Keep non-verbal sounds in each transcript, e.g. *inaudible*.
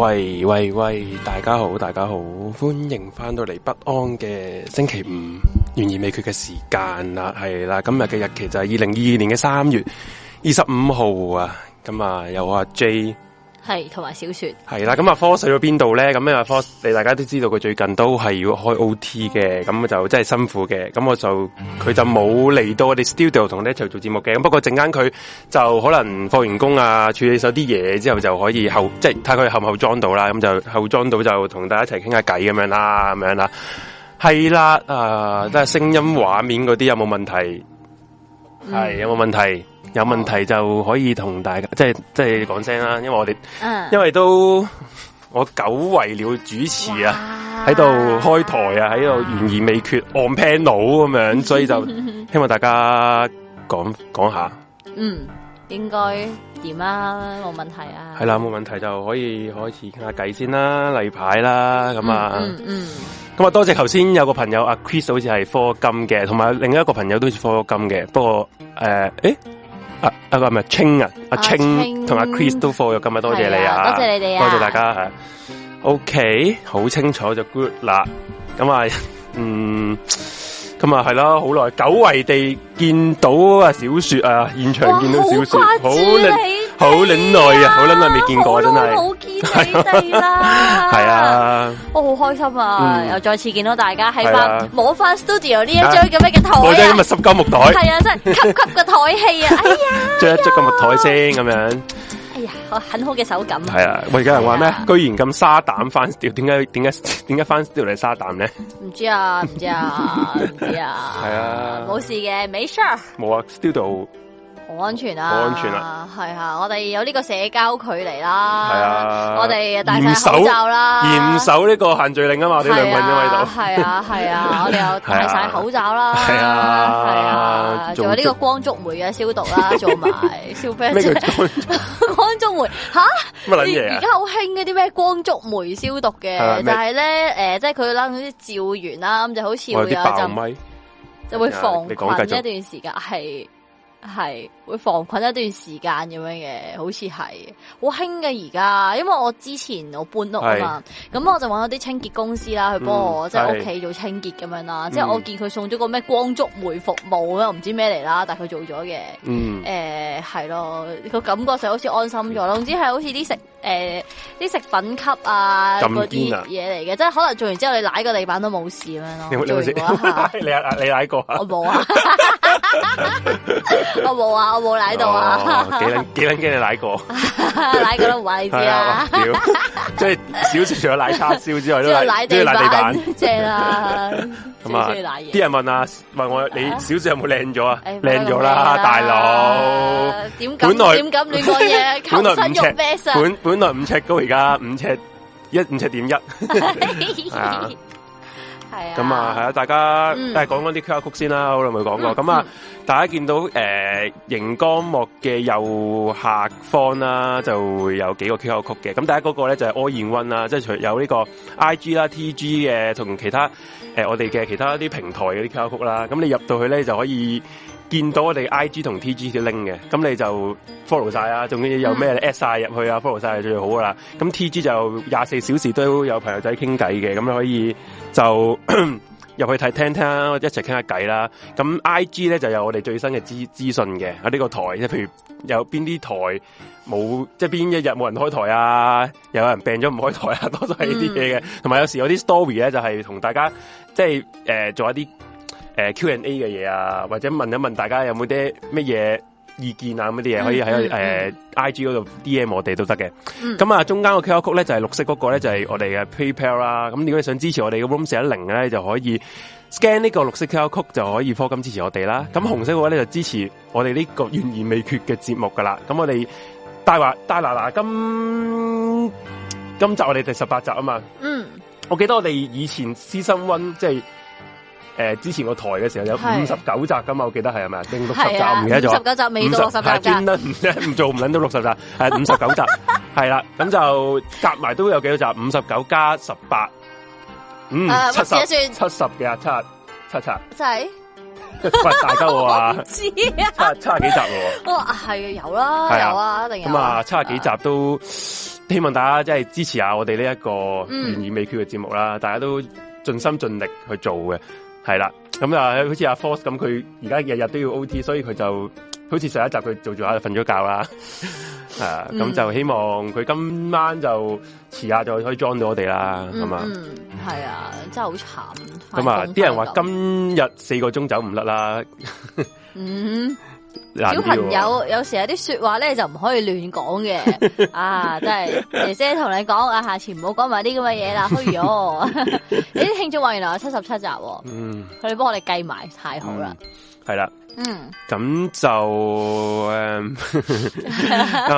喂喂喂！大家好，大家好，歡迎翻到嚟不安嘅星期五，懸而未決嘅時間啦，係啦，今日嘅日期就係二零二二年嘅三月二十五號啊，咁啊，有阿、啊、J。係，同埋小說。係啦，咁啊 f o e 咗邊度咧？咁啊 f o e 你大家都知道佢最近都係要開 OT 嘅，咁就真係辛苦嘅。咁我就佢就冇嚟到我哋 studio 同我哋一齊做節目嘅。咁不過陣間佢就可能放完工啊，處理咗啲嘢之後就可以後，即係睇佢後後裝到啦。咁就後裝到就同大家一齊傾下偈咁樣啦，咁樣啦。係啦，啊，都係聲音、畫面嗰啲有冇問題？係、嗯、有冇問題？有問題就可以同大家即係即係講聲啦，因為我哋，uh, 因為都我久違了主持啊，喺度開台啊，喺度懸而未決按，uh, on panel 咁樣，所以就希望大家講講下， *laughs* 嗯，應該點啦，冇問題啊，係啦，冇問題就可以開始傾下偈先啦，例牌啦，咁啊，咁，嗯，啊，嗯嗯，多謝頭先有個朋友阿 Chris 好似係課金嘅，同埋另一個朋友都似課金嘅，不過誒，誒，呃。欸啊，啊，個係咪青啊，阿青同阿 Chris 都過咗，啊、今日多謝你啊，啊，多謝你哋、啊，多謝大家吓、啊啊。OK，好清楚就 good 啦，咁啊，嗯。咁啊，係啦，好耐，久違地見到啊，小雪啊，現場見到小雪，好靚，好靚耐啊，好靚女，未見過真係，好見你哋啦，係 *laughs* 是啊， *laughs* 啊，我好開心啊，嗯、又再次見到大家喺翻，摸翻 studio 呢一張咁樣嘅台，咁啊，啊實木木台，係啊，真係吸吸嘅台戲啊，哎呀，着 *laughs* 一着實木台先咁樣。好、哎、很好嘅手感。係啊，喂！而家人話咩？居然咁沙膽翻掉，點解？點解？點解翻掉嚟，沙膽咧？唔知啊，唔知啊，唔 *laughs* 知道啊。係 *laughs* 啊，冇事嘅，冇事冇啊，still 度。唔安全啦、啊，係啊，啊！我哋有呢個社交距離啦，係啊，我哋戴晒口罩啦，嚴守呢個限聚令啊嘛，我哋兩群都喺度，係啊係啊，啊， *laughs* 啊！我哋又戴晒口罩啦，係啊係啊！仲、啊啊啊、有呢個光觸媒嘅消毒啦，做埋消、 *laughs* *laughs* 啊、毒咩叫光觸媒？吓、啊，乜而家好興嗰啲咩光觸媒消毒嘅，但係咧誒，即係佢拉嗰啲照完啦，咁就好似會有就就會防菌一段時間，係係、啊。會防菌一段時間咁樣嘅，好似係好興嘅而家。因為我之前我搬屋啊嘛，咁我就搵咗啲清潔公司啦，去幫我即係屋企做清潔咁樣啦。即係我見佢送咗個咩光觸媒服務咧，我唔知咩嚟啦，但係佢做咗嘅。嗯，誒，係、嗯嗯欸、咯，個感覺上好似安心咗咯。總之係好似啲食誒啲、呃、食品級啊嗰啲嘢嚟嘅，即係可能做完之後你舐個地板都冇事咁樣咯。你你做你舐過我冇啊？ *laughs* *laughs* *laughs* 啊，我冇啊。冇奶到啊！幾撚幾撚，驚你奶過，奶過都唔係啲啊！即係小志除咗奶叉燒之外，都奶地板，正啊！咁啊，啲人問啊，問我你小志有冇靚咗啊？靚咗啦，大佬。點？本來點敢亂講嘢？本來五尺，本本來五尺高，而家五尺一五尺點一。咁、嗯、啊，係、嗯、啊！大家都係講講啲 q d 曲先啦，好耐冇講過。咁、嗯、啊、嗯，大家見到誒熒、呃、光幕嘅右下方啦，就會有幾個 q d 曲嘅。咁第一個咧就係 o 燕 e 啦，即係有呢個 IG 啦、TG 嘅同其他、呃、我哋嘅其他啲平台嗰啲 QQ 曲啦。咁你入到去咧就可以。見到我哋 I G 同 T G 嘅 link 嘅，咁你就 follow 曬啊！仲要有咩 at 曬入去啊？follow 曬就最好噶啦！咁 T G 就廿四小時都有朋友仔傾偈嘅，咁你可以就入 *coughs* 去睇聽聽啊，一齊傾下偈啦！咁 I G 咧就有我哋最新嘅資訊嘅喺呢個台即譬如有邊啲台冇，即係邊一日冇人開台啊？有人病咗唔開台啊？多數呢啲嘢嘅，同埋有，有時有啲 story 咧就係同大家即係、呃、做一啲。誒、呃、，Q&A 嘅嘢啊，或者問一問大家有冇啲乜嘢意見啊，咁啲嘢可以喺誒、呃嗯嗯、I G 嗰度 D M 我哋都得嘅、嗯。咁啊，中間個 call 曲咧就係、是、綠色嗰個咧就係、是、我哋嘅 PayPal 啦。咁如果想支持我哋嘅 Room 四一零咧，就可以 scan 呢個綠色 call 曲就可以科金支持我哋啦。咁紅色嘅話咧就支持我哋呢個懸而未決嘅節目噶啦。咁我哋大話大嗱嗱，今今集我哋第十八集啊嘛。嗯，我記得我哋以前私心温即係。誒，之前個台嘅時候有五十九集噶嘛，我記得，係咪啊？定六十集唔記得咗？五十九集未到六十集，專登唔做唔捻到六十集，係五十九集，係 *laughs* 啦、啊，咁就夾埋都有幾多集？五十九加十八，嗯、啊 *laughs* 啊，七十七十嘅？七七七，真係，唔係大得我啊？知七十幾集喎？係啊，有啦，有啊，一定咁啊，七十幾集都希望大家即係支持下我哋呢一個懸疑美劇嘅節目啦、嗯，大家都盡心盡力去做嘅。係啦，咁啊，好似阿 Force 咁，佢而家日日都要 OT，所以佢就好似上一集佢做住下就瞓咗覺啦， *laughs* 啊，咁就希望佢今晚就遲下就可以 join 到我哋啦，咁、嗯、啊、嗯嗯，係啊，真係好慘，咁啊，啲人話今日四個鐘走唔甩啦， *laughs* 嗯。哦、小朋友有時候有啲說話咧就唔可以亂講嘅啊！真係，姐姐同你講啊，下次唔好講埋啲咁嘅嘢啦。虛 *laughs* 哦嘿よ，啲慶祝話原來有七十七集。哦，嗯，佢哋幫我哋計埋，太好啦，係啦，嗯，咁、嗯、就誒仲、um,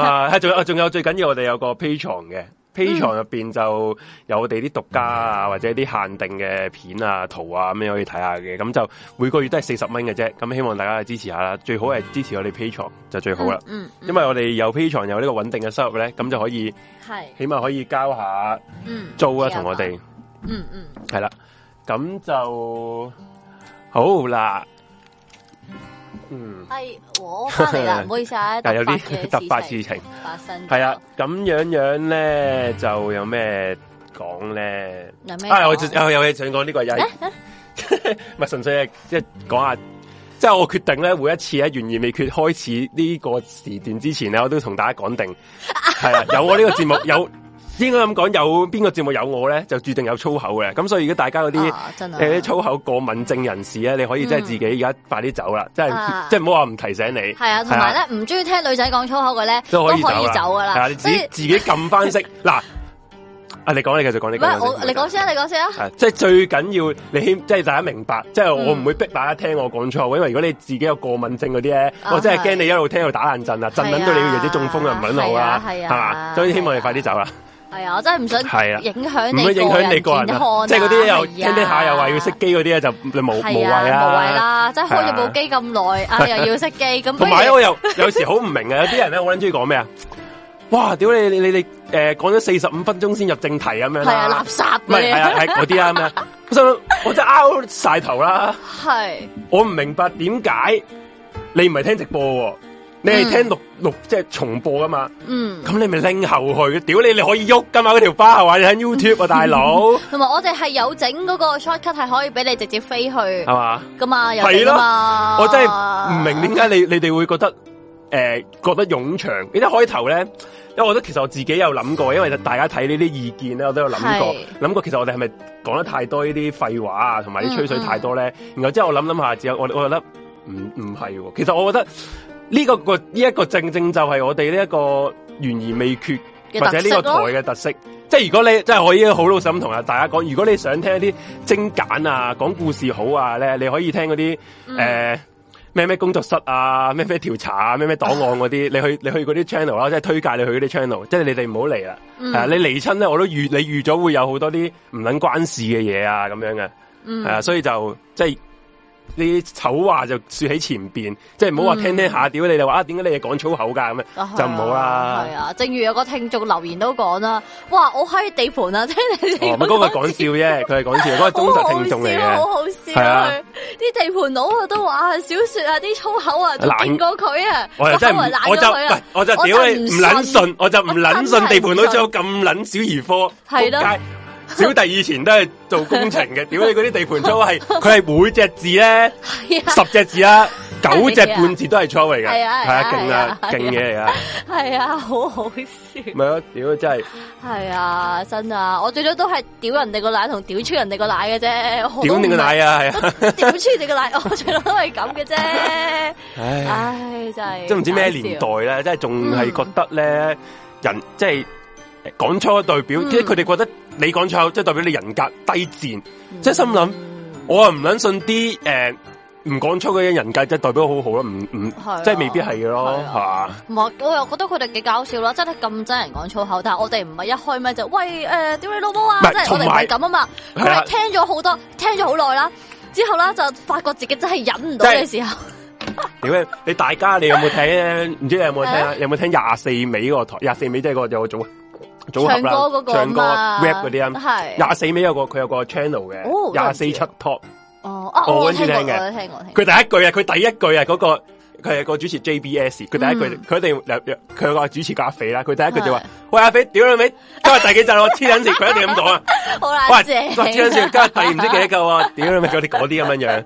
*laughs* *laughs* *laughs* 啊仲有，有最緊要我哋有個 Patreon 嘅。P 場入邊就有我哋啲獨家啊，啊，或者啲限定嘅片啊、圖啊咁樣可以睇下嘅，咁就每個月都係四十蚊嘅啫。咁希望大家去支持下啦，最好係支持我哋 P 場就最好啦，嗯嗯。嗯，因為我哋有 P 場有呢個穩定嘅收入咧，咁就可以係起碼可以交下租嗯租啊同我哋嗯嗯係啦，咁就好啦。嗯，係、哎、啦，唔好意思啊，但有啲突發事情發生，係啊，咁樣樣咧就有咩講咧？啊、哎，我有嘢想講呢、這個嘢，唔係純粹係即係講下，即、就、係、是、我決定咧，每一次喺懸而未決開始呢個時段之前咧，我都同大家講定，係啊，有我呢個節目有。啊 *laughs* 應該咁講，有邊個節目有我咧，就注定有粗口嘅。咁所以如果大家嗰啲粗口過敏症人士咧，你可以即係自己而家快啲走啦、嗯啊，即係即係唔好話唔提醒你。係啊，同埋咧唔中意聽女仔講粗口嘅咧，都可以走啦。都可以走啦啊，你自己以，自己自己撳翻息嗱，係你講你繼續講你。喂，你講、啊啊、先啊，啊你講先啊。啊即係最緊要，你即係大家明白，即、嗯、係我唔會逼大家聽我講粗口，因為如果你自己有過敏症嗰啲咧，我真係驚你一路聽到打冷震啊，啊，震到你嘅日子中風又唔撚好噶啦，係啊，所以希望你快啲走啦。係啊，我真係唔想影響影響你個人健康，即係嗰啲又聽聽下又話要熄機嗰啲咧，就你無無謂啊，無謂啦，即係開咗部機咁耐啊，又要熄機咁。同埋咧，我又有時好唔明啊，有啲人咧，我諗中意講咩啊？哇，屌你你你你，誒，講咗四十五分鐘先入正題咁樣。係啊，垃圾嘅，係啊係嗰啲啊咩？我想我真 out 晒頭啦。係，我唔明白點解你唔係聽直播，你係聽錄。錄即係重播噶嘛？嗯，咁你咪拎後去，屌你你可以喐噶嘛？嗰條巴係話你喺 YouTube 啊，嗯、大佬。同埋我哋係有整嗰個 short cut，係可以俾你直接飛去，係嘛？噶嘛？係咯、啊，我真係唔明點解你你哋會覺得誒、呃、覺得冗長？一開頭咧，因為我覺得其實我自己有諗過，因為大家睇呢啲意見咧，我都有諗過，諗過其實我哋係咪講得太多呢啲廢話啊，同埋啲吹水太多咧、嗯嗯？然後之後我諗諗下之後，我我覺得唔唔係喎，其實我覺得。呢、這個個呢一個正正就係我哋呢一個懸而未決，或者呢個台嘅特色。特色即係如果你即係我已經好老實咁同啊大家講，如果你想聽一啲精簡啊、講故事好啊咧，你可以聽嗰啲誒咩咩工作室啊、咩咩調查啊、咩咩檔案嗰啲， *laughs* 你去你去嗰啲 channel 啦，即係推介你去嗰啲 channel。即係你哋唔好嚟啦，係、嗯、啊，你嚟親咧，我都預你預咗會有好多啲唔撚關事嘅嘢啊咁樣嘅，係、嗯、啊，所以就即係。你的醜話就說喺前邊，即係唔好話聽聽下屌，屌你哋話啊，點解你哋講粗口噶咁樣，就唔好啦。係啊，正如有個聽眾留言都講啦，哇，我喺地盤啊，聽你哋咁多。唔係嗰個講笑啫，佢係講笑，嗰 *laughs* 個忠實聽眾嚟嘅。 *laughs* 好，笑好笑啊，啲地盤佬我都話，小說啊，啲粗口啊就見過佢啊，我就真係唔我就屌唔捻信，我就唔捻信，我就不信，我不信地盤佬有咁捻小兒科。係咯。小弟以前都係做工程嘅，屌 *laughs* 你嗰啲地盤粗係，佢係每隻字咧，十 *laughs* 隻字啊，九隻半字都係粗嚟嘅，係 *laughs* 啊，勁啊，勁嘢嚟啊，係啊，啊，啊，啊，好好笑。唔係啊，屌真係。係啊，真的的的的啊，我最多都係屌人哋個奶同屌出人哋個奶嘅啫，屌你個奶啊，屌、啊、出你個奶， *laughs* 我最多都係咁嘅啫。 *laughs* 唉，真係。都唔知咩年代咧，即係仲係覺得咧、嗯，人即係。講粗嘅代表，嗯、即係佢哋覺得你講粗口，即、就、係、是、代表你人格低賤，即、嗯、係心諗我又唔撚信啲誒唔講粗嘅人格，即係代表好好咯，唔唔，啊、即係未必係嘅咯，係唔係我又覺得佢哋幾搞笑咯，真係咁憎人講粗口，但係我哋唔係一開咪就喂誒屌、呃、你老母啊，即係、就是、我哋係咁啊嘛，佢係、啊、聽咗好多，聽咗好耐啦，之後啦就發覺自己真係忍唔到嘅時候、就是。點咧？你大家有有 *laughs* 你有冇聽？唔知、啊、你有冇聽？有冇聽廿四尾嗰台廿四尾即係嗰個組啊？組合啦，唱歌，那個唱歌媽媽 rap 嗰啲音，廿四尾有個佢有個 channel 嘅，廿四出 top，哦，我搵住聽嘅，佢第一句啊，佢第一句啊，嗰個佢係個主持 JBS，佢第一句，佢哋入入，佢話、嗯、主持阿肥啦，佢第一句就話，喂阿肥，屌你咪，今 *laughs* 日第幾集我黐緊線，佢一定咁講啊。好難謝，黐緊線，今 *laughs* 日第唔知幾嚿啊？屌 *laughs* 你咪，那些那些 *laughs* 我哋嗰啲咁樣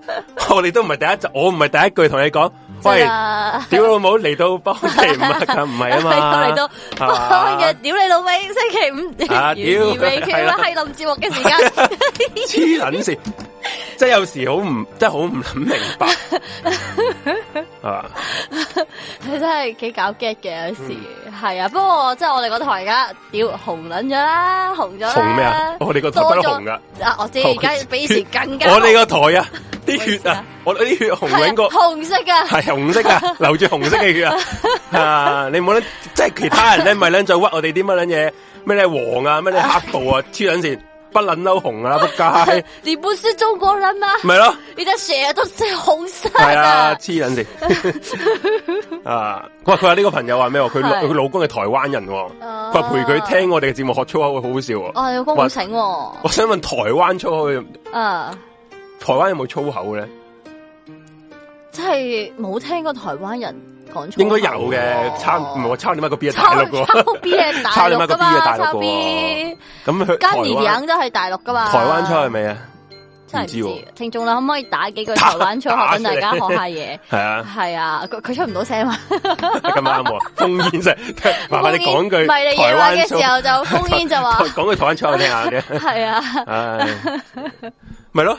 樣，我哋都唔係第一集，我唔係第一句同你講。喂，屌、就是啊、老母嚟到幫你，唔係唔係啊嘛，嚟到幫嘅，屌你老味！星期五屌二尾係啦，係做節目嘅時間，黐捻線。即係有時好唔，即係好唔諗明白，係 *laughs* 嘛、啊？佢 *laughs* 真係幾搞 get 嘅有時，係、嗯、啊。不過即係我哋個台而家，屌紅撚咗啦，紅咗。紅咩啊？我哋個台都紅噶、啊。我知，而家比以前更加。我哋個台啊，啲血啊，啊我啲血紅緊個、啊。紅色啊，係紅色啊，流 *laughs* 住紅色嘅血啊！ *laughs* 啊，你冇諗， *laughs* 即係其他人咧咪咧再屈我哋啲乜撚嘢，咩咧黃啊，咩咧黑道啊，黐撚線。不撚嬲紅啊扑街！ *laughs* 你本書中國人唔係咯，你成日都係紅色。係啊，黐撚線。 *laughs* *laughs* 啊，佢話呢個朋友話咩？佢佢老公係台灣人，佢、uh, 話陪佢聽我哋嘅節目學粗口，會好好笑。Uh, 啊，有感喎，我想問台灣粗口。啊、uh,，台灣有冇粗口呢？咧？真係冇聽過台灣人。應該有嘅，差唔係我抄你乜個 B 啊？抄你乜個？抄你乜個 B 啊？大陸。咁咁，今年影都係大陸噶嘛？台灣菜係咪啊？真係唔知喎。聽眾啦，可唔可以打幾句台灣菜，等大家學下嘢？係啊。係啊，佢出唔到聲嘛？咁啱喎，烽煙啫。麻煩你講句。唔係你夜晚嘅時候就烽煙就話。講句台灣菜我聽下嘅。係啊。唉。咪咯。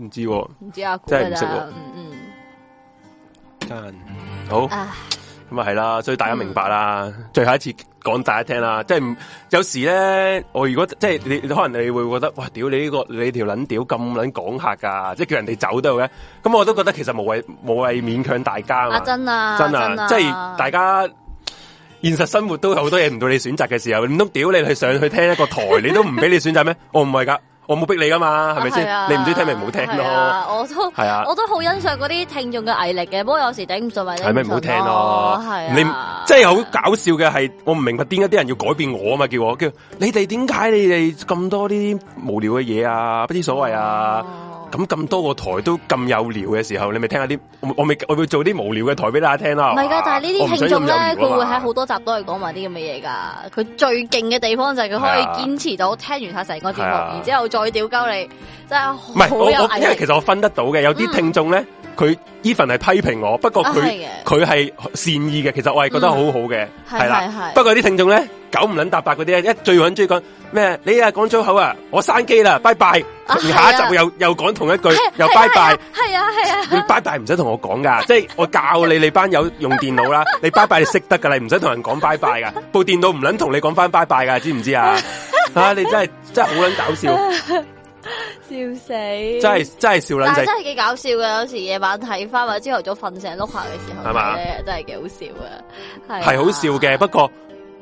唔知、啊嗯唔知啊，真係唔識。嗯嗯，好，咁啊係啦，所以大家明白啦，嗯。最後一次講大家聽啦，即係唔有時咧，我如果即係你，可能你會覺得哇，屌你呢，這個你條撚屌咁撚講客噶，即係叫人哋走都嘅。咁我都覺得其實無謂、嗯、無謂勉強大、啊啊啊啊、大家。啊，真啊，真啊，即係大家現實生活都有好多嘢唔到你選擇嘅時候，唔通屌你去上去聽一個台，你都唔俾你選擇咩？ *laughs* 我唔係噶。我冇逼你噶嘛，係咪先？啊、你唔知聽咪唔好聽咯。我都係啊，我都好、啊、欣賞嗰啲聽眾嘅毅力嘅。不過有時頂唔順咪，係咪唔好聽咯。係、哦啊、你真係好搞笑嘅係，我唔明白點解啲人要改變我啊嘛？叫我叫你哋點解你哋咁多啲無聊嘅嘢啊？不知所謂啊！哦咁咁多個台都咁有聊嘅時候，你咪聽下啲我我咪我會做啲無聊嘅台俾大家聽啦。唔係噶，但係呢啲聽眾咧，佢、啊、會喺好多集都係講埋啲咁嘅嘢噶。佢最勁嘅地方就係佢可以堅持到聽完晒成個節目，然、啊、之後再屌鳩你，啊、真係好有力，我我因為其實我分得到嘅，有啲聽眾咧。嗯佢 even 係批評我，不過佢佢係善意嘅，其實我係覺得好好嘅，係、嗯、啦。不過啲聽眾咧，狗唔撚答白嗰啲咧，一最搵最講咩？你啊講粗口啊，我閂機啦，拜拜。而、啊、下一集又又講同一句，又拜拜。係啊係啊，你拜拜唔使同我講噶，即係、就是、我教你你班友用電腦啦。 *laughs* 你拜拜你識得噶啦，唔使同人講拜拜噶。部 *laughs* 電腦唔撚同你講翻拜拜噶，知唔知 *laughs* 啊？你真係真係好撚搞笑。 *laughs* 笑死真！真係真係笑卵，但真係幾搞笑㗎！有時夜晚睇翻，或者朝頭早瞓醒碌下嘅時候嘛真係幾好笑嘅。係好笑嘅，不過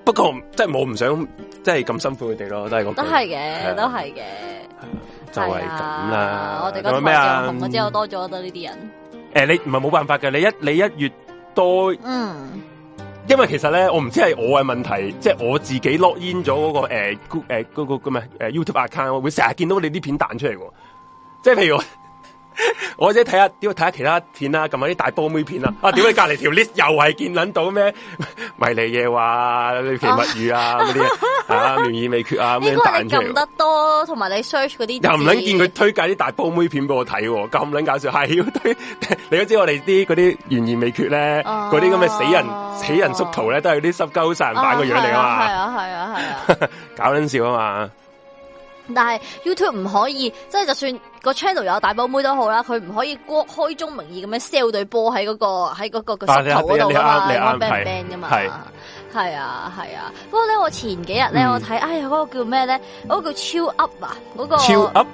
不過即係冇唔想，即係咁辛苦佢哋咯。都係、啊、都係嘅，都係嘅，就係咁啦、啊。我哋覺得，咩紅咗之後、啊、多咗多呢啲人、欸。誒，你唔係冇辦法嘅。你一你一越多嗯。因為其實咧，我唔知係我嘅問題，即係我自己落 in 咗嗰個誒，誒個嘅咩誒 YouTube account，我會成日見到你啲片彈出嚟嘅，即係譬如。我即係睇下，點睇下其他片啦，啊，撳下啲大波妹片啦。啊，點解隔籬條 list 又係見捻到咩迷離夜話、奇物語啊嗰啲啊懸疑、 *laughs* 啊、未決啊咁樣彈出。呢個係撳得多，同埋你 search 嗰啲又唔捻見佢推介啲大波妹片俾我睇，啊，咁捻搞笑。係，你都知我哋啲嗰啲懸疑未決咧，嗰啲咁嘅死人、啊、死人縮圖咧，都係啲濕鳩殺人犯個樣嚟啊嘛。係啊係啊係啊，搞捻笑啊嘛。但係 YouTube 唔可以，即係就算。個 channel 有大波妹都好啦，佢唔可以開宗明義咁樣 sell 對波喺嗰個喺、嗰個個石頭嗰度啊嘛，你話 band 唔 band 噶嘛？係係啊係啊，不過咧我前幾日咧、嗯、我睇，哎呀嗰、嗰個叫咩咧？嗰、嗰個叫超 up 啊，嗰、嗰個超 up。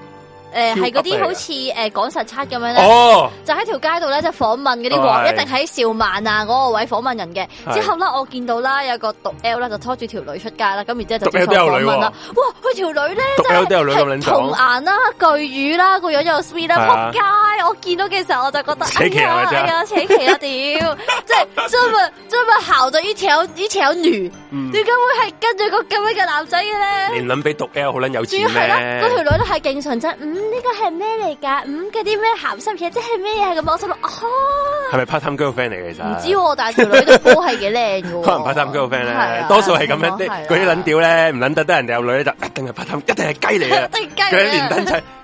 誒、呃，係嗰啲好似誒講實測咁樣咧、哦，就喺條街度咧就訪問嗰啲、哦，一定喺兆萬啊嗰個位訪問人嘅。之後咧，我見到啦，有個毒 L 啦，就拖住條女出街啦，咁然之後就，就接受訪問啦、啊。哇，佢條女咧就係童顏啦、巨乳啦、啊、個樣又 sweet 啦，撲街！我見到嘅時候，我就覺得，哎呀、啊，哎呀，扯旗啊屌！即係真係真係姣到呢條呢條女，點解會係跟住個咁樣嘅男仔嘅咧？你諗俾毒 L 好捻有錢咩？嗰條女都係勁純真，嗯呢個係咩嚟噶？唔，嗰啲咩鹹濕嘢，即係咩嘢咁？我心諗，哦，係咪 part time girlfriend 嚟嘅咋？其實唔知、啊，但係條女都波係幾靚嘅。可能 part time girlfriend 咧、啊，多數係咁樣啲，嗰啲撚屌咧，唔撚得得人哋有女就、啊、是一定係 part time，一定係雞嚟啊！一定雞，佢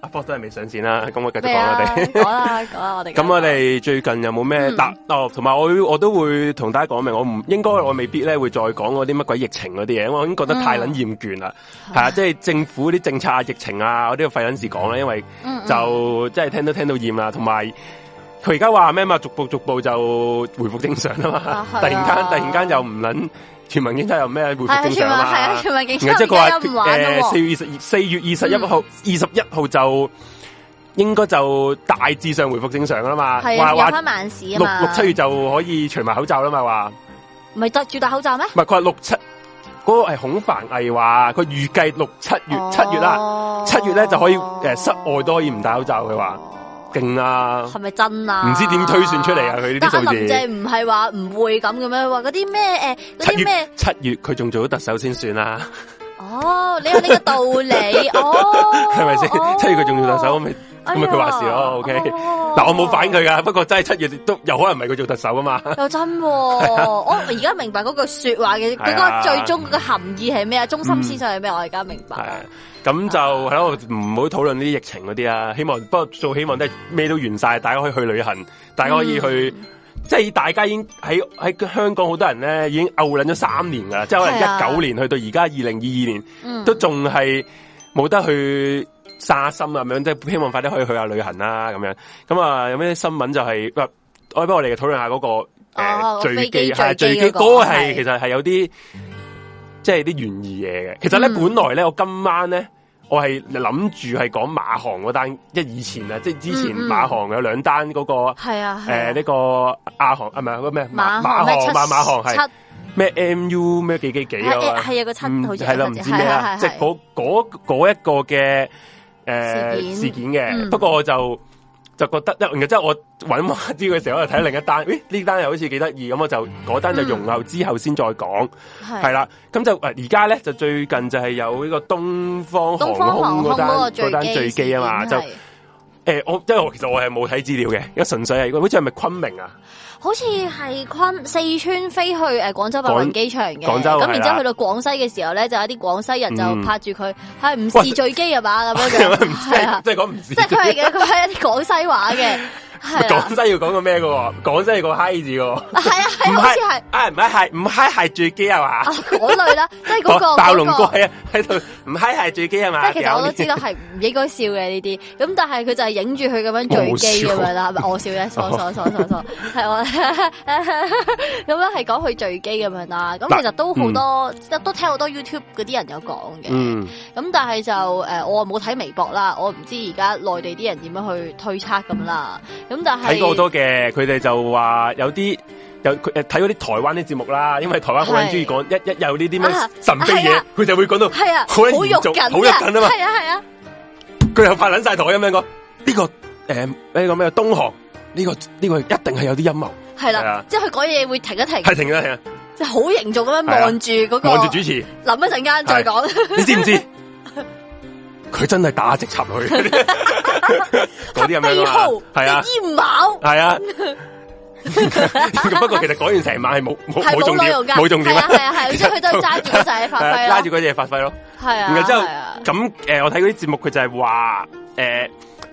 阿博都係未上線啦，咁我繼續講我哋。講我哋。咁我哋最近有冇咩答？哦，同埋我我都會同大家講明，我唔應該，嗯、我未必咧會再講嗰啲乜鬼疫情嗰啲嘢，我已經覺得太捻厭倦啦。係、嗯、啊，即係政府啲政策啊、疫情啊嗰啲費人事講啦，因為就嗯嗯即係聽都聽到厭啦。同埋佢而家話咩嘛？逐步逐步就回復正常嘛啊嘛、啊，突然間突然間又唔捻。全民經濟有咩回復正常係啊，全民經濟。即係佢話，誒四、呃、月二十四月二十一號、二十一號就應該就大致上回復正常啦嘛是。有返晚市啊六六七月就可以除埋口罩啦嘛。話唔係戴住戴口罩咩？唔係佢話六七嗰個係孔繁毅話，佢預計六七月七月啦，七月咧就可以誒室外都可以唔戴口罩。佢話。正啊，係咪真啊？唔知點推算出嚟啊？佢呢啲數字，但林鄭唔係話唔會咁咁樣？話嗰啲咩誒，嗰啲咩七月，佢仲做咗特首先算啦、啊。哦，你有呢個道理， *laughs* 哦，係咪先？七月佢仲做特首，我、哦、未。咁咪佢話事咯，OK？嗱、哎，我冇反佢噶，不過真係七月都有可能唔係佢做特首啊嘛。又真、啊， *laughs* 我而家明白嗰句說話嘅，佢、哎、嗰個最終個含義係咩啊？中心思想係咩、嗯？我而家明白。咁、哎、就喺度唔好討論呢啲疫情嗰啲啊。希望不過做希望都係咩都完晒，大家可以去旅行，大家可以去，即、嗯、係、就是、大家已經喺喺香港好多人咧，已經漚捻咗三年噶啦，即係可能一九年去到而家二零二二年，嗯、都仲係冇得去。沙心啊，咁樣即係希望快啲可以去下旅行啦，咁樣咁啊，有咩、啊、新聞就係、是，喂，可唔可以幫我哋討論下嗰、那個誒墜機？係墜機嗰個係其實係有啲即係啲懸疑嘢嘅。其實咧、就是嗯、本來咧，我今晚咧我係諗住係講馬航嗰單，即以前啊，即係之前馬航有兩、嗯嗯、單嗰、那個係啊，誒呢、啊呃這個亞航啊唔係咩馬航馬，馬航係咩 M U 咩幾幾幾啊？係、欸、啊個七、嗯、好似係啦，唔、啊啊、知咩即係一個嘅。誒，呃、事件嘅，不過、嗯、我就就覺得一，然之後我揾資料嘅時候，我就睇另一單，誒呢單又好似幾得意，咁我就嗰、嗯、單就容後之後先再講，係啦、嗯，咁就而家咧就最近就係有呢個東方航空嗰單嗰單墜機啊嘛，就誒的、呃、我即係我其實我係冇睇資料嘅，因為純粹係好似係咪昆明啊？好似係昆四川飛去誒廣州白雲機場嘅，廣州，咁然之後去到廣西嘅時候咧，就有啲廣西人就拍住佢，係、嗯、唔是墜機啊嘛咁樣嘅，係啊，即係講唔，即係佢係嘅，佢係一啲廣西話嘅。講、啊、真要講個咩嘅？講真係個嗨字，係啊係啊，好似係唔係係唔嗨係墜機係嘛？嗰類啦，即係嗰個爆龍哥係啊，喺度唔嗨係墜機係嘛？ *laughs* 即、那個那個那個、其實我都知道係唔應該笑嘅呢啲，咁但係佢就係影住佢咁樣墜機咁樣啦，咪我笑啫，錯錯錯錯錯，係我咁樣係講佢墜機咁樣啦。咁 *laughs* *laughs* 其實都好多、嗯，都聽好多 YouTube 嗰啲人有講嘅，咁、嗯、但係就誒我冇睇微博啦，我唔知而家內地啲人點樣去推測咁啦。咁就係睇過好多嘅，佢哋就話有啲有佢誒睇嗰啲台灣啲節目啦，因為台灣好中意講一一有呢啲咩神秘嘢，佢、啊、就會講到係啊，好肉緊，好肉緊啊，啊，啊嘛，係啊係啊，佢、啊、又發捻晒台咁樣講，呢、這個誒呢、呃這個咩東航呢、這個呢、這個一定係有啲陰謀，係啦、啊，即係佢講嘢會停一停，係、啊、停一停嘅，即係好凝重咁樣望住嗰個望住、啊、主持，諗一陣間再講、啊，你知唔知？ *laughs* 佢真係打直插落去嗰啲， *laughs* *laughs* 嗰啲咁樣嘛，係啊，陰謀，係啊。不過其實改完成晚係冇冇重要，冇重要，係啊係啊，即係佢都揸住嗰隻嘢發揮咯、 *laughs* 啊，揸住嗰隻嘢發揮咯，係啊。然後之後咁誒、啊呃，我睇嗰啲節目，佢就係話誒，即、呃、係、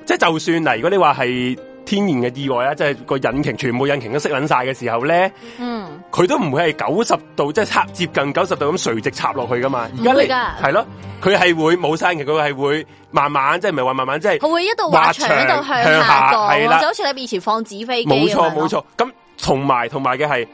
就是、就算嗱，如果你話係。天然嘅意外咧，即係個引擎全部引擎都熄捻晒嘅時候咧，嗯，佢都唔會係九十度，即係插接近九十度咁垂直插落去噶嘛。而家嚟噶，係咯，佢係會冇聲嘅。佢係會慢慢，即係唔係話慢慢，即、就、係、是、會一度滑長一度向下，係就好似你面前放紙飛機。冇錯，冇錯。咁同埋同埋嘅係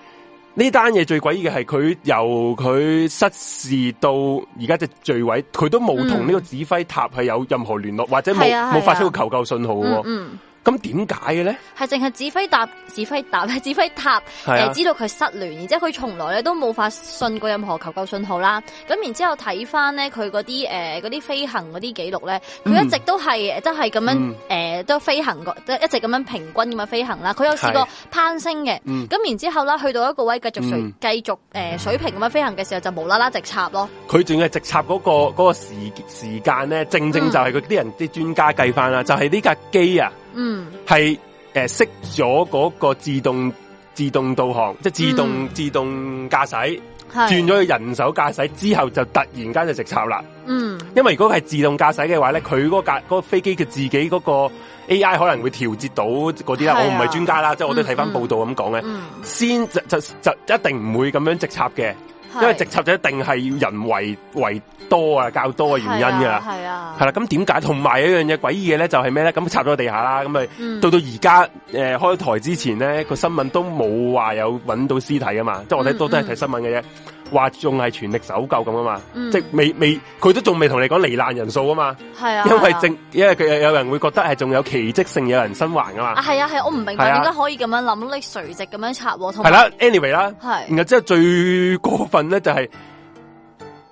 呢單嘢最詭異嘅係，佢由佢失事到而家嘅墜位，佢都冇同呢個指揮塔係有任何聯絡，嗯、或者冇冇、嗯、發出個求救信號。嗯，嗯。嗯。咁點解嘅咧？係淨係指揮塔、指揮塔、指揮塔，係、呃啊、知道佢失聯，而且佢從來咧都冇發信過任何求救信號啦。咁然之後睇翻咧，佢嗰啲誒嗰啲飛行嗰啲記錄咧，佢一直都係、嗯、都係咁樣誒、嗯呃，都飛行過，都一直咁樣平均咁樣飛行啦。佢有試過攀升嘅，咁、啊、然之後啦，去到一個位繼續水、嗯、繼續誒、呃、水平咁樣飛行嘅時候，就無啦啦直插咯。佢淨係直插嗰個嗰個時時間咧，正正就係佢啲人啲專家計翻啦，就係呢架機啊。嗯，係誒，熄咗嗰個自動自動導航，即係自動、嗯、自動駕駛，轉咗去人手駕駛之後，就突然間就直插啦。嗯，因為如果係自動駕駛嘅話咧，佢嗰架嗰個飛機嘅自己嗰個 AI 可能會調節到嗰啲啦。我唔係專家啦，即係我都睇翻報道咁講嘅，先就就就一定唔會咁樣直插嘅。因為直插就一定係要人為為多啊，較多嘅原因噶啦，係啦、啊。咁點解同埋一樣嘢詭異嘅咧？就係咩咧？咁插咗地下啦，咁咪、嗯、到到而家誒開台之前咧，個新聞都冇話有揾到屍體噶嘛，嗯、即係我哋都都係睇新聞嘅啫。嗯嗯話仲係全力搜救咁啊嘛，嗯、即係未未，佢都仲未同你講罹難人數啊嘛，係啊，因為正，啊、因為佢有人會覺得係仲有奇蹟性有人生還㗎嘛，係啊係、啊啊，我唔明白點解、啊、可以咁樣諗，拎垂直咁樣插，係啦、啊、，anyway 啦，係，然後之後最過分咧就係、是，誒、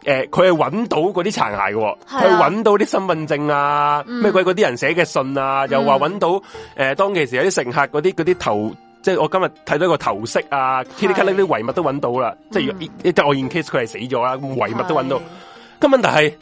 呃，佢係搵到嗰啲殘骸嘅，佢搵、啊、到啲身份證啊，咩鬼嗰啲人寫嘅信啊，又話搵到，誒、嗯呃，當其時有啲乘客嗰啲嗰啲頭。即係我今日睇到一個頭飾啊，卡哩卡哩啲遺物都揾到啦，是即係，嗯、即係我 in case 佢係死咗啊，遺物都揾到。咁問題係，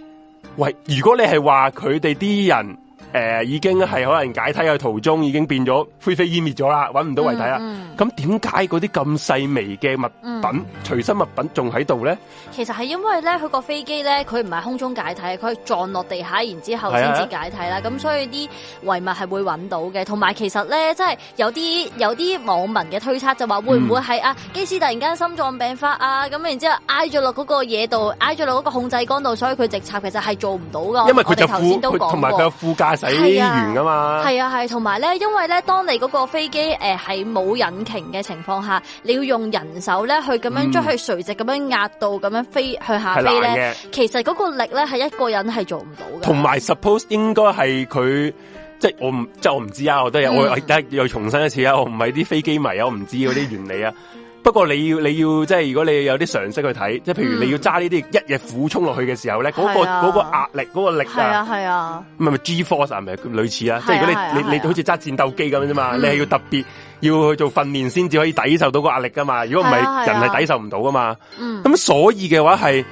喂，如果你係話佢哋啲人。誒、呃，已經係可能解體嘅途中，已經變咗灰飛煙滅咗啦，揾唔到遺體啦。咁點解嗰啲咁細微嘅物品，嗯、隨身物品仲喺度咧？其實係因為咧，佢個飛機咧，佢唔係空中解體，佢係撞落地下，然之後先至解體啦。咁、嗯、所以啲遺物係會揾到嘅。同埋其實咧，即係有啲有啲網民嘅推測就話，會唔會係啊機師突然間心臟病發啊？咁然之後挨咗落嗰個嘢度，挨咗落嗰個控制桿度，所以佢直插，其實係做唔到噶。因為佢就頭先都講副同埋佢嘅副使完㗎嘛？係啊，係同埋咧，因為咧，當你嗰個飛機誒喺冇引擎嘅情況下，你要用人手咧去咁樣將佢垂直咁樣壓到咁樣飛去下飛咧，其實嗰個力咧係一個人係做唔到嘅。同埋 suppose 應該係佢即係我唔即係我唔知啊，我都有、嗯、我我而家又重申一次啊，我唔係啲飛機迷啊，我唔知嗰啲原理啊。 *laughs* 不過你要你要即係如果你有啲常識去睇，即係譬如你要揸呢啲一日俯衝落去嘅時候咧，嗰、那個嗰、啊、個壓力嗰、那個力啊，係啊係啊，啊，咁係咪 G force 係咪類似啊？即係如果你、啊、你、啊、你，你好似揸戰鬥機咁樣啫嘛，嗯、你係要特別要去做訓練先至可以抵受到個壓力噶嘛。如果唔係，人係抵受唔到噶嘛。咁、啊嗯、所以嘅話係，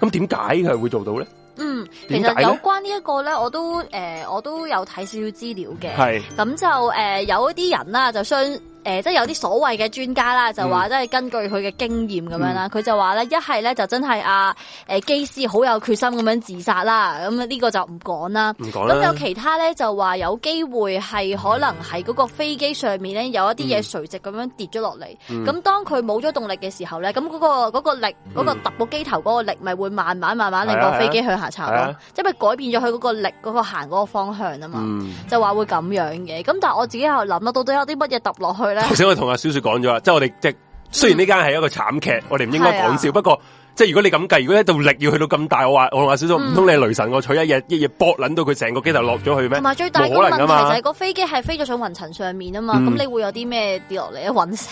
咁點解佢會做到咧？嗯，其實有關呢一個咧，我都誒、呃、我都有睇少少資料嘅。係，咁就誒有一啲人啦，就相。誒、呃，即、就、係、是、有啲所謂嘅專家啦，就話即係根據佢嘅經驗咁樣啦，佢、嗯、就話咧，一係咧就真係啊誒、呃、機師好有決心咁樣自殺啦，咁呢個就唔講啦。唔講啦。咁有其他咧就話有機會係可能喺嗰個飛機上面咧有一啲嘢垂直咁樣跌咗落嚟。咁、嗯、當佢冇咗動力嘅時候咧，咁嗰、那個嗰、那個、力嗰、嗯那個揼個機頭嗰個力咪會慢慢慢慢令個飛機向下插咯，即係、啊啊啊就是、改變咗佢嗰個力嗰、那個行嗰個方向啊嘛？嗯、就話會咁樣嘅。咁但我自己又諗到底有啲乜嘢揼落去？頭先我同阿小雪講咗啦，即係我哋即係雖然呢間係一個慘劇，嗯，我哋唔應該講笑。啊、不過即係如果你咁計，如果一度力要去到咁大，我話我話小雪唔通，嗯、你雷神？我取一日一日搏捻到佢成個機頭落咗去咩？同埋最大個問題就係個飛機係飛咗上雲層上面啊嘛，咁、嗯、你會有啲咩跌落嚟啊？隕石？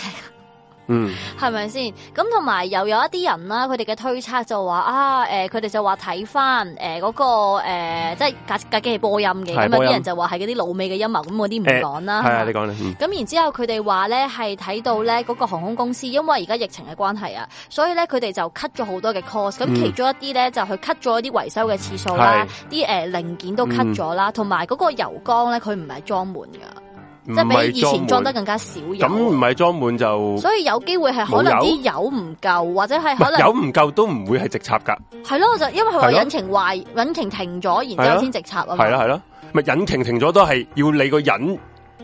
嗯，係咪先？咁同埋又有一啲人啦，佢哋嘅推測就話啊，誒、呃，佢哋就話睇翻誒嗰個誒、呃，即係架架機嘅播音嘅，咁啊啲人就話係嗰啲老美嘅陰謀，咁嗰啲唔講啦。係、欸、啊，你講啦。咁然之後佢哋話咧係睇到咧嗰、那個航空公司，因為而家疫情嘅關係啊，所以咧佢哋就 cut 咗好多嘅 cost，咁、嗯、其中一啲咧就去 cut 咗一啲維修嘅次數啦，啲誒、呃、零件都 cut 咗啦，同埋嗰個油缸咧佢唔係裝滿噶。即係比以前裝得更加少油，咁唔係裝滿就，所以有機會係可能啲油唔夠，或者係可能油唔夠都唔會係直插噶。係咯，就因為佢話引擎壞，引擎停咗，然之後先直插啊。係咯係咯，咪引擎停咗都係要你個引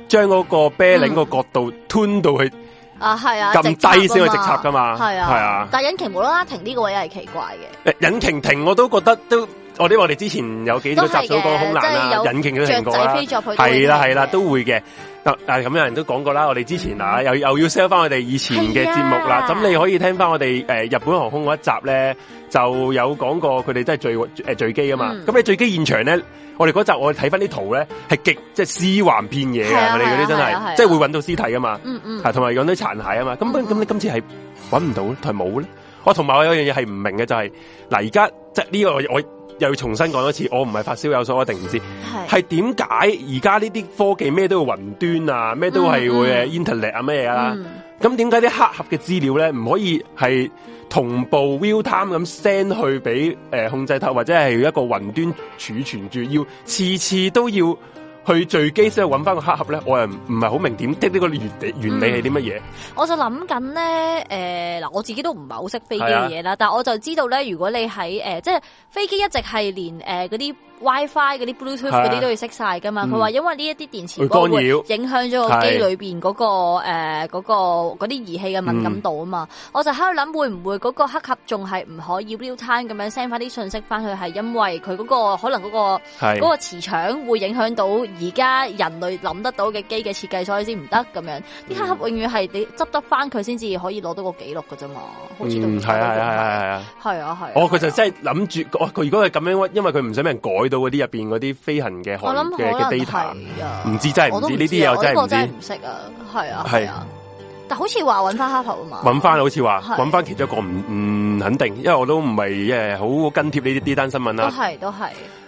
將嗰個啤領個角度吞、嗯、到去啊，係啊，咁低先去直插噶嘛，係啊係啊。但引擎無啦啦停呢、這個位係奇怪嘅，引擎停我都覺得都。嗰、哦、啲我哋之前有幾多集都講空難、啊、引擎咗成個啦，係啦係啦都會嘅、啊。但嗱、啊，咁、啊、樣人都講過啦。我哋之前嗱、啊嗯、又又要 sell 翻我哋以前嘅節目啦、啊。咁、嗯、你可以聽翻我哋誒、呃、日本航空嗰一集咧，就有講過佢哋真係墜誒墜機啊嘛。咁喺墜機現場咧，我哋嗰集我睇翻啲圖咧係極即係屍橫遍野啊！我哋嗰啲真係、啊啊啊啊、即係會揾到屍體啊嘛。同、嗯、埋、嗯、有啲殘骸啊嘛。咁、嗯、咁你今次係揾唔到同埋冇咧？我同埋我有樣嘢係唔明嘅就係、是、嗱，而、啊、家即係呢個我。我又要重新講一次，我唔係發燒友，所以我一定唔知係點解而家呢啲科技咩都要雲端啊，咩都係會 internet、嗯嗯、啊咩嘢，咁點解啲黑盒嘅資料咧唔可以係同步 real time 咁 send 去俾誒、呃、控制塔，或者係一個雲端儲存住，要次次都要？去墜機先去揾翻個黑盒咧，我又唔係好明點滴呢個原理，原理係啲乜嘢？我就諗緊咧，誒、呃、嗱，我自己都唔係好識飛機嘅嘢啦。啊、但我就知道咧，如果你喺誒、呃、即係飛機一直係連誒嗰啲。呃 WiFi 嗰啲 Bluetooth 嗰啲都要熄曬噶嘛？佢話因為呢一啲電磁波會影響咗個機裏邊嗰個誒嗰個嗰啲儀器嘅敏感度啊嘛。我就喺度諗會唔會嗰個黑盒仲係唔可以 real time 咁樣 send 翻啲信息翻去？係因為佢嗰個可能嗰個嗰個磁場會影響到而家人類諗得到嘅機嘅設計，所以先唔得咁樣。啲黑盒永遠係你執得翻佢先至可以攞到個記錄嘅啫嘛。嗯，係係係係係係啊，係啊係。哦，佢就真係諗住哦，佢如果係咁樣，因為佢唔使俾人改。到嗰啲入邊嗰啲飛行嘅嘅嘅 data，唔知真係唔知，呢啲又真係唔知。真係唔識啊，係啊，係啊。但好似話揾翻黑頭啊嘛，揾翻好似話揾翻其中一個唔唔肯定，因為我都唔係誒好跟貼呢啲單新聞啦，都係都係。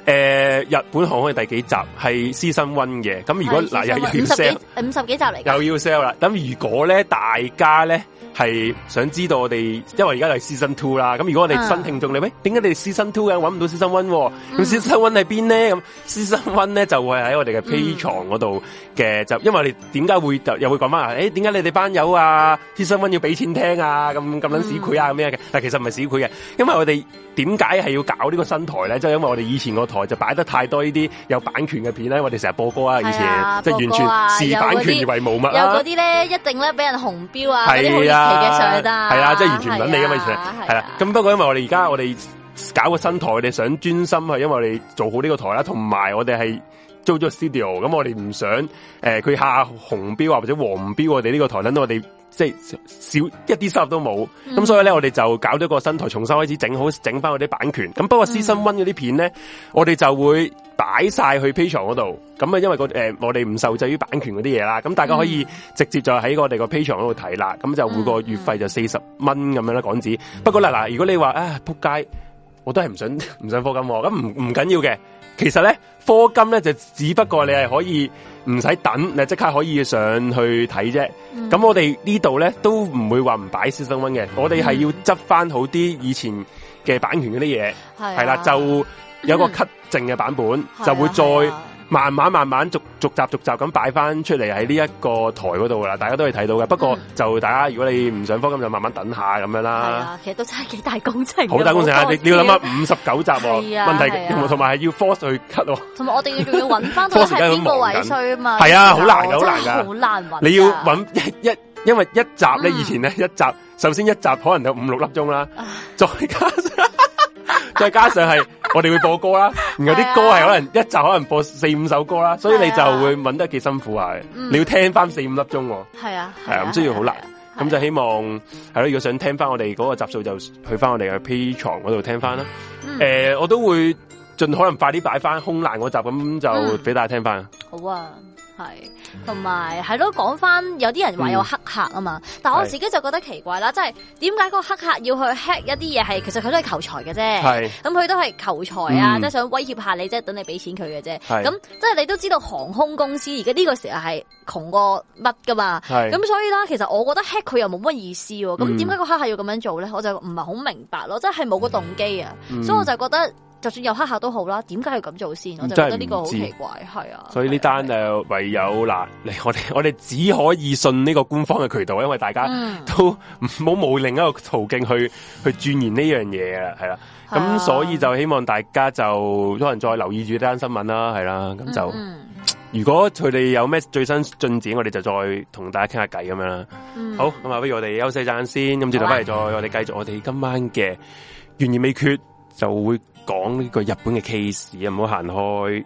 誒、呃，日本航空第幾集係 season one 嘅？咁如果嗱、呃、又要 sell，五十幾，五十幾集嚟嘅，又要 sell 啦。咁如果咧，大家咧係想知道我哋，因為而家係 season two 啦。咁如果我哋新聽眾、啊、你喂，點解你哋 season two 嘅搵唔到 season one？咁 season one 喺邊咧？咁 season one 咧就會喺我哋嘅 Patreon 嗰度嘅，就因為我哋點解會又會講翻啊？誒、哎，點解你哋班友啊 season one 要俾錢聽啊？咁咁撚市儈啊？咁樣嘅，但其實唔係市儈嘅，因為我哋點解係要搞呢個新台咧？即、就、係、是、因為我哋以前台就擺得太多呢啲有版權嘅片咧，我哋成日播歌啊，以前即係完全視版權而為無物。啊啊、有嗰啲咧一定咧俾人紅標啊，好啊，嘅上得。係啊，即、就、係、是、完全唔合理噶嘛，其實係啦。咁不過因為我哋而家我哋搞個新台，我哋想專心去因為我哋做好呢個台啦，同埋我哋係租咗 studio，咁我哋唔想誒佢、呃、下紅標啊或者黃標，我哋呢個台等到我哋。即係少一啲收入都冇，咁、嗯、所以咧我哋就搞咗個新台，重新開始整好整翻嗰啲版權。咁不過私生溫嗰啲片咧，我哋就會擺晒去 P 牆嗰度。咁啊，因為、那個誒、呃、我哋唔受制於版權嗰啲嘢啦。咁大家可以直接就喺我哋個 P 牆嗰度睇啦。咁就每個月費就四十蚊咁樣啦，港紙、嗯。不過啦嗱，如果你話啊撲街，我都係唔想唔想科金、啊。咁唔唔緊要嘅，其實咧。科金咧就只不過，你係可以唔使等，你即刻可以上去睇啫。咁、嗯、我哋呢度咧都唔會話唔擺先生溫嘅，我哋係要執翻好啲以前嘅版權嗰啲嘢，係、啊、啦就有一個 cut 淨嘅版本， *laughs* 就會再、啊。慢慢慢慢逐逐集逐集咁擺翻出嚟喺呢一個台嗰度啦，大家都可以睇到㗎。不過、嗯、就大家如果你唔上課咁就慢慢等下咁樣啦、啊。其實都真係幾大工程。好大工程啊！你你要諗下五十九集喎、啊啊，問題同埋係要科碎 cut 喎。同埋我哋仲要揾翻都係邊個位衰啊嘛？係啊，好、啊啊啊啊啊啊、難噶，好難噶，好難、啊、你要搵一,一因為一集咧、嗯、以前咧一集，首先一集可能就五六粒鐘啦。啊、再加上…… *laughs* *laughs* 再加上係我哋會播歌啦，然後啲歌係可能一集可能播四五首歌啦，所以你就會搵得幾辛苦下，你要聽翻四五粒鐘。係啊，係啊，咁所以好難。咁就希望係咯，如果想聽翻我哋嗰個集數，就去翻我哋嘅 P 床嗰度聽翻啦、啊。誒、嗯呃，我都會盡可能快啲擺翻空難嗰集，咁就俾大家聽翻。好啊。係，同埋係咯，講翻有啲人話有黑客啊嘛、嗯，但係我自己就覺得奇怪啦，即係點解嗰個黑客要去 hack 一啲嘢？係其實佢都係求財嘅啫，咁佢都係求財啊，即、嗯、係、就是、想威脅下你，即係等你俾錢佢嘅啫。咁即係你都知道航空公司而家呢個時候係窮過乜噶嘛，咁所以啦，其實我覺得 hack 佢又冇乜意思、啊，咁點解個黑客要咁樣做咧？我就唔係好明白咯，即係冇個動機啊、嗯，所以我就覺得。就算有黑客都好啦，點解要咁做先？我就覺得呢個好奇怪，係啊。所以呢單誒唯有嗱、嗯，我哋我哋只可以信呢個官方嘅渠道，因為大家都唔好冇另一個途徑去去鑽研呢樣嘢，啊係啦、啊。咁所以就希望大家就可能再留意住呢單新聞啦，係啦、啊。咁就嗯嗯如果佢哋有咩最新進展，我哋就再同大家傾下偈咁樣啦、嗯。好，咁啊，不如我哋休息陣先，咁接後翻嚟再、啊、我哋繼續我哋今晚嘅懸而未決就會，講呢個日本嘅 case 啊，唔好行開。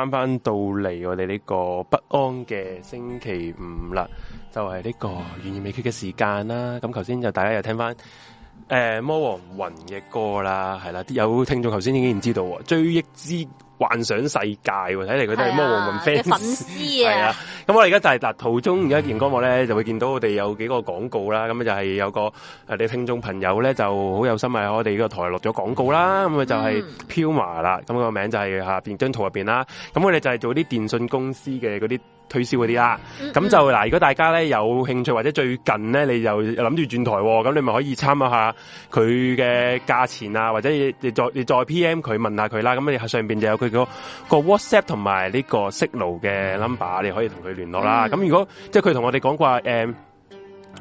翻翻到嚟我哋呢個不安嘅星期五啦，就係、是、呢個完而未結嘅時間啦。咁頭先就大家又聽翻誒、呃、魔王魂嘅歌啦，係啦，有聽眾頭先已經唔知道追憶之。幻想世界喎，睇嚟佢都係魔王文粉絲。係啊，咁、啊啊、我哋而家就係、是、達途中而家電光幕咧，嗯、就會見到我哋有幾個廣告啦。咁就係有個你啲聽眾朋友咧，就好有心喺我哋呢個台落咗廣告啦。咁啊就係 Puma 啦，咁個名就係下邊張圖入面啦。咁我哋就係做啲電訊公司嘅嗰啲推銷嗰啲啦，咁就嗱，如果大家咧有興趣或者最近咧，你就諗住轉台喎、哦，咁你咪可以參考下佢嘅價錢啊，或者你再你再 PM 佢問下佢啦，咁你上邊就有佢嗰個 WhatsApp 同埋呢個 signal 嘅 number，你可以同佢聯絡啦。咁如果即係佢同我哋講過話誒，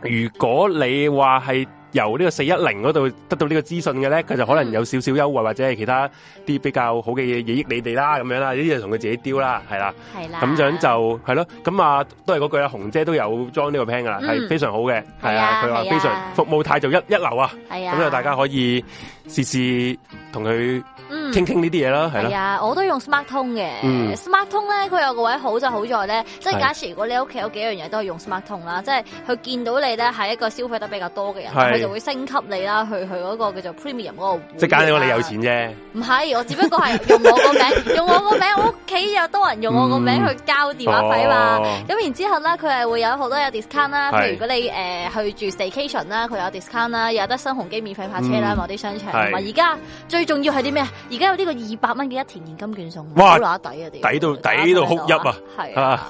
如果你話係。由呢個四一零嗰度得到個資訊呢個資訊嘅咧，佢就可能有少少優惠或者係其他啲比較好嘅嘢，益你哋啦，咁樣啦，呢啲就同佢自己丟啦，係啦，係啦，咁樣就係咯，咁啊都係嗰句啦，紅姐都有裝呢個 plan 噶啦，係、嗯、非常好嘅，係啊，佢話、啊、非常服務態度一一流啊，咁、啊、就大家可以。試試同佢傾傾呢啲嘢啦，係啦。啊，我都用 smart 通嘅、嗯。smart 通咧，佢有個位好就好在咧，即係假設如果你屋企有幾樣嘢都係用 smart 通啦，即係佢見到你咧係一個消費得比較多嘅人，佢就會升級你啦，去去嗰個叫做 premium 嗰個。即係假如你有錢啫。唔係，我只不過係用我個名， *laughs* 用我個的名， *laughs* 我屋企又多人用我個名去交電話費嘛。咁、嗯哦、然之後咧，佢係會有好多有 discount 啦、嗯。譬如如果你誒、呃、去 staycation 啦，佢有 discount 啦，有得新鴻基免費泊車啦，嗯、某啲商場。係，而家最重要係啲咩？而家有呢個二百蚊嘅一田現金券送，哇！抵啊，抵到抵到哭泣啊！係啊，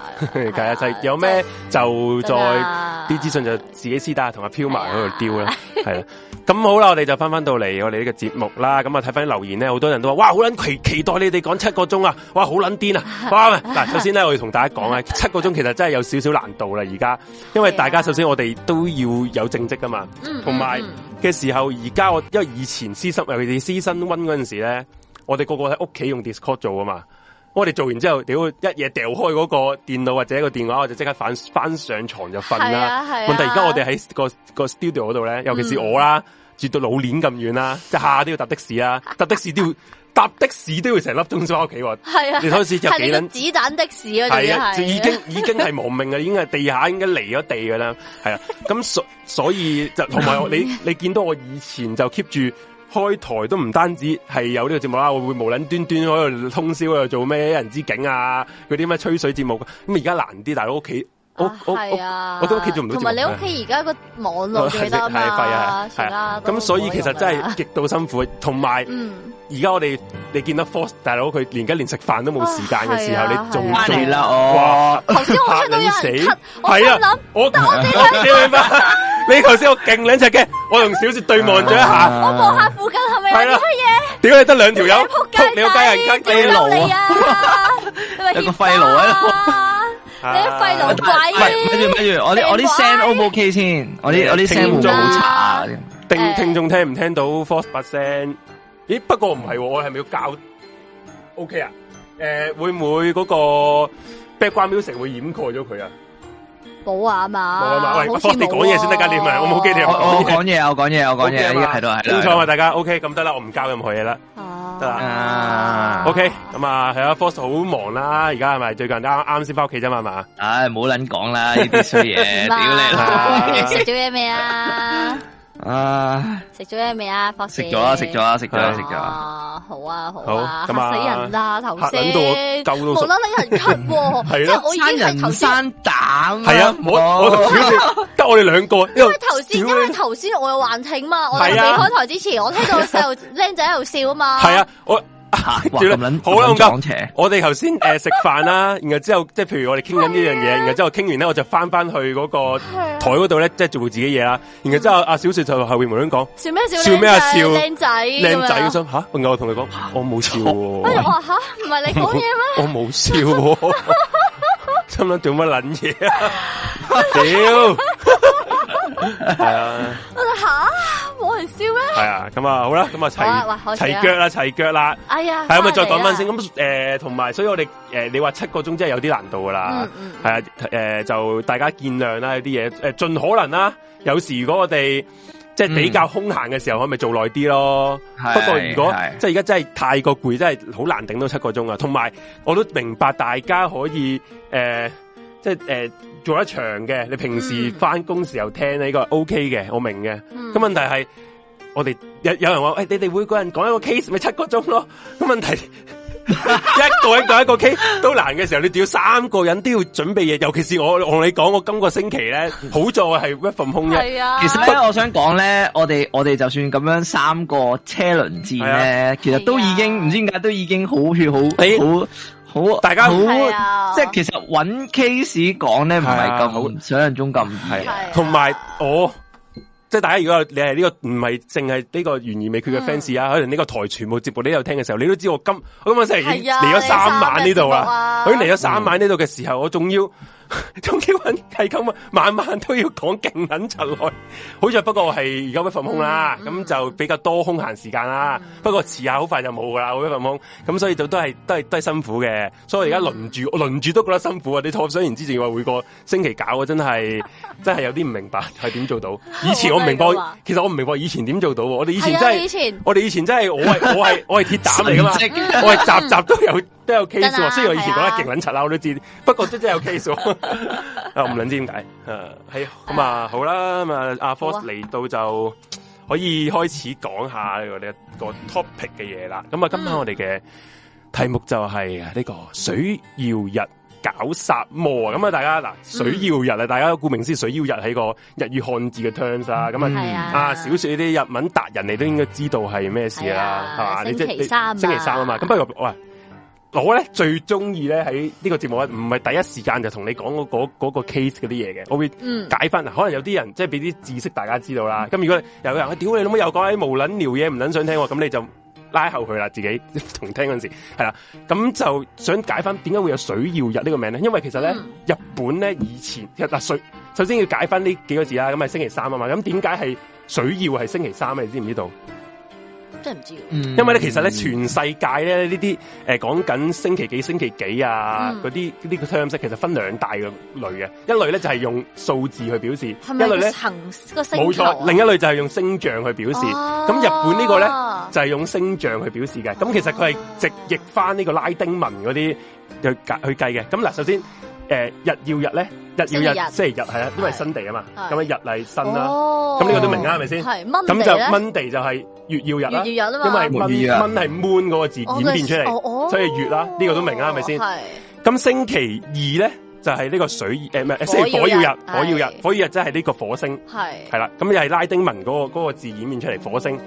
大家睇有咩就再啲資訊就自己私打、啊，同阿飄埋喺度丟啦。係啦，咁好啦，我哋就翻翻到嚟我哋呢個節目啦。咁啊，睇翻留言咧，好多人都話：哇，好捻期期待你哋講七個鐘啊！哇，好捻癲啊！哇！嗱，首先咧，我要同大家講啊，七個鐘其實真係有少少難度啦。而家因為大家首先我哋都要有正職噶嘛，同埋。 *laughs* 嗯嗯嘅時候，而家我因為以前私生尤其是私生溫嗰陣時咧，我哋個個喺屋企用 Discord 做啊嘛，我哋做完之後，屌一夜掉開嗰個電腦或者一個電話，我就即刻返翻上床就瞓啦、啊啊。問題而家我哋喺個個 studio 嗰度咧，尤其是我啦，嗯、住到老年咁遠啦，即下都要搭的士啊，搭的士都要。 *laughs* 搭的士都要成粒鐘返屋企喎，你開始就幾粒子彈的士啊，係啊，已經已經係亡命啊，已經係 *laughs* 地下應該離咗地噶啦，係啊，咁所所以，所以就同埋 *laughs* 你你見到我以前就 keep 住開台都唔單止係有呢個節目啦、啊，我會無諗端端喺度通宵喺、啊、度做咩一人之境啊，嗰啲咩吹水節目、啊，咁而家難啲，大佬屋企。係啊，我都屋企做唔到，同埋你屋企而家個網絡係太係啦。咁、啊、所以其實真係極度辛苦，同、嗯、埋，而家我哋你見到 Force 大佬佢連而家連食飯都冇時間嘅時候，啊啊、你仲嚟啦，哇！頭先 *laughs* 我聽到有人係啊，我我哋你頭先我勁兩隻嘅，我同 *laughs* 小雪對望咗一下， *laughs* 我望下附近係咪有乜嘢？屌、啊、你得兩條友撲街，你了解人家雞奴啊，有個廢奴啊。你喺廢到鬼？唔係，咪住咪住，我啲我啲聲 O 唔 OK 先？我啲我啲聲好差，聽聽眾聽唔聽到 four 八聲？咦，不過唔係，我係咪要教？OK 啊？誒，會唔會嗰個 background music 會掩蓋咗佢啊？補下嘛，好似冇。你講嘢先得，家添啊！我冇機添。我講嘢，我講嘢，我講嘢。係啦係啦，冇錯啊！大家 OK，咁得啦，我唔教任何嘢啦。啊，OK，咁啊，係啊，Force 好忙啦，而家係咪最近啱啱先返屋企啫嘛，係嘛？唉，唔好撚講啦，呢啲衰嘢，屌你啦！食咗嘢未啊？啊，食咗嘢未啊？Force 食咗啦，食咗啦，食咗，食咗。哦，好啊，好啊，咁死人啦，頭先，冇得你人 cut，即係我已經係頭先。係啊，啊我我得我哋 *laughs* 兩個，因為頭先 *laughs* 因為頭先我有幻聽嘛，啊、我哋未開台之前，我聽到細路靚仔喺度笑啊嘛，係啊，我。好啦，我哋頭先誒食飯啦，然後之後即係譬如我哋傾緊呢樣嘢，然後之後傾完咧，我就翻翻去嗰個台嗰度咧，即係做自己嘢啦。然後之後阿小雪就後面冇樣講笑咩笑咩阿笑，靚仔靚仔咁樣吓。然後我同你講，我冇笑。我又話吓，唔係你講嘢咩？我冇笑，心諗做乜撚嘢啊？屌！ *laughs* *laughs* *laughs* 係 *laughs* 啊，我吓冇人笑咩？係啊，咁啊好啦，咁啊齊齊腳啦，齊腳啦。哎呀，係咪再講翻先？咁誒，同、呃、埋，所以我哋誒、呃，你話七個鐘真係有啲難度噶啦。係、嗯嗯、啊，誒、呃，就大家見諒啦，有啲嘢誒，盡可能啦。有、呃啊、有時如果我哋即係比較空閒嘅時候，可咪做耐啲咯、嗯。不過如果即係而家真係太過攰，真係好難頂到七個鐘啊。同埋，我都明白大家可以誒、呃，即係誒。呃做一場嘅，你平時翻工時候聽呢、嗯、個係 O K 嘅，我明嘅。咁、嗯、問題係，我哋有有人話，誒、哎，你哋每個人講一個 case 咪七個鐘咯。咁問題一個一個一個 case *laughs* 都難嘅時候，你屌要三個人都要準備嘢，尤其是我同你講，我今個星期咧好在係一份空 p o 係啊。其實咧，我想講咧，我哋我哋就算咁樣三個車輪戰咧，啊、其實都已經唔、啊、知點解都已經好血好好。好，大家好，很啊、即係其實揾 case 講咧唔係咁好，啊、想象中咁係，同埋、啊、我，即係大家如果你係呢、這個唔係淨係呢個懸而未決嘅 fans 啊、嗯，可能呢個台全部節目呢度聽嘅時候，你都知我今我今個星期已經晚先嚟咗三晚呢度啊，佢嚟咗三、啊、晚呢度嘅時候，嗯、我仲要。總之係咁啊，晚晚都要講勁捻柒來，好似不過係而家冇份工啦，咁、嗯嗯、就比較多空閒時間啦、嗯。不過遲下好快就冇噶啦，冇份工，咁所以就都係都係都係辛苦嘅。所以而家輪住、嗯、我而家輪住輪住都覺得辛苦啊！你可想而知，仲要話每個星期搞，啊，真係真係有啲唔明白係點做到。以前我唔明白、啊，其實我唔明白以前點做到。我哋以前真係、啊，我哋以前真係，我係我係我係鐵膽嚟噶嘛，我係集集都有都有 case、啊。雖然我以前講得勁捻柒啦，我都知道，不過真係有 case、啊。 *laughs* *laughs* 啊，我唔捻知點解，誒，係咁啊，好啦，咁啊，阿 Force 嚟到，就可以開始講下我哋一個 topic 嘅嘢啦。咁啊，今晚我哋嘅題目就係呢個水曜日搞殺魔。咁啊、嗯，大家嗱，水曜日啊，大家顧名思水曜日係個日語漢字嘅 terms 啊。咁、嗯、啊，啊，小說啲日文達人你都應該知道係咩事啦，係、嗯、嘛、啊？星期三、啊、你你你星期三啊嘛。咁不如喂。我咧最中意咧喺呢個節目咧，唔係第一時間就同你講嗰嗰個 case 嗰啲嘢嘅，我會解翻。嗯、可能有啲人即係俾啲知識大家知道啦。咁、嗯、如果有，有人屌你老母又講啲無捻聊嘢，唔捻想聽，咁你就拉後佢啦。自己同 *laughs* 聽嗰陣時係啦，咁就想解翻點解會有水曜日個呢個名咧？因為其實咧，嗯、日本咧以前、啊、水，首先要解翻呢幾個字啦。咁係星期三啊嘛。咁點解係水曜係星期三咧？你知唔知道？因為咧，其實咧，全世界咧呢啲誒講緊星期幾、星期幾啊，嗰啲呢個 terms 其實分兩大嘅類嘅，一類咧就係、是、用數字去表示，是是一類咧層冇錯，另一類就係用星象去表示。咁、啊、日本這個呢個咧就係、是、用星象去表示嘅。咁、啊、其實佢係直譯翻呢個拉丁文嗰啲去計、啊、去計嘅。咁嗱，首先誒日曜日咧，日曜日，呢日，日，日，日星期日係啊，是因為 Sunday 啊嘛，咁啊日嚟 Sun 啦，咁呢個都明啊，係咪先？係蚊咁就 Monday 就係、是。月曜日，啦，因為蚊蚊係 moon 嗰個字演變出嚟、哦哦哦，所以月啦，呢個都明啦、哦，係咪先？咁、嗯、星期二咧就係呢個水誒，唔、呃、係，即、呃、火曜日，日，火曜日，火曜日即係呢個火星，係係啦，咁、嗯、又係拉丁文嗰、那個、那個字演變出嚟，火星。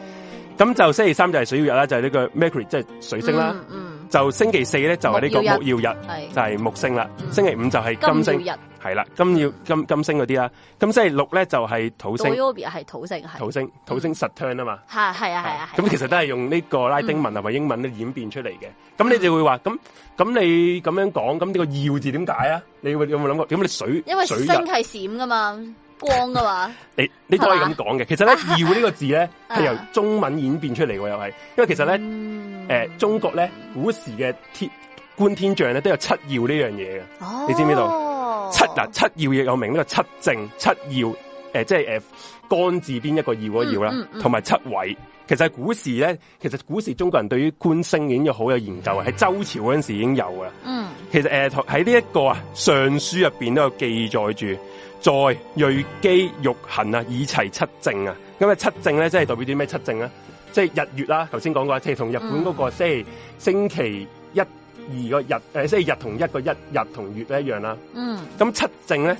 咁就星期三就係水曜日啦、啊，就係呢個 Mercury，即係水星啦、嗯。嗯就星期四咧，就係呢個木曜日，就係木星啦。星期五就係金星，係啦，金曜金，金星嗰啲啦。咁星期六咧，就係土星。土曜日係土星，係土星，土星 Saturn，啊嘛。係係啊係啊。咁其實都係用呢個拉丁文啊或英文咧演變出嚟嘅。咁你哋就會話，咁咁你咁樣講，咁呢個曜字點解啊？你會有冇諗過咁？你水因為水星係閃噶嘛。光噶嘛？ *laughs* 你你都可以咁講嘅，其實咧“耀”呢個字咧係 *laughs* 由中文演變出嚟，又係因為其實咧，誒、嗯呃，中國咧古時嘅天觀天象咧都有七耀」呢樣嘢嘅，你知唔知道？七日七,七,七耀」亦有名呢個七正七耀」，誒，即係誒干字邊一個曜啊曜啦，同埋七位。其實喺古時咧，其實古時中國人對於觀星已經好有研究。喺周朝嗰陣時已經有㗎。嗯，嗯，其實誒喺呢一個啊尚書入邊都有記載住。在瑞基玉衡啊，以齊七政，七政，七政啊，咁啊七政咧即係代表啲咩七政啊？即係日月啦，頭先講過，即係同日本嗰個星星期一二個日，誒即係日同一個一日，日同月一樣啦、啊嗯呃。嗯。咁七政咧，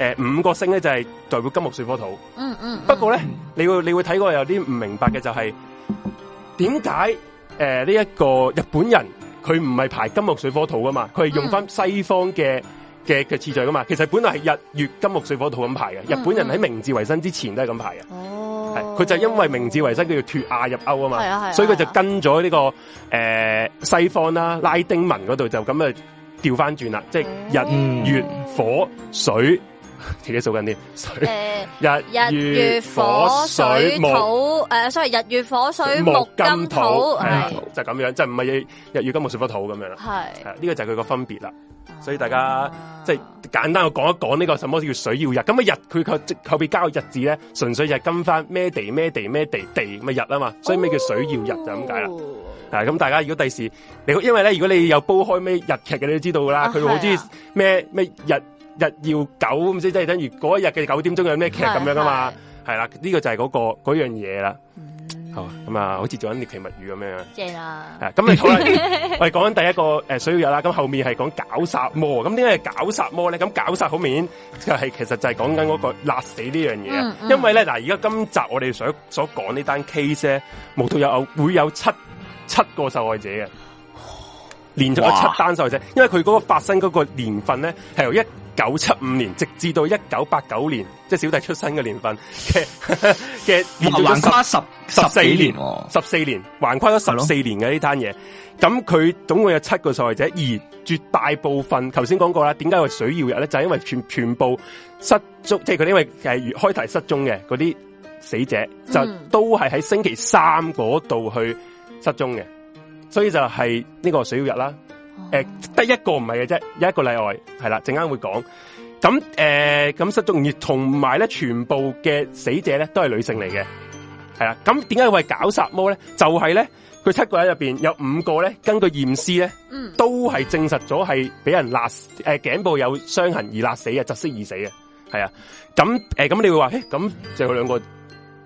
誒五個星咧就係代表金木水火土。嗯嗯。不過咧，你會你會睇過有啲唔明白嘅就係、是，點解誒呢一個日本人佢唔係排金木水火土㗎嘛？佢係用返西方嘅。嗯嘅嘅次序㗎嘛，其實本來係日月金木水火土咁排嘅，嗯嗯，日本人喺明治維新之前都係咁排嘅。哦，係，佢就因為明治維新佢要脫亞入歐啊嘛，係啊係，啊，所以佢就跟咗呢、這個誒、呃、西方啦，啊、拉丁文嗰度就咁啊調翻轉啦，即、就、係、是、日月火水。嗯嗯自己數緊啲，水、日日月火水木，誒所 o 日月火水木金土，係就咁、是、樣，就唔、是、係日月金木水火土咁樣啦。係，呢、啊這個就係佢個分別啦。所以大家即係、啊就是、簡單我講一講呢、這個什麼叫水要日。咁啊日，佢後後邊加個日字咧，純粹就係跟翻咩地咩地咩地地咪日啊嘛。所以咩叫水要日就咁解啦。嗱、哦，咁、啊、大家如果第時，因為咧，如果你有煲開咩日劇嘅，你都知道噶啦，佢好似咩咩日。啊日要九唔知，即係等於嗰一日嘅九點鐘有咩劇咁樣噶嘛？係啦，呢、這個就係嗰、那個嗰樣嘢啦、嗯。好，咁啊，好似做緊獵奇物語咁樣。正啊！咁你好啦， *laughs* 我哋講緊第一個誒，水要日啦。咁後面係講絞殺魔。咁點解係絞殺魔咧？咁絞殺好面就係、是、其實就係講緊嗰個辣死呢樣嘢。因為咧，嗱，而家今集我哋想所講呢單 case 咧，無獨有偶，會有七七個受害者嘅，連續有七單受害者。因為佢嗰個發生嗰個年份咧，係由一。九七五年，直至到一九八九年，即係小弟出生嘅年份嘅嘅，一共花十十四年，十四年，橫跨咗十四年嘅呢單嘢。咁佢總共有七個受害者，而絕大部分，頭先講過啦，點解話水曜日咧？就係、是、因為全全部失蹤，即係佢因為誒開題失蹤嘅嗰啲死者，就都係喺星期三嗰度去失蹤嘅，所以就係呢個水曜日啦。誒、呃，得一個唔係嘅啫，一個例外係啦，陣間會講。咁誒，咁、呃、失蹤而同埋咧，全部嘅死者咧都係女性嚟嘅，係啦。咁點解會搞殺魔咧？就係、是、咧，佢七個喺入邊有五個咧，根據驗屍咧，都係證實咗係俾人勒誒頸部有傷痕而勒死啊，窒息而死嘅。係啊，咁誒，咁、呃、你會話，咁就兩個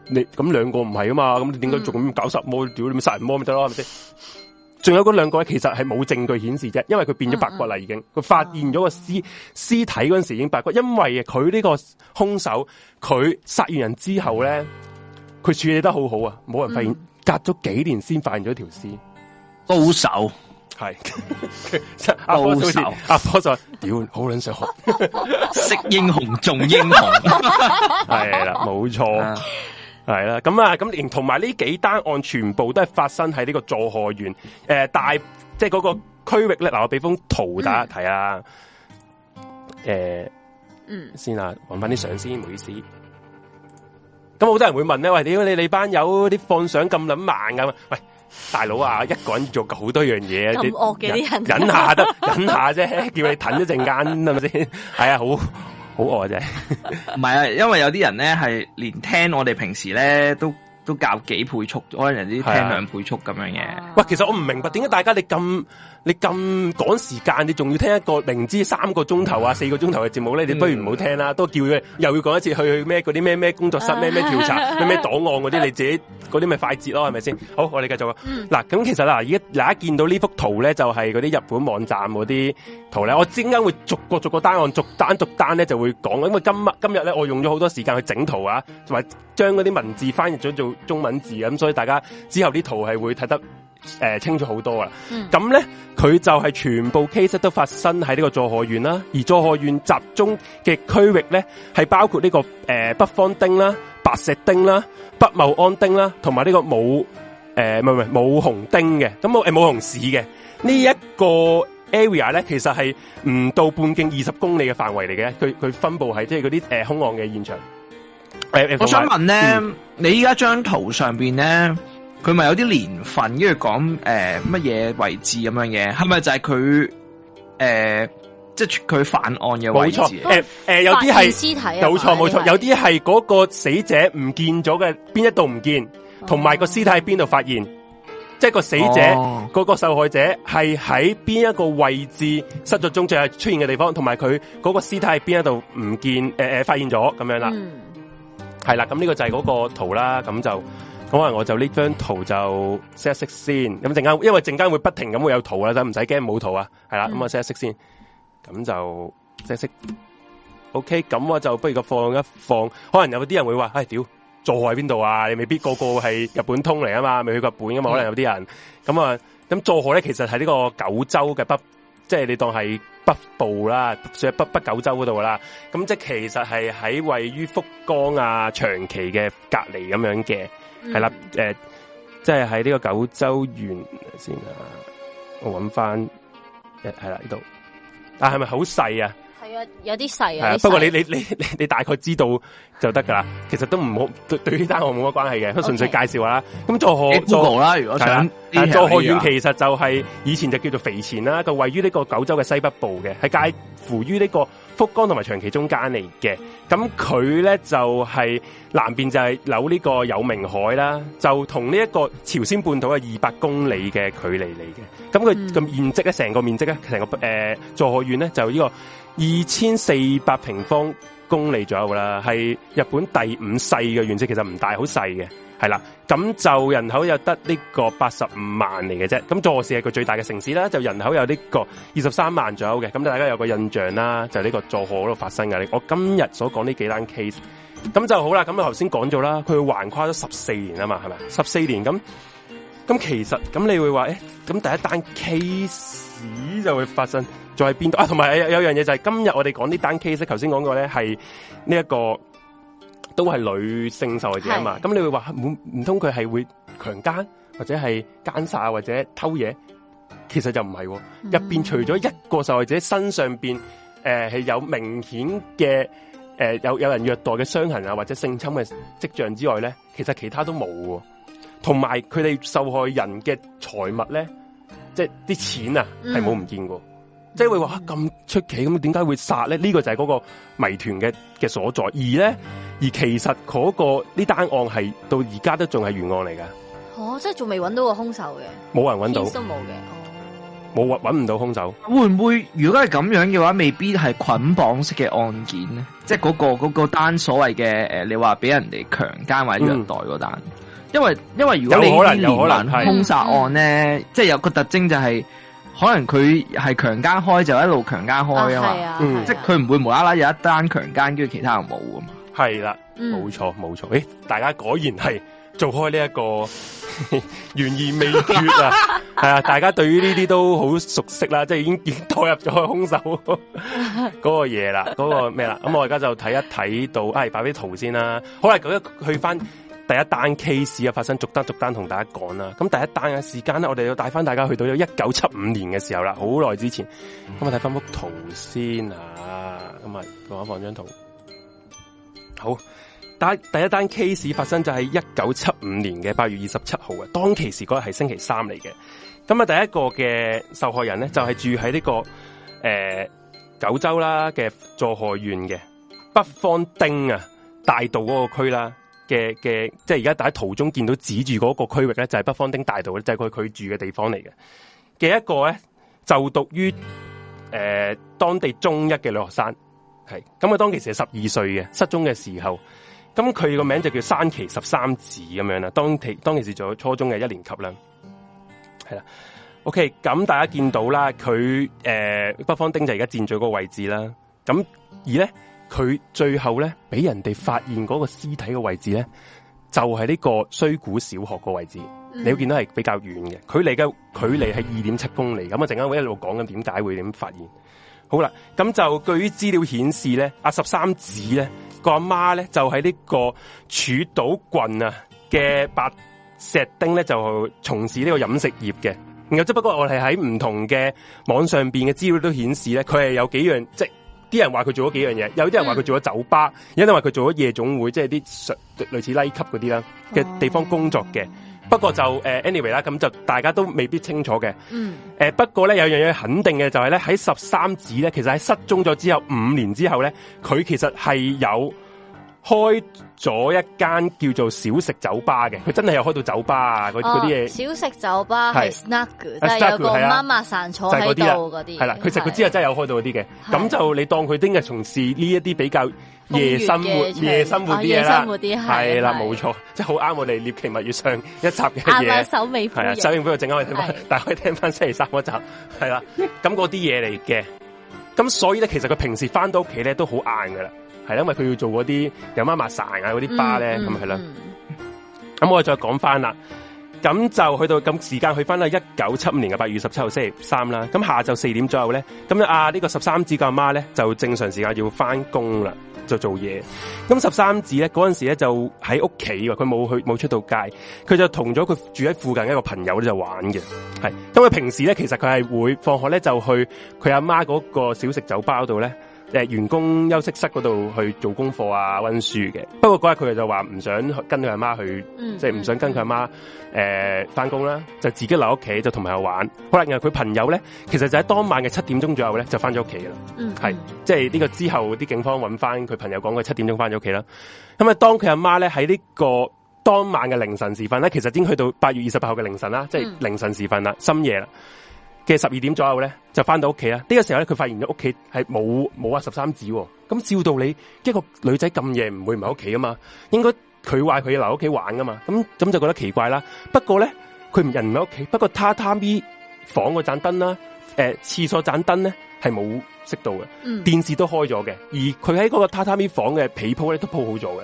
你咁兩個唔係啊嘛，咁點解仲咁搞殺魔？屌你咪殺人魔咪得咯，係咪先？ *laughs* 仲有嗰兩個咧其實係冇證據顯示啫，因為佢變咗白骨啦，嗯嗯嗯已經佢發現咗個屍,屍體嗰陣時已經白骨，因為佢呢個兇手佢殺完人之後呢，佢處理得好好啊，冇人發現，嗯嗯隔咗幾年先發現咗條屍，高手係，高、 *laughs* 啊、手阿波就屌好撚想學，識英雄重英雄 *laughs* *laughs* *laughs* 是，係啦，冇錯。啊係啦，咁啊，咁連同埋呢幾單案全部都係發生喺呢個助河源誒大，即係嗰個區域咧。嗱，我俾封圖大家睇啊。誒、嗯呃，嗯，先啊，搵翻啲相先，唔好意思。咁好多人會問咧，喂，點解你哋班友啲放相咁捻慢噶？喂，大佬啊，一個人做好多樣嘢，咁惡嘅啲人忍下得，忍下啫，下 *laughs* 叫你褪一陣間，係咪先？係、哎、啊，好。好餓啫，唔係啊，因為有啲人咧，係連聽我哋平時咧都。都教幾倍速，可能人哋聽兩倍速咁樣嘅、啊。喂，其實我唔明白點解大家你咁你咁趕時間，你仲要聽一個明知三個鐘頭啊、 *laughs* 四個鐘頭嘅節目咧？你不如唔好聽啦，都叫佢又要講一次去咩嗰啲咩咩工作室咩咩調查咩咩 *laughs* 檔案嗰啲，你自己嗰啲咪快捷咯，係咪先？好，我哋繼續啦。嗱，咁其實嗱，而家大家見到呢幅圖咧，就係嗰啲日本網站嗰啲圖咧。我即刻會逐個逐個單案逐單逐單咧就會講，因為今今日咧我用咗好多時間去整圖啊，同埋將嗰啲文字翻譯咗做中文字，咁所以大家之後啲圖係會睇得誒、呃、清楚好多啦。咁咧，佢、嗯、就係全部 case 都發生喺呢個助焊院啦，而助焊院集中嘅區域咧，係包括呢、這個誒、呃、北方丁啦、白石丁啦、北茂安丁啦，同埋呢個武誒唔係唔係武雄丁嘅。咁誒武雄、呃、市嘅呢一個 area 咧，其實係唔到半徑二十公里嘅範圍嚟嘅。佢佢分佈係即係嗰啲誒凶案嘅現場。誒、嗯嗯，我想問咧、嗯，你依家張圖上邊咧，佢咪有啲年份，跟住講誒乜嘢位置咁樣嘢？係、呃、咪就係佢誒，即係佢犯案嘅位置？誒誒、欸呃，有啲係屍體係咪，冇錯冇錯，有啲係嗰個死者唔見咗嘅邊一度唔見，同埋個屍體喺邊度發現？哦、即係個死者，嗰、哦嗰個受害者係喺邊一個位置失咗蹤最後出現嘅地方，同埋佢嗰個屍體喺邊一度唔見？誒、呃、誒，發現咗咁樣啦。嗯係啦，咁呢個就係嗰個圖啦，咁就咁可能我就呢張圖就 set set 先，咁陣間因為陣間會，會不停咁會有圖啦，就唔使驚冇圖啊。係啦，咁啊 set set 先，咁就 set set，OK，咁我就不如個放一放，可能有啲人會話，唉、哎、屌，佐賀喺邊度啊？你未必個個係日本通嚟，啊嘛，未去過本啊嘛，可能有啲人，咁啊，咁佐賀咧其實係呢個九州嘅北。即係你當係北部啦，算係北北九州嗰度啦。咁即係其實係喺位於福岡啊、長崎嘅隔籬咁樣嘅，係、嗯、啦，誒、呃，即係喺呢個九州縣先啊，我揾翻，係啦呢度，但係係咪好細啊？是係啊，有啲細啊。不過你你你你大概知道就得噶啦。其實都唔好，對於呢單我冇乜關係嘅，純純粹介紹下啦。咁佐賀啦，如果係咁，佐賀縣，其實就係、是嗯、以前就叫做肥前啦，就位於呢個九州嘅西北部嘅，係介乎於呢個福岡同埋長崎中間嚟嘅。咁佢咧就係、是、南邊就係有呢個有明海啦，就同呢一個朝鮮半島嘅二百公里嘅距離嚟嘅。咁佢咁面積咧，成、嗯、個面積咧，成個誒佐賀縣咧就呢個。呃二千四百平方公里左右啦，係日本第五細嘅面積，其實唔大，好細嘅，係啦。咁就人口又得呢個八十五萬嚟嘅啫。咁佐賀市係佢最大嘅城市啦，就人口有呢個二十三萬左右嘅。咁大家有個印象啦，就呢、是、個佐賀度發生嘅。我今日所講呢幾單 case，咁就好啦。咁我頭先講咗啦，佢橫跨咗十四年啊嘛，係咪？十四年咁咁，其實咁你會話，誒、欸，咁第一單 case 就會發生。再喺邊度啊？同埋有樣嘢就係、是、今日我哋講啲單 case，頭先講過咧係呢一個都係女性受害者啊嘛。咁你會話唔通佢係會強奸或者係奸殺或者偷嘢？其實就唔係，入邊除咗一個受害者身上邊誒係有明顯嘅誒有有人虐待嘅傷痕啊或者性侵嘅跡象之外咧，其實其他都冇。同埋佢哋受害人嘅財物咧，即係啲錢啊係冇唔見過。嗯即係會話咁出奇，咁點解會殺咧？呢、這個就係嗰個謎團嘅嘅所在。而咧、嗯，而其實嗰、那個呢單案係到而家都仲係懸案嚟㗎。哦，即係仲未揾到個凶手嘅，冇人揾到都冇嘅，冇揾唔到凶手。會唔會如果係咁樣嘅話，未必係捆綁式嘅案件咧、嗯？即係、那、嗰個嗰、那個單所謂嘅誒，你話俾人哋強姦或者虐待嗰單、嗯，因為因為如果你有可能連環凶殺案咧、嗯，即係有個特徵就係、是。可能佢係強姦開就一路強姦開啊嘛，嗯，即係佢唔會無啦啦有一單強姦跟住其他人冇啊嘛，係、嗯、啦，冇錯冇錯，誒、欸，大家果然係做開呢一個懸 *laughs* 而未決啊，係 *laughs* 啊，大家對於呢啲都好熟悉啦，即係已經已經代入咗開凶手嗰個嘢啦，嗰、那個咩啦，咁我而家就睇一睇到，唉、啊，擺啲圖先啦，好啦，咁一去翻，去第一單 case 啊發生，逐單逐單同大家講啦。咁第一單嘅時間咧，我哋要帶翻大家去到咗一九七五年嘅時候啦，好耐之前。咁啊睇翻幅圖先啊，咁啊放一放一張圖。好，第一第一單 case 發生就係一九七五年嘅八月二十七號啊，當其時嗰日係星期三嚟嘅。咁啊，第一個嘅受害人咧就係、是、住喺呢、這個誒、呃、九州啦嘅佐賀縣嘅北方町啊大道嗰個區啦、啊。嘅嘅，即係而家大家途中見到指住嗰個區域咧，就係、是、北方丁大道咧，就係、是、佢住嘅地方嚟嘅。嘅一個咧，就讀於誒、呃、當地中一嘅女學生，係咁佢當其時係十二歲嘅失蹤嘅時候，咁佢個名就叫山崎十三子咁樣啦。當其當其時仲有初中嘅一年級啦，係啦。OK，咁大家見到啦，佢誒、呃、北方丁就而家佔咗個位置啦。咁而咧。佢最後呢，俾人哋發現嗰個屍體嘅位置呢，就係、是、呢個衰古小學個位置。你會見到係比較遠嘅距離嘅距離係二點七公里。咁我陣間會一路講緊點解會點發現。好啦，咁就據於資料顯示呢，阿、啊、十三子呢個阿媽呢，就喺、是、呢個柱島郡啊嘅白石町呢，就從事呢個飲食業嘅。然後即不過我哋喺唔同嘅網上面嘅資料都顯示呢，佢係有幾樣即。啲人話佢做咗幾樣嘢，有啲人話佢做咗酒吧，嗯、有啲人話佢做咗夜總會，即係啲類似低級嗰啲啦嘅地方工作嘅。嗯、不過就誒、呃、anyway 啦，咁就大家都未必清楚嘅。誒、嗯呃、不過咧，有樣嘢肯定嘅就係、是、咧，喺十三子咧，其實喺失蹤咗之後五年之後咧，佢其實係有。開咗一間叫做小食酒吧嘅，佢真係有開到酒吧啊！嗰啲嘢，小食酒吧係 snack，即係、就是、有個媽媽桑坐喺度嗰啲。係、就是、啦，佢其實佢知係真係有開到嗰啲嘅。咁就你當佢聽日從事呢一啲比較夜生活、夜生活啲嘢啦。係、啊、啦，冇錯，即係好啱我哋獵奇物語上一集嘅嘢。係手尾。係啊，手尾俾我整翻，我聽翻，但可以聽翻星期三嗰集。係啦，咁嗰啲嘢嚟嘅。咁所以咧，其實佢平時翻到屋企咧，都好晏噶啦。係啦，因為佢要做嗰啲有媽媽傘啊嗰啲巴咧，咁係啦。咁、嗯、我哋再講翻啦。咁就去到咁時間去翻啦，一九七五年嘅八月十七號星期三啦。咁下晝四點左右咧，咁啊呢個十三子個阿媽咧就正常時間要翻工啦，就做嘢。咁十三子咧嗰陣時咧就喺屋企㗎，佢冇去冇出到街，佢就同咗佢住喺附近一個朋友咧就玩嘅，係。因為平時咧其實佢係會放學咧就去佢阿媽嗰個小食酒吧度咧。誒、呃，員工休息室嗰度去做功課啊，溫書嘅。不過嗰日佢哋就話唔想跟佢阿媽去，即係唔想跟佢阿媽誒翻工啦，就自己留屋企就同朋友玩。可能因為佢朋友咧，其實就喺當晚嘅七點鐘左右咧就翻咗屋企啦。嗯，係即係呢個之後，啲警方揾翻佢朋友講佢七點鐘翻咗屋企啦。咁、嗯、啊、嗯，當佢阿媽咧喺呢個當晚嘅凌晨時分咧，其實已經去到八月二十八號嘅凌晨啦，即、就、係、是、凌晨時分啦、嗯，深夜啦。嘅十二點左右咧，就翻到屋企啊！呢、這個時候咧，佢發現咗屋企係冇冇啊十三子，哦，咁照道理，一個女仔咁夜唔會唔喺屋企啊嘛？應該佢話佢要留喺屋企玩噶嘛？咁咁就覺得奇怪啦。不過咧，佢唔人唔喺屋企，不過榻榻米房嗰盞燈啦，誒、呃，廁所盞燈咧係冇熄到嘅，呃嗯、電視都開咗嘅，而佢喺嗰個榻榻米房嘅被鋪咧都鋪好咗嘅，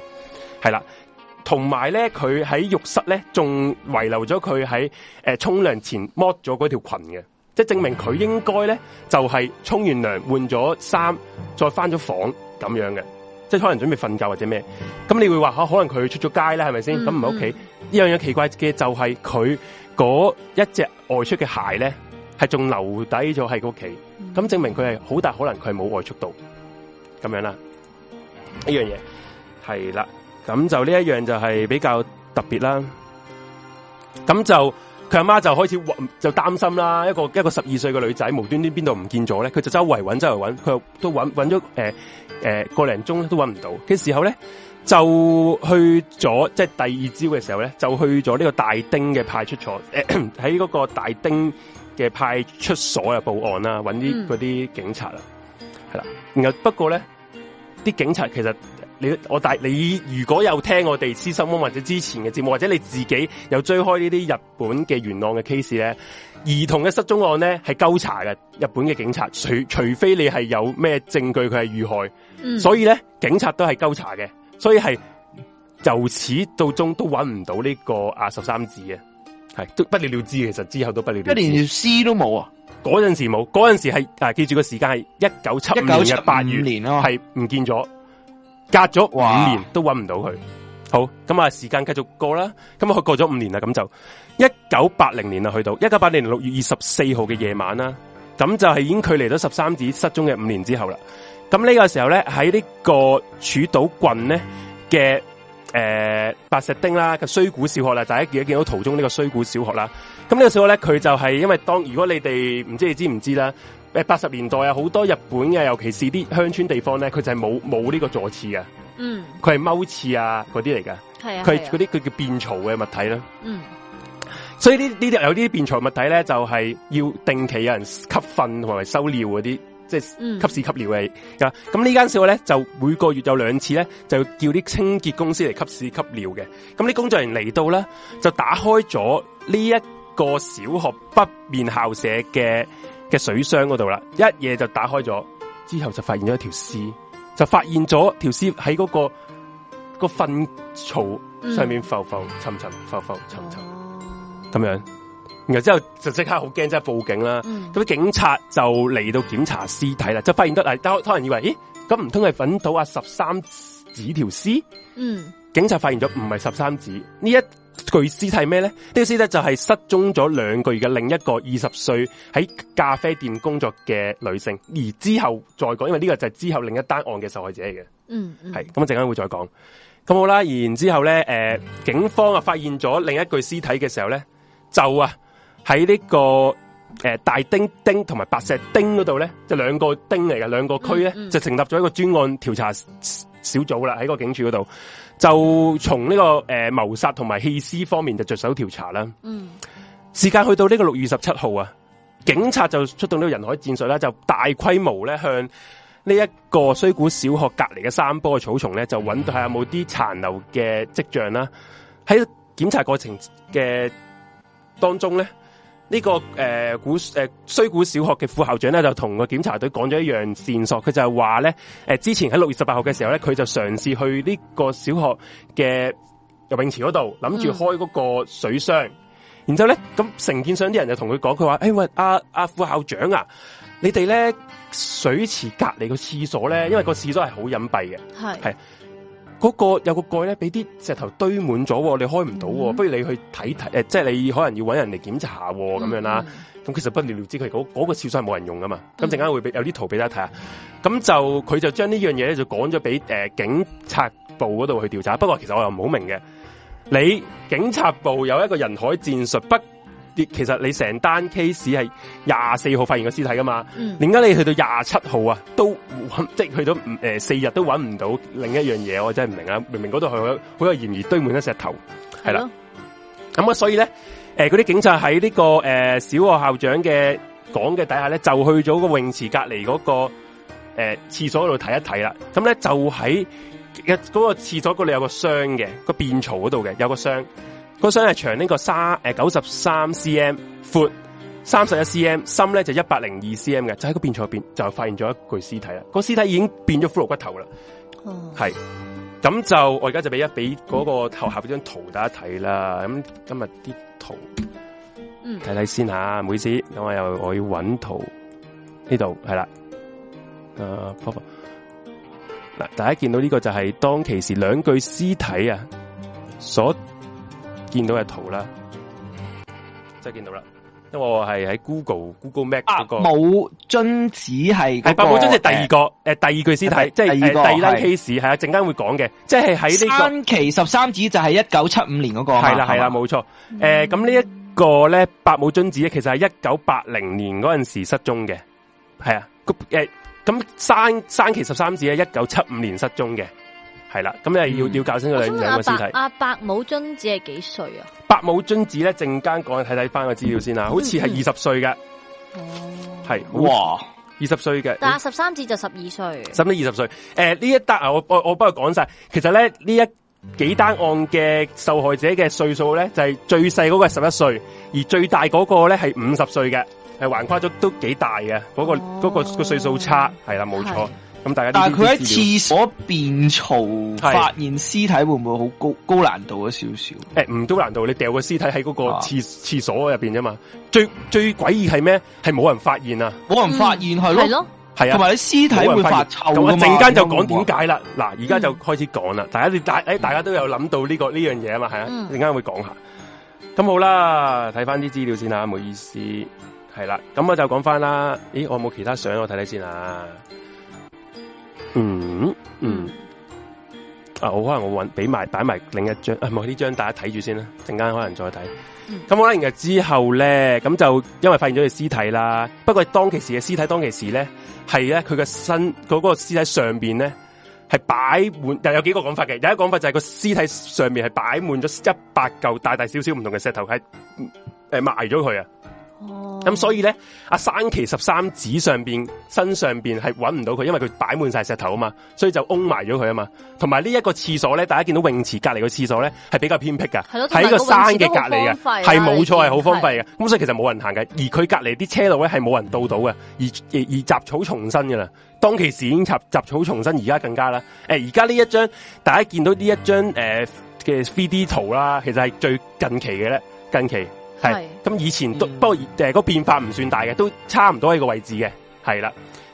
係啦。同埋咧，佢喺浴室咧仲遺留咗佢喺誒沖涼前剝咗嗰條裙嘅。即係證明佢應該咧，就係、是、沖完涼換咗衫，再翻咗房咁樣嘅，即係可能準備瞓覺或者咩。咁你會話，吓、啊、可能佢出咗街啦，係咪先？咁唔喺屋企，呢樣嘢奇怪嘅就係佢嗰一隻外出嘅鞋咧，係仲留底咗喺佢屋企。咁、mm-hmm. 證明佢係好大可能佢係冇外出到，咁樣啦。呢樣嘢係啦，咁就呢一樣就係比較特別啦。咁就。佢阿媽就開始揾，端端就擔心啦。一個一個十二歲嘅女仔無端端邊度唔見咗咧？佢就周圍揾，周圍揾，佢都揾，揾咗誒誒個零鐘都揾唔到嘅時候咧，就去咗即係第二朝嘅時候咧，就去咗呢個大丁嘅派出所，喺嗰個大丁嘅派出所啊，報案啦，揾啲嗰啲警察啦，係、嗯、啦。然後不過咧，啲警察其實。你我大你如果有聽我哋私心或者之前嘅節目，或者你自己有追開呢啲日本嘅懸案嘅 case 咧，兒童嘅失蹤案咧係鳩查嘅，日本嘅警察除除非你係有咩證據佢係遇害，嗯、所以咧警察都係鳩查嘅，所以係由始到終都揾唔到呢個阿、啊、十三字嘅，係都不了了之，其實之後都不了了之。一連條屍都冇啊！嗰陣時冇，嗰陣時係誒、啊、記住個時間係一九七五年嘅八月，係唔見咗。隔咗五年都揾唔到佢，好，咁啊，時間繼續過啦，咁啊佢過咗五年啦，咁就一九八零年啦，去到一九八零年六月二十四號嘅夜晚啦，咁就係已經距離咗十三子失蹤嘅五年之後啦。咁呢個時候咧，喺呢個柱島郡咧嘅誒白石町啦嘅衰古小學啦，大家記得見到途中呢個衰古小學啦。咁呢個小學咧，佢就係因為當如果你哋唔知你知唔知啦？誒，八十年代啊，好多日本嘅，尤其是啲鄉村地方咧，佢就係冇冇呢個坐廁嘅，嗯，佢係踎廁啊嗰啲嚟嘅，係啊，佢係嗰啲佢叫便槽嘅物體啦，嗯，所以呢呢啲有啲便槽物體咧，就係、是、要定期有人吸糞同埋收尿嗰啲，即、就、係、是、吸屎吸尿嘅，咁、嗯、呢間小學咧就每個月有兩次咧，就叫啲清潔公司嚟吸屎吸尿嘅，咁啲工作人員嚟到咧就打開咗呢一個小學北面校舍嘅。嘅水箱嗰度啦，一夜就打開咗，之後就發現咗條屍，就發現咗條屍喺嗰個個糞槽上面浮浮沉沉，浮浮沉沉咁樣，然後之後就即刻好驚，即係報警啦。咁警察就嚟到檢查屍體啦，就發現得，但係可能以為，咦，咁唔通係搵到阿十三指條屍？嗯，警察發現咗唔係十三指呢一。具屍體咩咧？呢、這個屍體就係失蹤咗兩個月嘅另一個二十歲喺咖啡店工作嘅女性，而之後再講，因為呢個就係之後另一單案嘅受害者嚟嘅。嗯，係咁啊，陣間會，會再講。咁好啦，然之後咧，誒、呃嗯，警方啊發現咗另一具屍體嘅時候咧，就啊喺呢、這個誒、呃、大丁丁同埋白石丁嗰度咧，就係兩個丁嚟嘅，兩個區咧、嗯嗯、就成立咗一個專案調查。小組啦，喺個警署嗰度就從呢個誒謀殺同埋棄屍方面就着手調查啦。嗯，時間去到呢個六月十七號啊，警察就出動呢個人海戰術啦，就大規模咧，向呢一個衰谷小學隔籬嘅山坡嘅草叢咧，就揾睇有冇啲殘留嘅跡象啦。喺檢查過程嘅當中咧。呢、這個誒古誒衰古小學嘅副校長咧，就同個檢查隊講咗一樣線索，佢就係話咧，誒、呃、之前喺六月十八號嘅時候咧，佢就嘗試去呢個小學嘅游泳池嗰度，諗住開嗰個水箱，嗯、然之後咧咁承建商啲人就同佢講，佢話誒喂阿阿、啊啊、副校長啊，你哋咧水池隔籬個廁所咧，因為個廁所係好隱蔽嘅，係係。嗰個有個蓋咧，俾啲石頭堆滿咗，你開唔到。不如你去睇睇，即係你可能要揾人嚟檢查喎，咁樣啦。咁其實不了了之，佢嗰嗰個廁所冇人用㗎嘛。咁陣間會有啲圖俾大家睇下。咁就佢就將呢樣嘢咧就講咗俾警察部嗰度去調查。不過其實我又唔好明嘅，你警察部有一個人海戰術不？其實你成單 case 係廿四號發現個屍體噶嘛，點、嗯、解你去到廿七號啊都即係去到誒四日都搵唔到另一樣嘢，我真係唔明啊。明明嗰度係好有嫌疑，堆滿咗石頭，係啦。咁、嗯、啊，所以咧，誒、呃，嗰啲警察喺呢、呢個誒、呃、小學校長嘅講嘅底下咧，就去咗個泳池隔籬嗰個誒廁、呃、所度睇一睇啦。咁咧就喺嗰個廁所嗰度有個箱嘅、嗰個便槽嗰度嘅有個箱。那箱那個箱係長呢個三誒九十三 cm，闊三十一 cm，深咧就一百零二 cm 嘅，就喺個變錯入邊就發現咗一具屍體啦。個屍體已經變咗骷髏骨頭啦，係、嗯、咁就我而家就俾一俾嗰個後下嗰張圖大家睇啦。咁今日啲圖，睇睇先吓，唔好意思，咁我又我要揾圖呢度係啦，啊、嗱、呃，大家見到呢個就係當其時兩具屍體啊所。見到嘅圖啦，即係見到啦，因為我係喺 Google Google Map 嗰、那個。冇武子指係係八武樽係第二個誒、欸，第二具屍體，即係第二個係 case 係啊，陣間會講嘅，即係喺呢個山奇十三子就係一九七五年嗰、那個係啦係啦，冇錯誒，咁、啊啊啊嗯欸、呢一個咧八武樽子其實係一九八零年嗰陣時失蹤嘅，係啊誒，咁山山奇十三子喺一九七五年失蹤嘅。係、嗯、啦，咁你要要搞清楚你兩個屍白阿伯尊子係幾歲啊？白伯、啊、武尊子咧、啊，陣間講睇睇翻個資料先啦。好似係二十歲嘅，係、嗯、哇，二十歲嘅。但係十三至就十二歲，差唔多二十歲。誒，呢、呃、一單啊，我我我不過講晒。其實咧，呢一幾單案嘅受害者嘅歲數咧，就係、是、最細嗰個係十一歲，而最大嗰、呃那個咧係五十歲嘅，係橫跨咗都幾大嘅。嗰個嗰個個歲數差係啦，冇錯。咁大家但，但係佢喺廁所變臭，發現屍體會唔會好高高難度咗少少？誒、欸，唔高難度，你掉個屍體喺嗰個廁廁所入邊咋嘛。最最詭異係咩？係冇人發現啊！冇、嗯、人發現係咯，係啊，同埋你屍體發會發臭，咁我陣間就講點解啦。嗱、嗯，而家就開始講啦。大家大誒，大家都有諗到呢、這個呢樣嘢啊嘛，係啊，陣、嗯、間會講下。咁好啦，睇翻啲資料先啦，唔好意思。係啦，咁我就講翻啦。咦，我冇其他相，我睇睇先啦。嗯嗯，啊，我可能我搵俾埋擺埋另一張，唔係呢張，張大家睇住先啦，陣間可能再睇。咁好啦，然後之後咧，咁就因為發現咗佢屍體啦。不過當其時嘅屍體，當其時咧係咧，佢嘅身嗰、嗰個屍體上邊咧係擺滿，又有，有幾個講法嘅。有一個講法就係個屍體上面係擺滿咗一百嚿大大小小唔同嘅石頭，係誒、呃、埋咗佢啊。咁、嗯嗯、所以咧，阿山崎十三指上邊身上邊係揾唔到佢，因為佢擺滿晒石頭啊嘛，所以就擁埋咗佢啊嘛。同埋呢一個廁所咧，大家見到泳池隔籬個廁所咧係比較偏僻噶，喺個山嘅隔籬嘅，係冇錯係好荒廢嘅。咁所以其實冇人行嘅，而佢隔籬啲車路咧係冇人到到嘅，而而而雜草叢生噶啦。當其時已經雜草叢生，而家更加啦。誒、欸，而家呢一張大家見到呢一張誒嘅 3D 圖啦，其實係最近期嘅咧，近期。係，咁以前都、嗯、不過，誒、呃，嗰個變化唔算大嘅，都差唔多喺個位置嘅，係啦。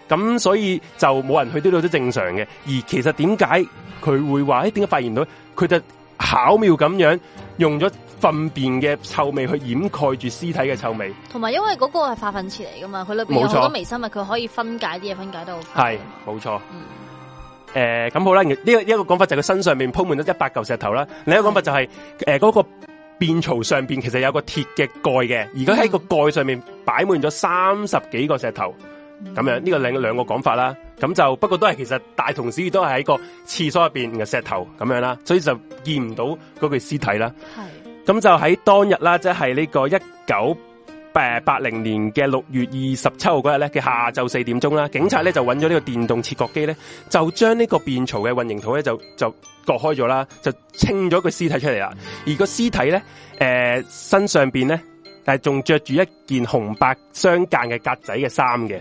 咁所以就冇人去到都正常嘅。而其實點解佢會話？誒、欸，點解發現到？佢就巧妙咁樣用咗糞便嘅臭味去掩蓋住屍體嘅臭味。同埋因為嗰個係化糞池嚟噶嘛，佢裏邊有好多微生物，佢可以分解啲嘢，分解到。係、嗯呃，係，冇錯。誒，咁好啦，呢一個講法就係佢身上面鋪滿咗一百嚿石頭啦。另一個講法就係、是，誒、呃，嗰個。便槽上邊其實有個鐵嘅蓋嘅，而家喺個蓋上面擺滿咗三十幾個石頭，咁樣呢、這個另兩個講法啦。咁就不過都係其實大同小異，都係喺個廁所入邊嘅石頭咁樣啦，所以就見唔到嗰具屍體啦。係咁就喺當日啦，即係呢個一九。誒、呃，八零年嘅六月二十七號嗰日咧嘅下晝四點鐘啦，警察咧就揾咗呢個電動切割機咧，就將呢個變槽嘅混凝土咧就就割開咗啦，就清咗個屍體出嚟啦，而那個屍體咧誒、呃、身上邊咧。但係仲着住一件紅白相間嘅格仔嘅衫嘅，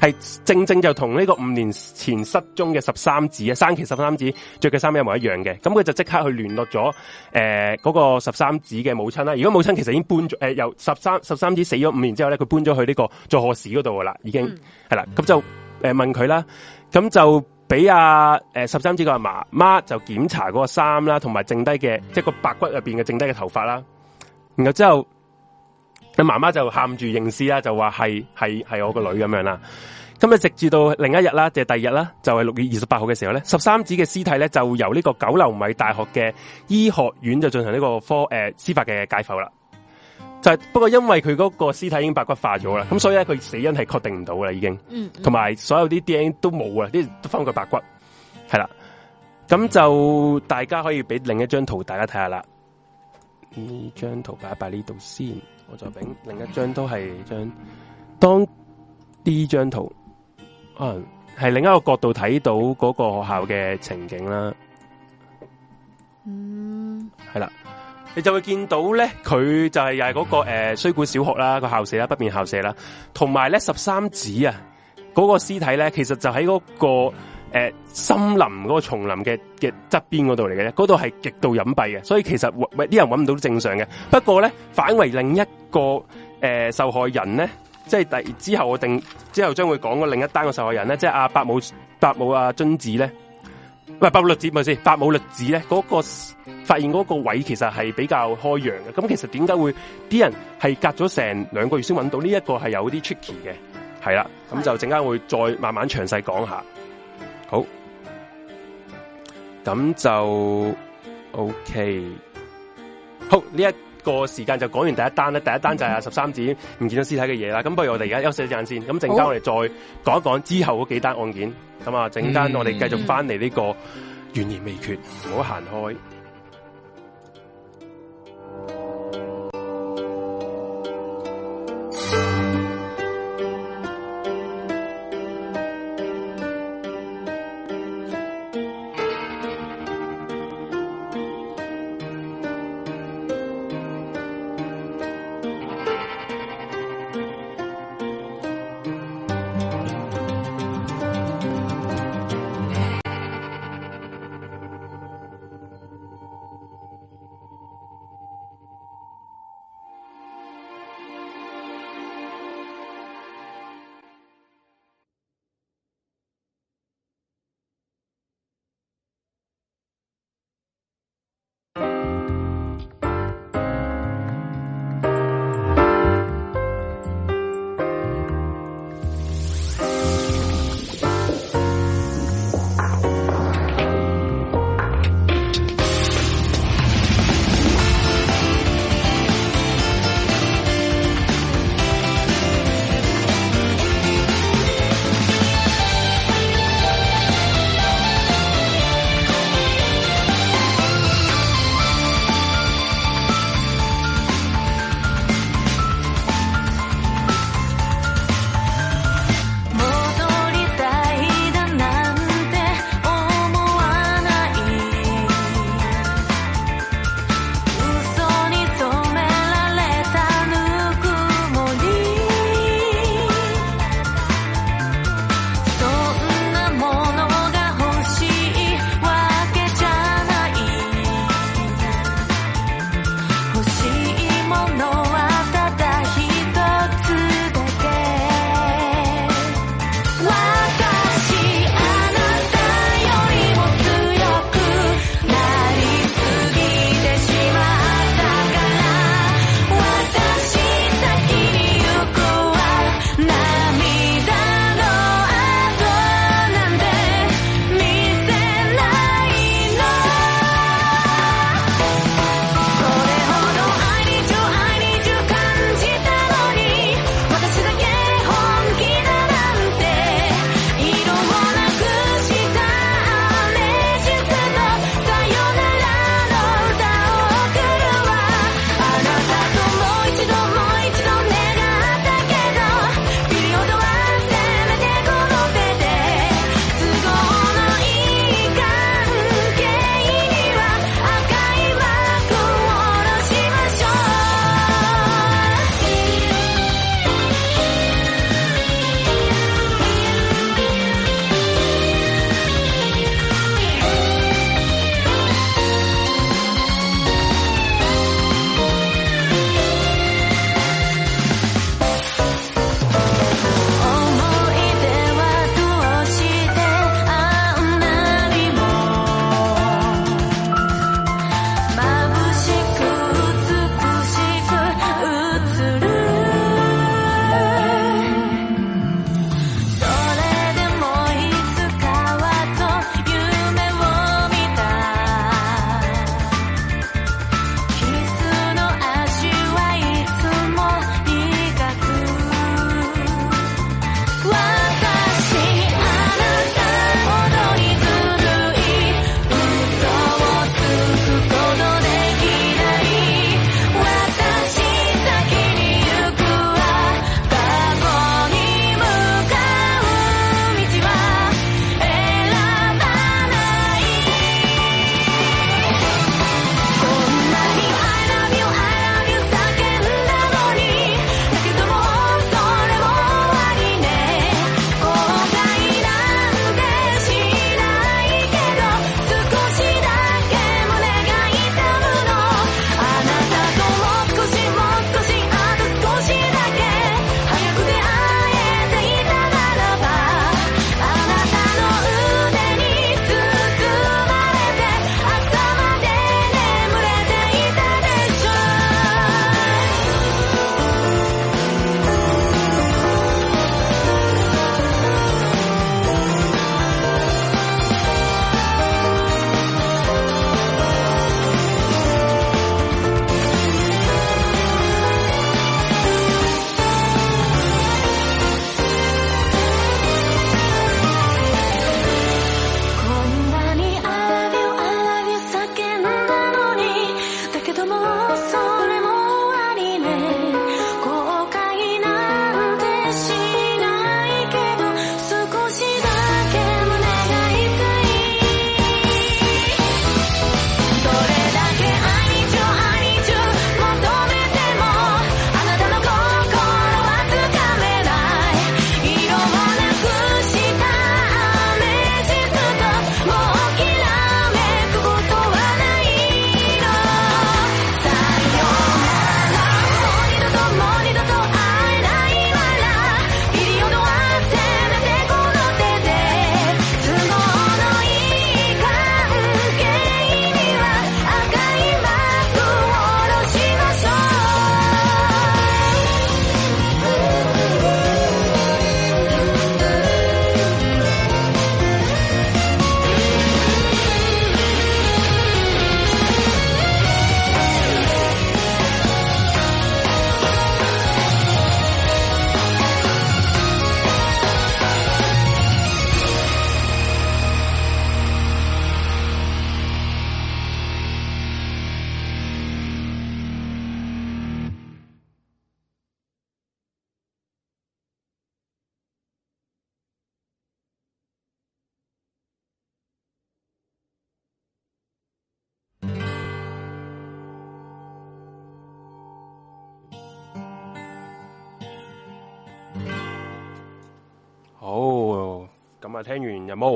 係正正就同呢個五年前失蹤嘅十三子啊，生前十三子着嘅衫一模一樣嘅，咁佢就即刻去聯絡咗誒嗰個十三子嘅母親啦。如果母親其實已經搬咗誒、呃，由十三十三子死咗五年之後咧，佢搬咗去呢個佐賀市嗰度噶啦，已經係啦。咁、嗯、就誒、呃、問佢啦，咁就俾阿誒十三子個阿媽媽就檢查嗰個衫啦，同埋剩低嘅即係個白骨入邊嘅剩低嘅頭髮啦，然後之後。媽媽媽就喊住認屍啦，就話係係係我個女咁樣啦。咁啊，直至到另一日啦，即係第二日啦，就係六月二十八號嘅時候咧，十三子嘅屍體咧就由呢個九龍米大學嘅醫學院就進行呢個科誒、呃、司法嘅解剖啦。就不過因為佢嗰個屍體已經白骨化咗啦，咁所以咧佢死因係確定唔到啦，已經。同埋所有啲 DNA 都冇啦，啲都分解白骨係啦。咁就大家可以俾另一張圖大家睇下啦。呢張圖擺擺呢度先。我就俾另一張都係張，當呢張圖可能係另一個角度睇到嗰個學校嘅情景啦。嗯，係啦，你就會見到咧，佢就係又係嗰個誒、嗯呃，衰古小學啦，個校舍啦，北面校舍啦，同埋咧十三指啊，嗰、個屍體咧，其實就喺嗰、個。嗯誒、呃，森林嗰個叢林嘅嘅側邊嗰度嚟嘅咧，嗰度係極度隱蔽嘅，所以其實喂啲人搵唔到都正常嘅。不過咧，反為另一個誒、呃、受害人咧，即係第之後我定之後將會講過另一單個受害人咧，即係阿、啊、伯母八阿津子咧，喂，伯母、啊、伯母律子，唔係先伯母律子咧，嗰、嗰個發現嗰個位其實係比較開揚嘅。咁其實點解會啲人係隔咗成兩個月先搵到呢一、這個係有啲 tricky 嘅，係啦，咁就陣間會再慢慢詳細講下。好，咁就 OK。好呢一個時間就講完第一單啦，第一單就係啊十三子唔見到屍體嘅嘢啦。咁不如我哋而家休息一陣先，咁陣間我哋再講一講之後嗰幾單案件。咁啊，陣間我哋繼續翻嚟呢個懸疑未決，唔好行開。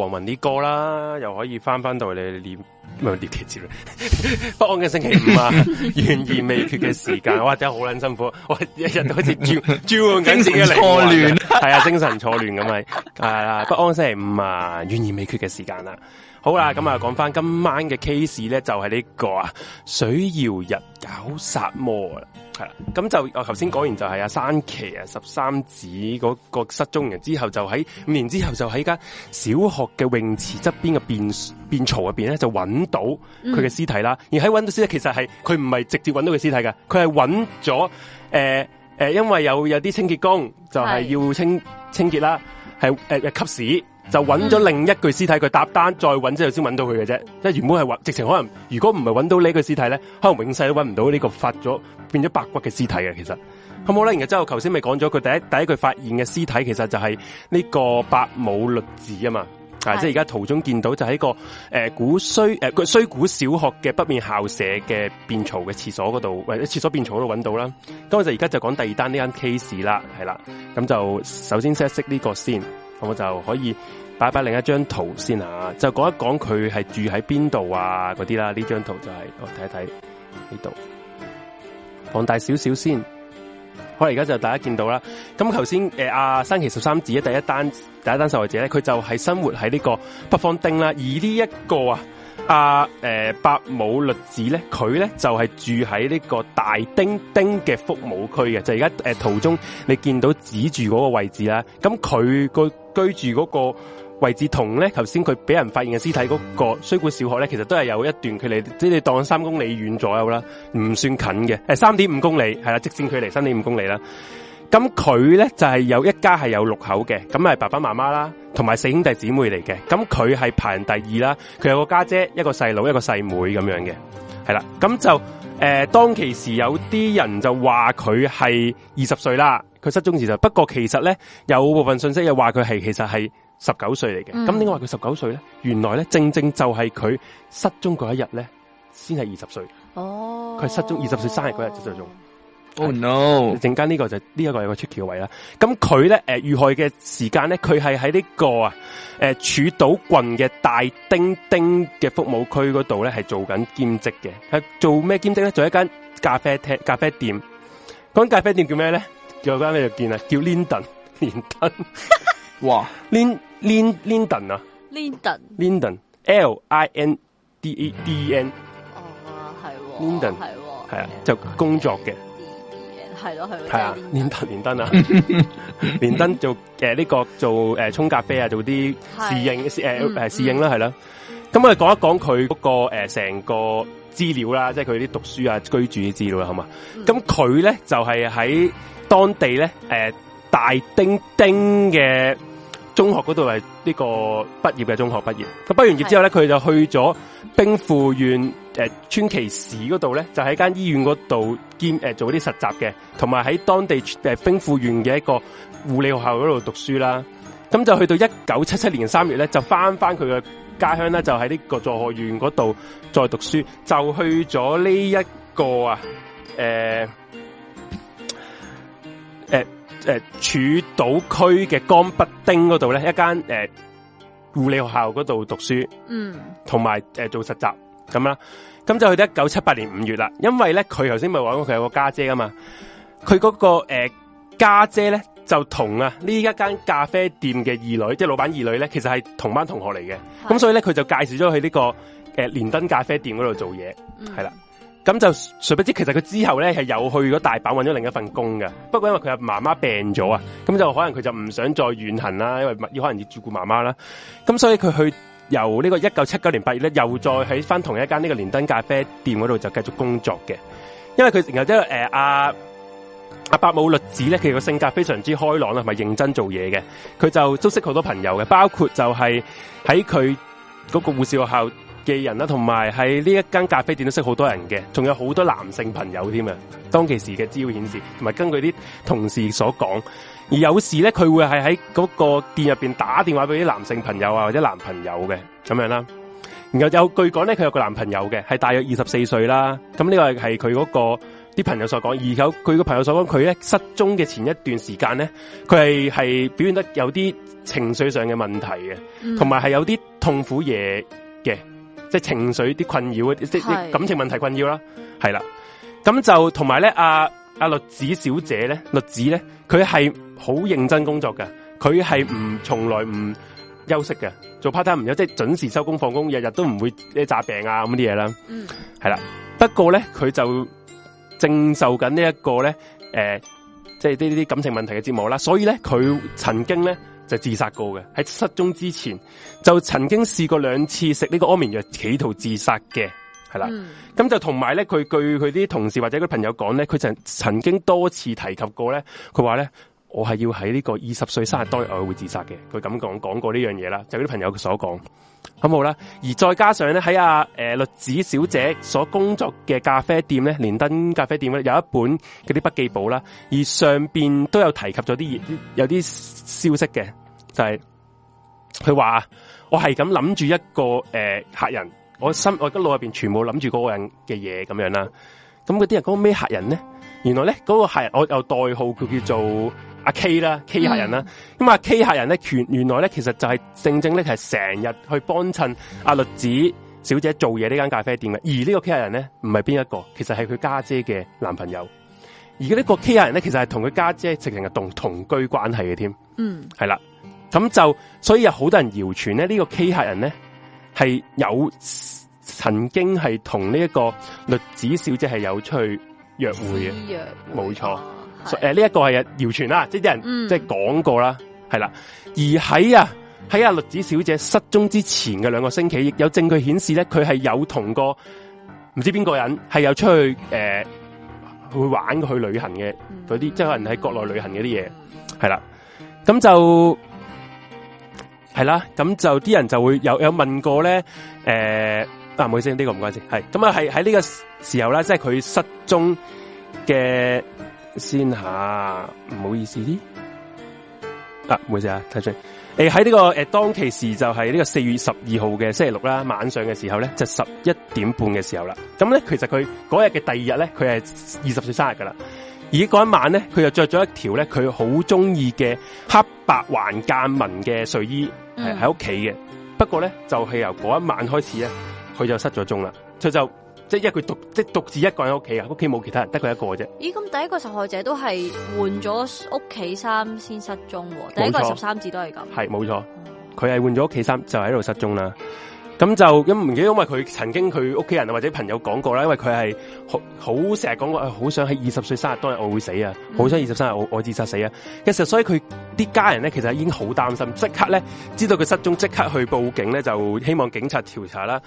聞啲歌啦，又可以返返到你念咩？念幾節？不， *laughs* 不安嘅星期五啊，懸 *laughs* 而未決嘅時間，哇！真係好撚辛苦，我日日都好似焦焦緊線嘅錯亂，係啊，精神錯亂咁咪。 *laughs* *laughs* 係啦、啊，不安星期五啊，懸而未決嘅時間啦。好啦，咁、嗯、啊，講、嗯、翻今晚嘅 case 咧，就係、是、呢個啊，水搖日絞殺魔啦。係啦，咁就我頭先講完就係阿、啊、三奇啊，十三子嗰個失蹤人之後，就喺五年之後就一，就喺間小學嘅泳池側邊嘅便便槽入邊咧，就揾到佢嘅屍體啦。嗯、而喺揾到屍體，其實係佢唔係直接揾到佢屍體㗎，佢係揾咗誒誒，因為有有啲清潔工就係、是、要清清潔啦。係誒誒，吸屎就揾咗另一具屍體，佢搭單再揾之後先揾到佢嘅啫。即係原本係揾，直情可能如果唔係揾到一具屍體呢具屍體咧，可能永世都揾唔到呢個發咗變咗白骨嘅屍體嘅。其實好啦，然後之後頭先咪講咗，佢第一第一句發現嘅屍體其實就係呢個白母律子啊嘛。啊、即係而家途中見到就喺個誒、呃、古誒個、呃、古小學嘅北面校舍嘅便槽嘅廁所嗰度，或者廁所便槽嗰度揾到啦。咁我就而家就講第二單呢間 case 啦，係啦。咁就首先識一識呢個先，咁我就可以擺一擺另一張圖先啊。就講一講佢係住喺邊度啊嗰啲啦。呢張圖就係、是、我睇一睇呢度，放大少少先。好啦，而家就大家見到啦，咁頭先誒阿山崎十三子咧，第一單第一單受惠者咧，佢就係生活喺呢個北方町啦，而呢一個啊阿誒百武律子咧，佢咧就係、是、住喺呢個大丁丁嘅服務區嘅，就而家、呃、途中你見到指住嗰個位置啦，咁佢個居住嗰、那個。位置同咧，頭先佢俾人發現嘅屍體嗰個衰管小學咧，其實都係有一段距離，即係當三公里遠左右啦，唔算近嘅，誒三點五公里，係啦，直線距離三點五公里啦。咁佢咧就係、是、有一家係有六口嘅，咁係爸爸媽媽啦，同埋四兄弟姊妹嚟嘅。咁佢係排行第二啦，佢有個家姐，姐，一個細佬，一個細妹咁樣嘅，係啦。咁就誒、呃，當其時有啲人就話佢係二十歲啦，佢失蹤時就，不過其實咧有部分信息又話佢係其實係。十九歲嚟嘅，咁點解話佢十九歲咧？原來咧，正正就係佢失蹤嗰一日咧，先係二十歲。哦，佢失蹤二十歲生日嗰日就用。Oh no！陣間呢個就呢、這個、一個有個出橋位啦。咁佢咧，誒、呃，遇害嘅時間咧，佢係喺呢個啊，誒、呃，楚島郡嘅大丁丁嘅服務區嗰度咧，係做緊兼職嘅。係做咩兼職咧？做一間咖啡廳、咖啡店。嗰間咖啡店叫咩咧？叫翻咩又見啊？叫 Linden，連登。哇，Lin Lin l i n d e n 啊，Linden，Linden，L I N D E D N。哦，係，Linden 係，係啊，Linden, etcetera, Linden, yeah, 就工作嘅。係咯，係咯。係啊，連登連登啊，連登做誒呢、呃這個做誒沖、呃、咖啡啊，做啲侍應誒誒侍應啦，係啦、嗯。咁、嗯、我哋講一講佢嗰個誒成個資料啦，即係佢啲讀書啊、居住嘅資料，好嘛。咁佢咧就係喺當地咧誒。呃大丁丁嘅中學嗰度係呢個畢業嘅中學畢業，咁畢完業之後咧，佢就去咗兵庫縣誒、呃、川崎市嗰度咧，就喺間醫院嗰度兼誒、呃、做啲實習嘅，同埋喺當地誒兵庫縣嘅一個護理學校嗰度讀書啦。咁就去到一九七七年三月咧，就翻翻佢嘅家鄉咧，就喺呢個助學院嗰度再讀書，就去咗呢一個啊誒誒。呃呃誒、呃，處島區嘅江北町嗰度咧，一間誒護理學校嗰度讀書，嗯，同埋誒做實習咁啦，咁就去到一九七八年五月啦。因為咧，佢頭先咪話佢有個家姐、嗰個呃、姐姐家姐㗎嘛，佢嗰個誒家姐咧就同啊呢一間咖啡店嘅二女，即係老闆二女咧，其實係同班同學嚟嘅，咁所以咧佢就介紹咗去呢、這個誒、呃、連登咖啡店嗰度做嘢，係、嗯、啦。咁就殊不知，其實佢之後咧，係又去咗大阪揾咗另一份工嘅。不過因為佢係媽媽病咗啊，咁就可能佢就唔想再遠行啦，因為要可能要照顧媽媽啦。咁所以佢去由個1979呢個一九七九年八月咧，又再喺翻同一間呢個連登咖啡店嗰度就繼續工作嘅。因為佢然後即係誒阿阿白武律子咧，佢個性格非常之開朗同埋認真做嘢嘅。佢就都識好多朋友嘅，包括就係喺佢嗰個護士學校嘅人啦，同埋喺呢一間咖啡店都識好多人嘅，仲有好多男性朋友添啊。當其時嘅資料顯示，同埋根據啲同事所講，而有時咧，佢會係喺嗰個店入邊打電話俾啲男性朋友啊，或者男朋友嘅咁樣啦。然後有據講咧，佢有個男朋友嘅，係大約二十四歲啦。咁呢個係佢嗰個啲朋友所講。而有佢個朋友所講，佢咧失蹤嘅前一段時間咧，佢係係表現得有啲情緒上嘅問題嘅，同埋係有啲痛苦嘢。即係情緒啲困擾，即係感情問題困擾啦，係啦。咁就同埋咧，阿阿、啊啊、律子小姐咧，律子咧，佢係好認真工作嘅，佢係唔從來唔休息嘅，做 part time 唔休，即、就、係、是、準時收工放工，日日都唔會誒詐病啊咁啲嘢啦。係、嗯、啦，不過咧佢就正受緊呢一個咧，誒、呃，即係呢啲感情問題嘅折磨啦，所以咧佢曾經咧，就自殺過嘅，喺失蹤之前就曾經試過兩次食呢個安眠藥，企圖自殺嘅，係啦。咁、嗯、就同埋咧，佢據佢啲同事或者佢朋友講咧，佢曾曾經多次提及過咧，佢話咧，我係要喺呢個二十歲生日當日我會自殺嘅，佢咁講講過呢樣嘢啦，就佢啲朋友佢所講。咁好啦，而再加上咧喺阿誒律子小姐所工作嘅咖啡店咧，連登咖啡店咧有一本嗰啲筆記簿啦，而上邊都有提及咗啲有啲消息嘅，就係佢話我係咁諗住一個誒、呃、客人，我心我嘅腦入邊全部諗住嗰個人嘅嘢咁樣啦，咁嗰啲人講咩客人咧？原來咧嗰、那個客人我有代號佢叫，叫做。阿 K 啦，K 客人啦，咁、嗯、啊 K 客人咧，原原來咧，其實就係、是、正正咧，係成日去幫襯阿栗子小姐做嘢呢間咖啡店嘅。而呢個 K 客人咧，唔係邊一個，其實係佢家姐嘅男朋友。而呢個 K 客人咧，其實係同佢家姐直情係同同居關係嘅添。嗯，係啦，咁就所以有好多人謠傳咧，呢、這個 K 客人咧係有曾經係同呢一個栗子小姐係有去約會嘅，冇錯。誒，呢、呃、一、這個係謠傳啦，即係啲人、嗯、即係講過啦，係啦。而喺啊喺阿、啊、律子小姐失蹤之前嘅兩個星期，亦有證據顯示咧，佢係有同過，唔知邊個人係有出去誒去、呃、玩去旅行嘅嗰啲，即係可能喺國內旅行嗰啲嘢，係啦。咁就係啦，咁就啲人就會有有問過咧，誒、呃、啊，唔好意思，呢、這個唔關事，係咁啊，係喺呢個時候咧，即係佢失蹤嘅。先下，唔好意思啲。啊，唔好意思啊，睇出。誒，喺呢個誒，當其時就係呢個四月十二號嘅星期六啦，晚上嘅時候咧，就十一點半嘅時候啦。咁咧其實佢嗰日嘅第二日咧，佢係二十歲生日噶啦。而嗰一晚咧，佢就着咗一條咧，佢好中意嘅黑白環間紋嘅睡衣，係喺屋企嘅。不過咧，就係由嗰一晚開始咧，佢就失咗蹤啦。就。即係佢獨即係獨自一個人喺屋企啊，屋企冇其他人，得佢一個嘅啫，欸。咦，咁第一個受害者都係換咗屋企衫先失蹤，嗯、第一個十三字都係咁。係冇錯，佢係換咗屋企衫就喺度失蹤啦。咁，嗯，就咁唔記得，因為佢曾經佢屋企人或者朋友講過啦，因為佢係好好成日講過，好想喺二十歲生日當日我會死啊，好想二十生日我自自殺死啊。其，嗯，實所以佢啲家人咧，其實已經好擔心，即刻咧知道佢失蹤，即刻去報警咧，就希望警察調查啦。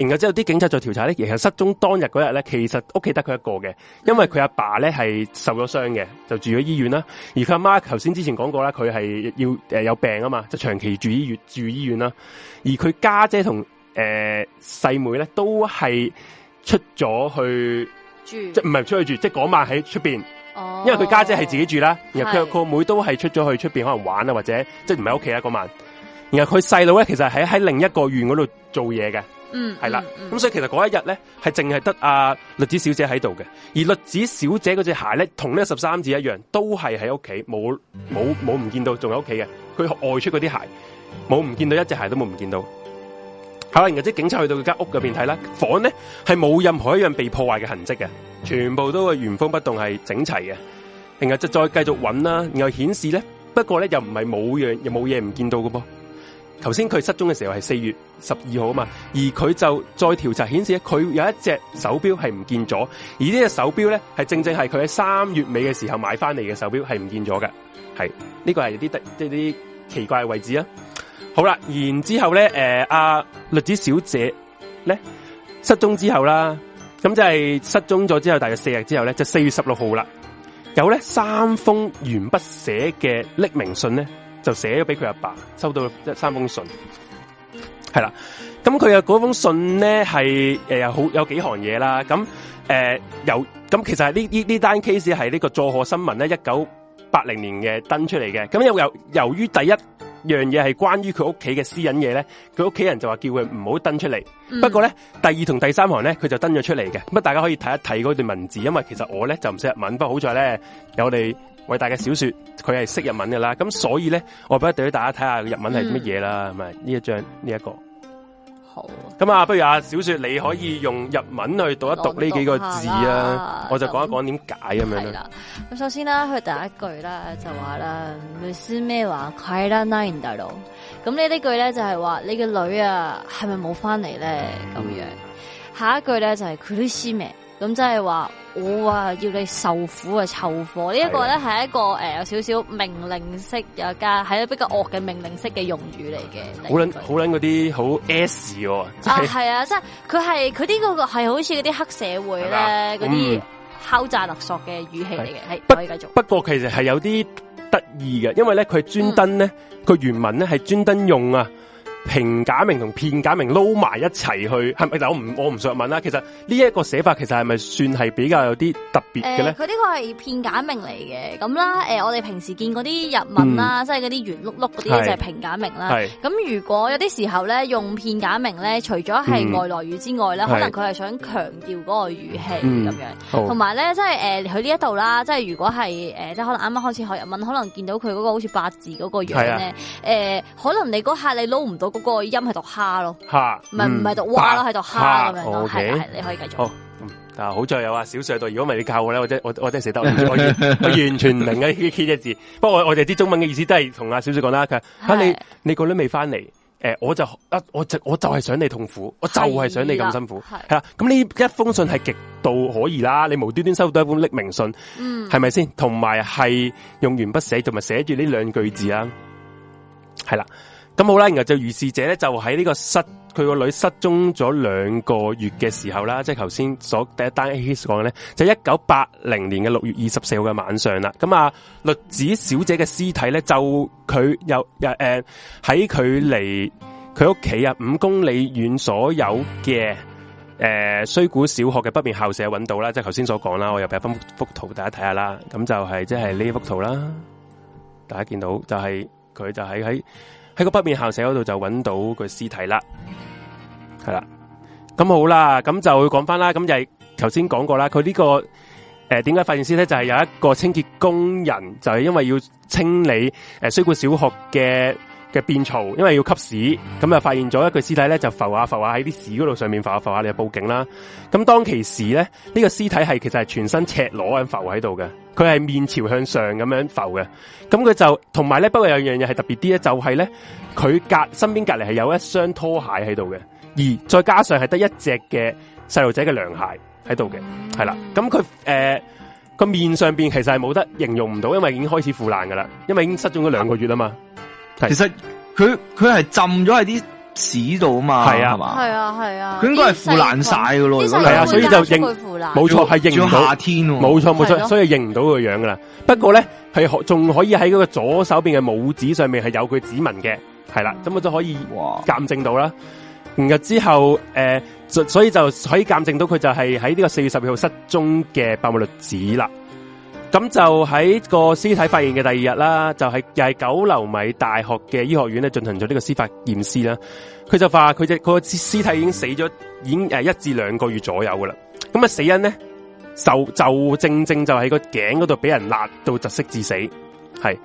然後之後啲警察在調查咧，其實失蹤當日嗰日咧，其實屋企得佢一個嘅，因為佢阿爸咧係受咗傷嘅，就住咗醫院啦。而佢阿媽頭先之前講過啦，佢係要誒、呃、有病啊嘛，就長期住醫院住醫院啦。而佢家姐同誒細妹咧都係出咗去住，即唔係出去住，即係嗰晚喺出邊。哦，因為佢家姐係自己住啦，然後佢佢個妹都係出咗去出邊可能玩啊，或者即係唔喺屋企啊嗰晚。然後佢細佬咧其實喺喺另一個院嗰度做嘢嘅。嗯，係、嗯、啦，咁、嗯、所以其實嗰一日咧，係淨係得阿律子小姐喺度嘅，而律子小姐嗰隻鞋咧，同呢十三字一樣，都係喺屋企，冇冇冇唔見到，仲喺屋企嘅，佢外出嗰啲鞋，冇唔見到一隻鞋都冇唔見到，啦，然後即警察去到佢間屋入邊睇啦，房咧係冇任何一樣被破壞嘅痕跡嘅，全部都係原封不動，係整齊嘅，然後就再繼續揾啦，啊，然後顯示咧，不過咧又唔係冇樣，又冇嘢唔見到嘅噃。頭先佢失蹤嘅時候係四月十二號啊嘛，而佢就再調查顯示，佢有一隻手表係唔見咗，而呢隻手表咧係正正係佢喺三月尾嘅時候買翻嚟嘅手表係唔見咗嘅，係呢、這個係啲即啲奇怪嘅位置啊！好啦，然之後咧，誒、呃、阿、啊、律子小姐咧失蹤之後啦，咁就係失蹤咗之後大約四日之後咧，就四月十六號啦，有咧三封鉛筆寫嘅匿名信咧。就寫咗俾佢阿爸，收到一三封信，係啦。咁佢嘅嗰封信咧，係誒好有幾行嘢啦。咁、呃、誒、呃、由咁其實係呢呢呢單 case 係呢個助學新聞咧，一九八零年嘅登出嚟嘅。咁由由由於第一樣嘢係關於佢屋企嘅私隱嘢咧，佢屋企人就話叫佢唔好登出嚟。嗯、不過咧，第二同第三行咧，佢就登咗出嚟嘅。咁大家可以睇一睇嗰段文字，因為其實我咧就唔識日文，不過好在咧有我哋。偉大嘅小說，佢係識日文嘅啦，咁所以咧，我俾一對大家睇下日文係乜嘢啦，係咪呢一張呢、嗯、一個、嗯？好，咁啊，不如啊，小說你可以用日文去讀一讀呢幾個字啊，我就講一講點解咁樣啦。咁首先啦，佢第一句啦就話啦，娘は帰らないんだろう，咁、嗯、呢呢句咧就係話你個女啊，係咪冇翻嚟咧？咁樣。下一句咧就係苦しめ。咁即係話我啊，要你受苦臭火，這個，是啊，臭火呢一個咧，係、呃、一個誒有少少命令式又加，係比較惡嘅命令式嘅用語嚟嘅。好捻好捻嗰啲好 S 嘅，啊。啊，係啊，即係佢係佢啲嗰個係好似嗰啲黑社會咧，嗰啲敲詐勒索嘅語氣嚟嘅，係可以繼續不。不過其實係有啲得意嘅，因為咧佢專登咧，佢、嗯、原文咧係專登用啊。平假名同片假名撈埋一齊去，係咪？我唔，我唔想問啦。其實呢一個寫法，其實係咪算係比較有啲特別嘅咧？佢、呃、呢個係片假名嚟嘅，咁啦。呃、我哋平時見嗰啲日文啦，嗯、即係嗰啲圓碌碌嗰啲就係平假名啦。咁如果有啲時候咧，用片假名咧，除咗係外來語之外咧、嗯，可能佢係想強調嗰個語氣咁、嗯、樣。同埋咧，即係誒，佢呢一度啦，即係如果係、呃、即係可能啱啱開始學日文，可能見到佢嗰個好似八字嗰個樣咧、啊呃，可能你嗰刻你撈唔到。嗰、那個音係讀蝦咯，蝦，唔係唔係讀蛙咯，喺度蝦咁樣係、okay？你可以繼續。哦嗯、好，好在有啊，小雪度，如果唔係你教我咧，我真我 *laughs* 我真死得，我完全唔明啊呢啲字。 *laughs* 不過我哋啲中文嘅意思，都係同阿小雪講啦。佢你你個女未翻嚟？誒，我就，就啊、呃，我就我就係想你痛苦，我就係想你咁辛苦。係，咁呢一封信係極度可疑啦。你無端端收到一本匿名信，係係咪先？同埋係用完筆寫，同埋寫住呢兩句字啊？係啦。咁、嗯、好啦，然後就如是者咧，就喺呢個失佢個女失蹤咗兩個月嘅時候啦，即係頭先所第一單 a h 講嘅咧，就一九八零年嘅六月二十四號嘅晚上啦。咁、嗯、啊，律子小姐嘅屍體咧，就佢又又誒喺佢離佢屋企啊五公里遠所有嘅誒、呃、衰古小學嘅北面校舍揾到啦，即係頭先所講啦。我又俾一幅圖大家睇下啦，咁就係即係呢幅圖啦。大家見到就係、是、佢就喺喺。喺個北面校舍嗰度就揾到佢屍體啦，係啦，咁好啦，咁就會講翻啦，咁就係頭先講過啦，佢呢、這個誒點解發現屍體就係有一個清潔工人就係、是、因為要清理誒水管、呃、小學嘅。嘅變槽，因為要吸屎，咁啊發現咗一具屍體咧，就浮下、啊、浮下喺啲屎嗰度上面浮下、啊、浮下、啊，你、啊啊、就報警啦。咁當其時咧，呢、這個屍體係其實係全身赤裸咁浮喺度嘅，佢係面朝向上咁樣浮嘅。咁佢就同埋咧，不過有一樣嘢係特別啲咧，就係咧佢隔身邊隔籬係有一雙拖鞋喺度嘅，而再加上係得一隻嘅細路仔嘅涼鞋喺度嘅，係啦。咁佢誒個面上邊其實係冇得形容唔到，因為已經開始腐爛噶啦，因為已經失蹤咗兩個月啊嘛。其實佢佢係浸咗喺啲屎度啊嘛，係啊，係嘛，係啊，係啊，佢、啊、應該係腐爛晒噶咯係啊，所以就應係冇錯，係認唔到，冇錯冇錯，所以認唔到個樣噶啦、嗯。不過咧，係仲可以喺嗰個左手邊嘅拇指上面係有佢指紋嘅，係啦，咁我就可以鑑證到啦。然後之後誒、呃，所以就可以鑑證到佢就係喺呢個四月十二號失蹤嘅白木律子啦。咁就喺個屍體發現嘅第二日啦，就係、是、又係九流米大學嘅醫學院咧進行咗呢個司法驗屍啦。佢就話佢只佢個屍體已經死咗，已誒一至兩個月左右噶啦。咁啊死因咧，就就正正就喺個頸嗰度俾人勒到窒息致死。係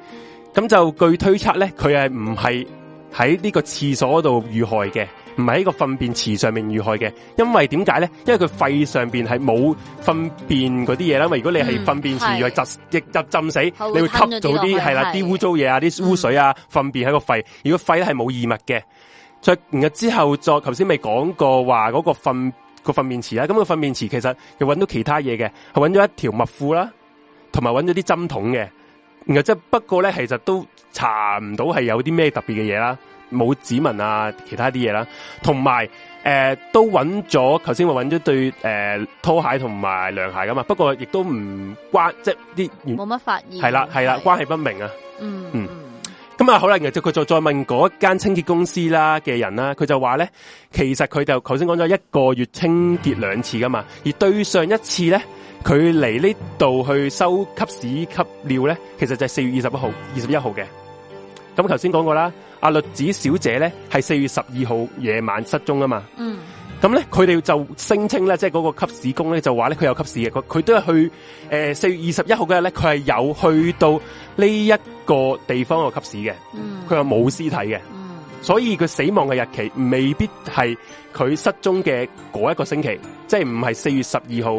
咁就據推測咧，佢係唔係喺呢個廁所度遇害嘅。唔係喺個糞便池上面遇害嘅。因為點解咧？因為佢肺上邊係冇糞便嗰啲嘢啦。為如果你係糞便池，係窒亦浸死，你會吸到啲係啦，啲污糟嘢啊，啲污水啊，糞便喺個肺。如果肺係冇異物嘅，再然後之後再頭先咪講過話嗰個糞、個糞便池啦。咁個糞便池其實又揾到其他嘢嘅，係揾咗一條襪褲啦，同埋揾咗啲針筒嘅。然後即係不過咧，其實都查唔到係有啲咩特別嘅嘢啦。冇指紋啊，其他啲嘢啦，同埋誒都揾咗，頭先我揾咗對誒、呃、拖鞋同埋涼鞋噶嘛，不過亦都唔關即係啲冇乜發現係啦係啦，關係不明啊，嗯嗯，咁、嗯、啊好啦，然後就佢就再問嗰間清潔公司啦嘅人啦、啊，佢就話咧，其實佢就頭先講咗一個月清潔兩次噶嘛，而對上一次咧，佢嚟呢度去收吸屎吸尿咧，其實就係四月二十一號二十一號嘅，咁頭先講過啦。阿律子小姐咧係四月十二號夜晚失蹤啊嘛。嗯、咁咧佢哋就聲稱咧，即係嗰個吸屎工咧就話咧佢有吸屎嘅，佢、佢都係去誒四、呃、月二十一號嘅日咧，佢係有去到呢一個地方個吸屎嘅，佢係冇屍體嘅，所以佢死亡嘅日期未必係佢失蹤嘅嗰一個星期，即係唔係四月十二號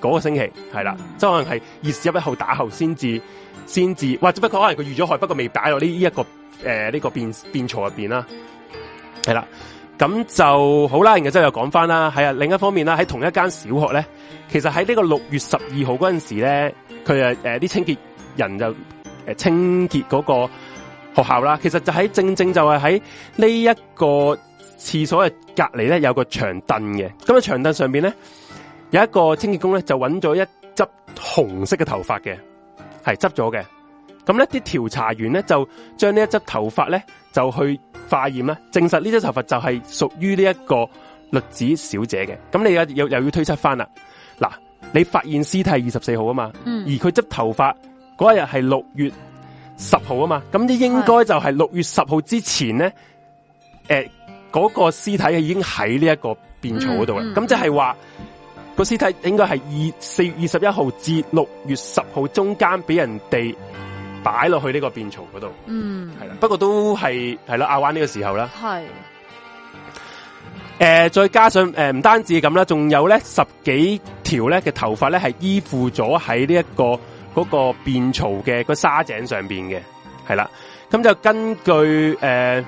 嗰個星期係啦，即係、嗯、可能係二十一號打後先至。先至，或者不過可能佢預咗害，不過未擺落呢呢一個誒呢、呃這個便便槽入邊啦，係啦，咁就好啦。然之後又講返啦，係啊。另一方面啦，喺同一間小學咧，其實喺呢個六月十二號嗰陣時咧，佢誒誒啲清潔人就誒、呃、清潔嗰個學校啦。其實就喺、是、正正就係喺呢一個廁所嘅隔籬咧，有、個長凳嘅。咁啊，長凳上邊咧有一個清潔工咧，就搵咗一執紅色嘅頭髮嘅。係執咗嘅，咁呢啲調查員咧就將呢一執頭髮咧就去化驗啦，證實呢執頭髮就係屬於呢一個栗子小姐嘅。咁你又又要推測翻啦？嗱，你發現屍體二十四號啊嘛，嗯、而佢執頭髮嗰日係六月十號啊嘛，咁啲應該就係六月十號之前咧，誒嗰、呃嗰個屍體已經喺呢一個邊草度啦。咁即係話。嗯個屍體應該係二四月二十一號至六月十號中間俾人哋擺落去呢個便槽嗰度，嗯，係啦。不過都係係啦，阿彎呢個時候啦，係。誒，再加上誒，唔單止咁啦，仲有咧十幾條咧嘅頭髮咧係依附咗喺呢一個嗰個便槽嘅個沙井上邊嘅，係啦。咁就根據誒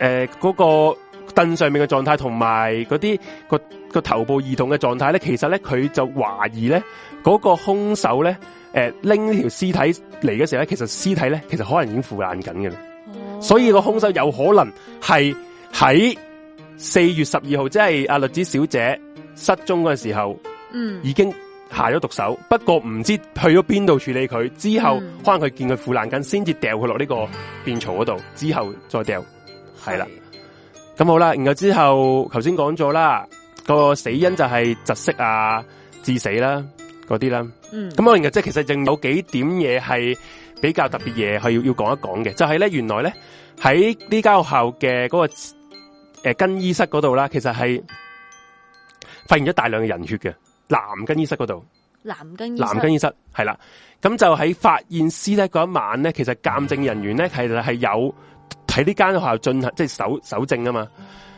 誒嗰個。凳上面嘅狀態同埋嗰啲個、個頭部異動嘅狀態咧，其實咧佢就懷疑咧嗰、個凶手咧，誒拎條屍體嚟嘅時候咧，其實屍體咧其實可能已經腐爛緊嘅啦，哦、所以個凶手有可能係喺四月十二號，即係阿栗子小姐失蹤嗰陣時候，嗯，已經下咗毒手，不過唔知去咗邊度處理佢，之後可能佢見佢腐爛緊，先至掉佢落呢個便槽嗰度，之後再掉，係啦。咁好啦，然後之後頭先講咗啦，個死因就係窒息啊、致死啦嗰啲啦。嗯，咁我然後即係其實仲有幾點嘢係比較特別嘢係要要講一講嘅，就係、是、咧原來咧喺呢間學校嘅嗰、那個誒、呃、更衣室嗰度啦，其實係發現咗大量嘅人血嘅男更衣室嗰度，男更男更衣室係啦，咁就喺發現屍呢嗰一晚咧，其實鑑證人員咧其實係有。喺呢間學校進行即係搜搜證啊嘛，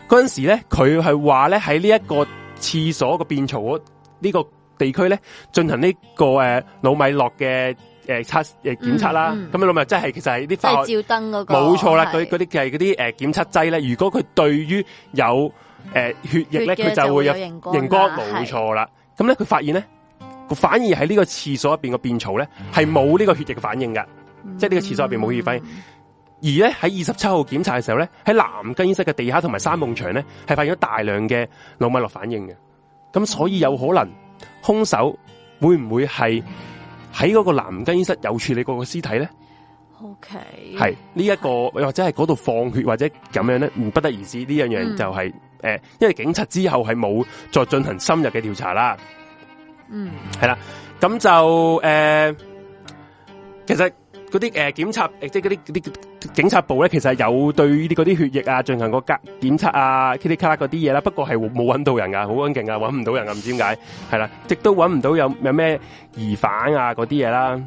嗰陣時咧佢係話咧喺呢一個廁所個便槽嗰呢個地區咧進行呢、這個誒老、呃、米諾嘅誒測誒檢測啦，咁、嗯、老、嗯、米即係其實係啲化、就是、照燈嗰、那個，冇錯啦，佢嗰啲係嗰啲誒檢測劑咧，如果佢對於有誒、呃、血液咧，佢就會有熒光，光，冇錯啦。咁咧佢發現咧，反而喺呢個廁所入邊個便槽咧係冇呢個血液嘅反應噶、嗯，即係呢個廁所入邊冇血液反應。嗯而咧喺二十七號檢查嘅時候咧，喺男更衣室嘅地下同埋三蹦牆咧，係發現咗大量嘅魯米諾反應嘅。咁所以有可能，凶手會唔會係喺嗰個男更衣室有處理過屍呢 okay，這個屍體咧？OK，係呢一個或者係嗰度放血或者咁樣咧，唔不，不得而知。呢樣嘢就係、是、誒、嗯呃，因為警察之後係冇再進行深入嘅調查啦。嗯，係啦，咁就誒、呃，其實。嗰啲誒，警察誒，即係啲啲警察部咧，其實有對呢啲啲血液啊，進行個格檢測啊，i k c 嗰啲嘢啦。不過係冇揾到人噶，好勁啊，揾唔到人啊，唔知點解係啦，直都揾唔到有有咩疑犯啊嗰啲嘢啦。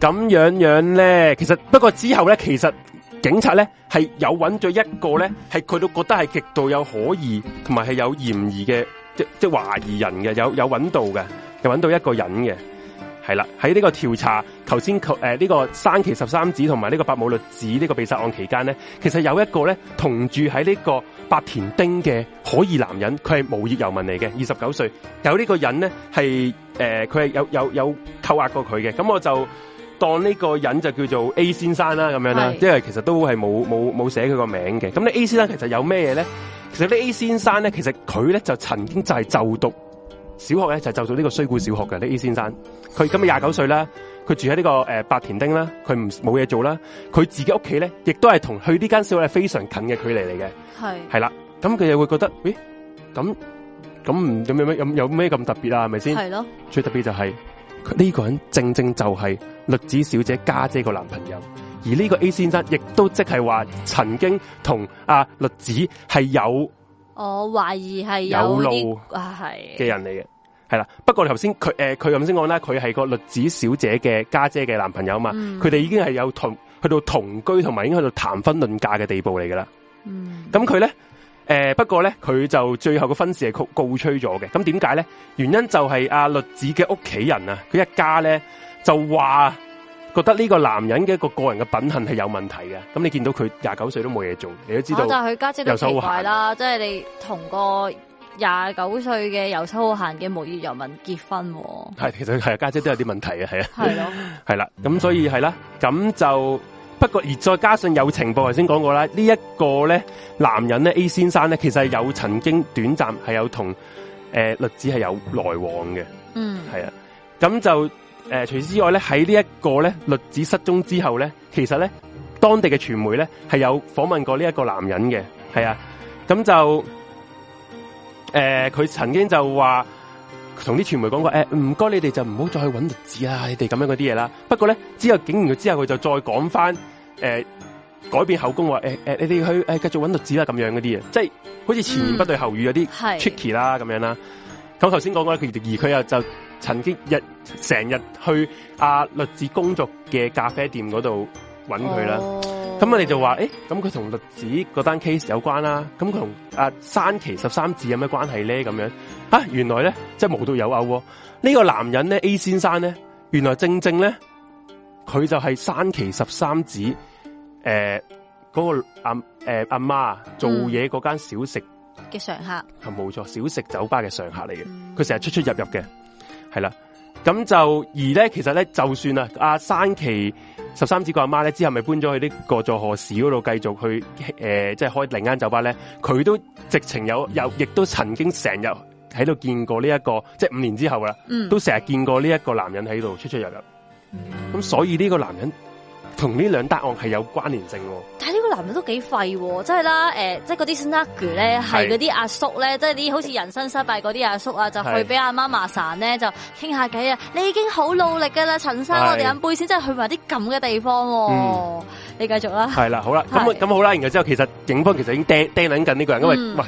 咁樣樣咧，其實不過之後咧，其實警察咧係有揾咗一個咧，係佢都覺得係極度有可疑同埋係有嫌疑嘅，即即懷疑人嘅，有有揾到嘅，又揾到一個人嘅。係啦，喺呢個調查，頭先，誒、呃、呢、這個山崎十三子同埋呢個白母律子呢個被殺案期間咧，其實有一個咧同住喺呢個白田町嘅可疑男人，佢係無業遊民嚟嘅，二十九歲。有呢個人咧係，誒，佢、呃、係有有有扣押過佢嘅。咁我就當呢個人就叫做 A 先生啦，咁樣啦，因為其實都係冇冇冇寫佢個名嘅。咁你 A 先生其實有咩嘢咧？其實呢 A 先生咧，其實佢咧就曾經就係就讀。小學咧就是，就做呢個衰古小學嘅 A 先生，佢今日廿九歲啦，佢住喺呢，這個誒白、呃、田丁啦，佢唔冇嘢做啦，佢自己屋企咧亦都係同去呢間小學係非常近嘅距離嚟嘅，係係啦，咁佢又會覺得咦，咁咁唔有咩有有咩咁特別啊？係咪先？係咯，最特別就係、佢、呢個人正正就係律子小姐家姐個男朋友，而呢個 A 先生亦都即係話曾經同阿、啊、律子係有，我懷疑係有路係嘅人嚟嘅。係啦，不過頭先佢誒佢咁先講咧，佢、呃、係個律子小姐嘅家姐嘅男朋友嘛，佢、嗯、哋已經係有同去到同居，同埋已經去到談婚論嫁嘅地步嚟噶啦。嗯，咁佢咧誒，不過咧佢就最後嘅婚事係告，告吹咗嘅。咁點解咧？原因就係阿、啊、律子嘅屋企人啊，佢一家咧就話覺得呢個男人嘅一個個人嘅品行係有問題嘅。咁你見到佢廿九歲都冇嘢做，你都知道、啊、就係佢家姐好奇怪啦，即、就、係、是、你同個。廿九歲嘅遊手好閒嘅無業遊民結婚，哦，係其實係家姐都有啲問題嘅，係 *laughs* 啊是的笑，係咯，係啦，咁所以係啦，咁就不過而再加上有情報，頭先講過啦，這個、呢一個咧男人咧 A 先生咧，其實有曾經短暫係有同誒、呃、律子係有來往嘅，嗯，係啊，咁就誒除此之外咧，喺呢一個咧律子失蹤之後咧，其實咧當地嘅傳媒咧係有訪問過呢一個男人嘅，係啊，咁就。誒、呃，佢曾經就話同啲傳媒講過，誒、哎，唔該你哋就唔好再去揾栗子啦，你哋咁樣嗰啲嘢啦。不過咧，之後警完佢之後，佢就再講翻，誒、呃，改變口供話，誒，誒、哎呃，你哋去誒、哎、繼續揾栗子啦，咁樣嗰啲嘢，即係好似前言不對後語嗰啲、嗯、tricky 啦咁樣啦。咁頭先講過咧，佢而佢又就曾經日成日去阿栗子工作嘅咖啡店嗰度揾佢啦。哦咁我哋就話，誒、欸，咁佢同律子嗰單 case 有關啦、啊，咁佢同阿山崎十三子有咩關係咧？咁樣、啊，原來咧，即係無獨有偶、啊。呢、這個男人咧，A 先生咧，原來正正咧，佢就係山崎十三子，誒、呃，嗰、那個阿誒阿媽做嘢嗰間小食嘅、嗯、常客，係冇錯，小食酒吧嘅常客嚟嘅，佢成日出出入入嘅，係啦，咁就而咧，其實咧，就算啊，阿山崎。十三子個阿媽咧，之後咪搬咗去呢個座河市嗰度繼續去誒、呃，即係開另一間酒吧咧。佢都直情有有，亦都曾經成日喺度見過呢、這、一個，即係五年之後啦，嗯、都成日見過呢一個男人喺度出出入入。咁、嗯、所以呢個男人。同呢兩答案係有關連性，但係呢個男人都幾廢，真係啦，誒，即係嗰啲 snuggle 咧，係嗰啲阿叔咧，即係啲好似人生失敗嗰啲阿叔啊，就去俾阿媽麻散咧，就傾下偈啊，你已經好努力噶啦，陳生，我哋飲杯先，真係去埋啲咁嘅地方，你繼續啦。係啦，好啦，咁咁好啦，然之後其實警方其實已經盯盯緊呢個人，因為喂，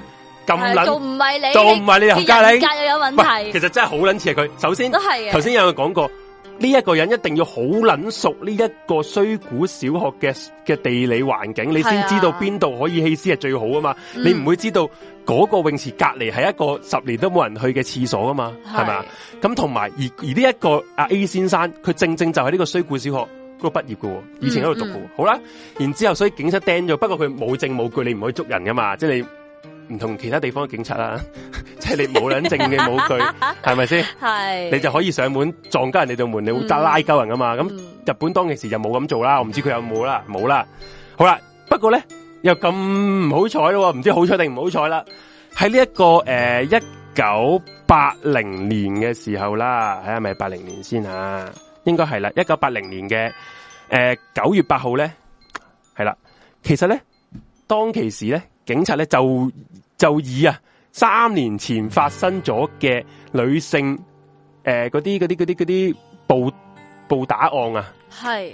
咁捻，仲唔係你，仲唔係你啊？性格性格又有問題，其實真係好捻似係佢，首先都係啊，頭先有講過。呢、這、一個人一定要好撚熟呢一個衰古小學嘅嘅地理環境，你先知道邊度可以棄屍係最好啊嘛。啊嗯、你唔會知道嗰個泳池隔籬係一個十年都冇人去嘅廁所啊嘛，係咪？咁同埋而而呢一個阿 A 先生，佢正正就喺呢個衰古小學嗰度畢業噶，以前喺度讀噶。嗯嗯好啦，然之後所以警察盯咗，不過佢冇證冇據，你唔可以捉人噶嘛，即係你。唔同其他地方嘅警察啦，即係你冇攆證嘅武器，係咪先？係你就可以上門撞開人哋道門，你會得拉鳩人㗎嘛？咁日本當其時就冇咁做啦，我唔知佢有冇啦，冇啦。好啦，不過咧又咁唔好彩咯，唔知好彩定唔好彩啦。喺呢一個誒一九八零年嘅時候啦，係咪八零年先吓？應該係啦，一九八零年嘅誒九月八號咧係啦。其實咧當其時咧警察咧就。就以啊三年前發生咗嘅女性誒嗰啲嗰啲嗰啲嗰啲暴打案啊，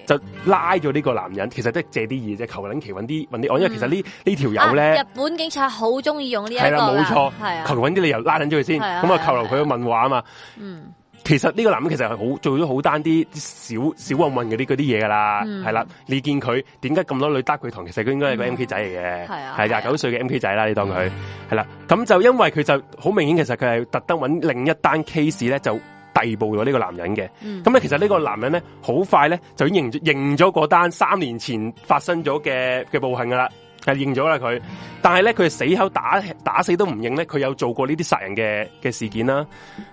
就拉咗呢個男人，其實都係借啲意，啫，求其揾啲啲案、嗯，因為其實、這個、呢呢條友咧，日本警察好中意用呢一個係啦，冇錯，求啊，求揾啲理由拉緊咗佢先，咁啊就扣留佢問話嘛啊嘛、啊，嗯。其實呢個男人其實係好做咗好單啲小小混混啲嗰啲嘢噶啦，係、嗯、啦，你見佢點解咁多女得佢堂，其實佢應該係個 M K 仔嚟嘅，係、嗯、啊，係廿九歲嘅 M K 仔啦，你當佢係啦，咁、嗯嗯、就因為佢就好明顯，其實佢係特登揾另一單 case 咧，就逮捕咗呢個男人嘅。咁咧，其實呢個男人咧，好快咧就已經認認咗嗰單三年前發生咗嘅嘅暴行噶啦，係認咗啦佢，但係咧佢死口打打死都唔認咧，佢有做過呢啲殺人嘅嘅事件啦，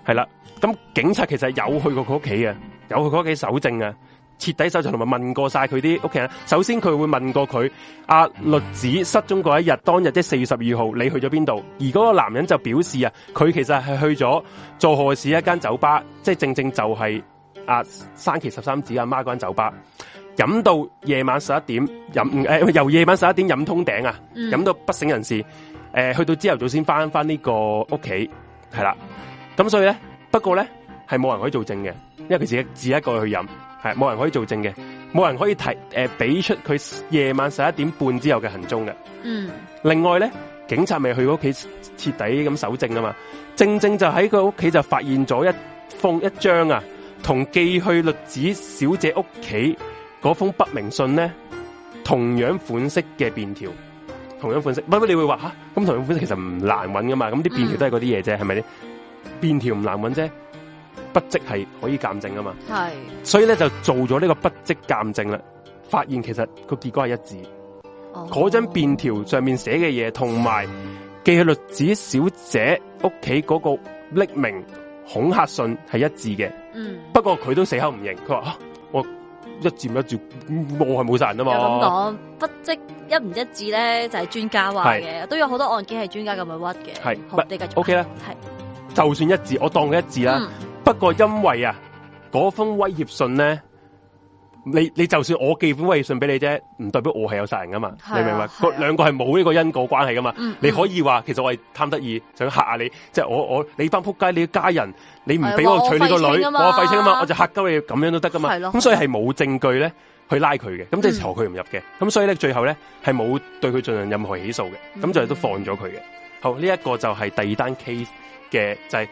係啦。咁警察其實有去過佢屋企嘅，有去佢屋企搜證嘅，徹底搜證，同埋問過晒佢啲屋企人。首先佢會問過佢阿律子失蹤嗰一日當日，即係四月十二號，你去咗邊度？而嗰個男人就表示啊，佢其實係去咗做河市一間酒吧，即係正正就係阿山崎十三子阿媽嗰間酒吧，飲到夜晚十一點飲誒、呃呃，由夜晚十一點飲通頂啊，飲到不省人事。誒、呃，去到朝頭早先翻翻呢個屋企係啦。咁所以咧。不過咧，係冇人可以做證嘅，因為佢自己自一個去飲，係冇人可以做證嘅，冇人可以提誒，俾、呃、出佢夜晚十一點半之後嘅行蹤嘅。嗯，另外咧，警察咪去佢屋企徹底咁搜證啊嘛，正正就喺佢屋企就發現咗一封一張啊，同寄去栗子小姐屋企嗰封不明信呢，同樣款式嘅便條，同樣款式，不過你會話吓咁同樣款式其實唔難揾噶嘛，咁啲便條都係嗰啲嘢啫，係咪咧？是便條唔難揾啫，筆跡係可以鑑證噶嘛？係，所以咧就做咗呢個筆跡鑑證啦，發現其實個結果係一、oh. 一, mm. 啊、一,一致。哦，嗰張便條上面寫嘅嘢同埋寄去律子小姐屋企嗰個匿名恐嚇信係一致嘅。嗯，不過佢都死口唔認，佢話我一致唔一致，我係冇殺人啊嘛。咁講筆跡一唔一致咧，就係、是、專家話嘅，都有好多案件係專家咁樣屈嘅。係，好，你繼續。O K 啦，係。就算一致，我當佢一致啦、嗯。不過因為啊，嗰封威脅信咧，你你就算我寄封威脅信俾你啫，唔代表我係有殺人噶嘛、啊。你明唔明白？啊、兩個兩個係冇呢個因果關係噶嘛、嗯。你可以話，其實我係貪得意想吓下你，即、就、係、是、我我你返撲街，你，你家人你唔俾我娶你個女，我廢青啊嘛，嘛，我就吓鳩你咁樣都得噶嘛。咁、啊、所以係冇證據咧去拉佢嘅，咁即係求佢唔入嘅。咁所以咧最後咧係冇對佢進行任何起訴嘅，咁、嗯、就都放咗佢嘅。好，呢、這、一個就係第二單 case 嘅就係、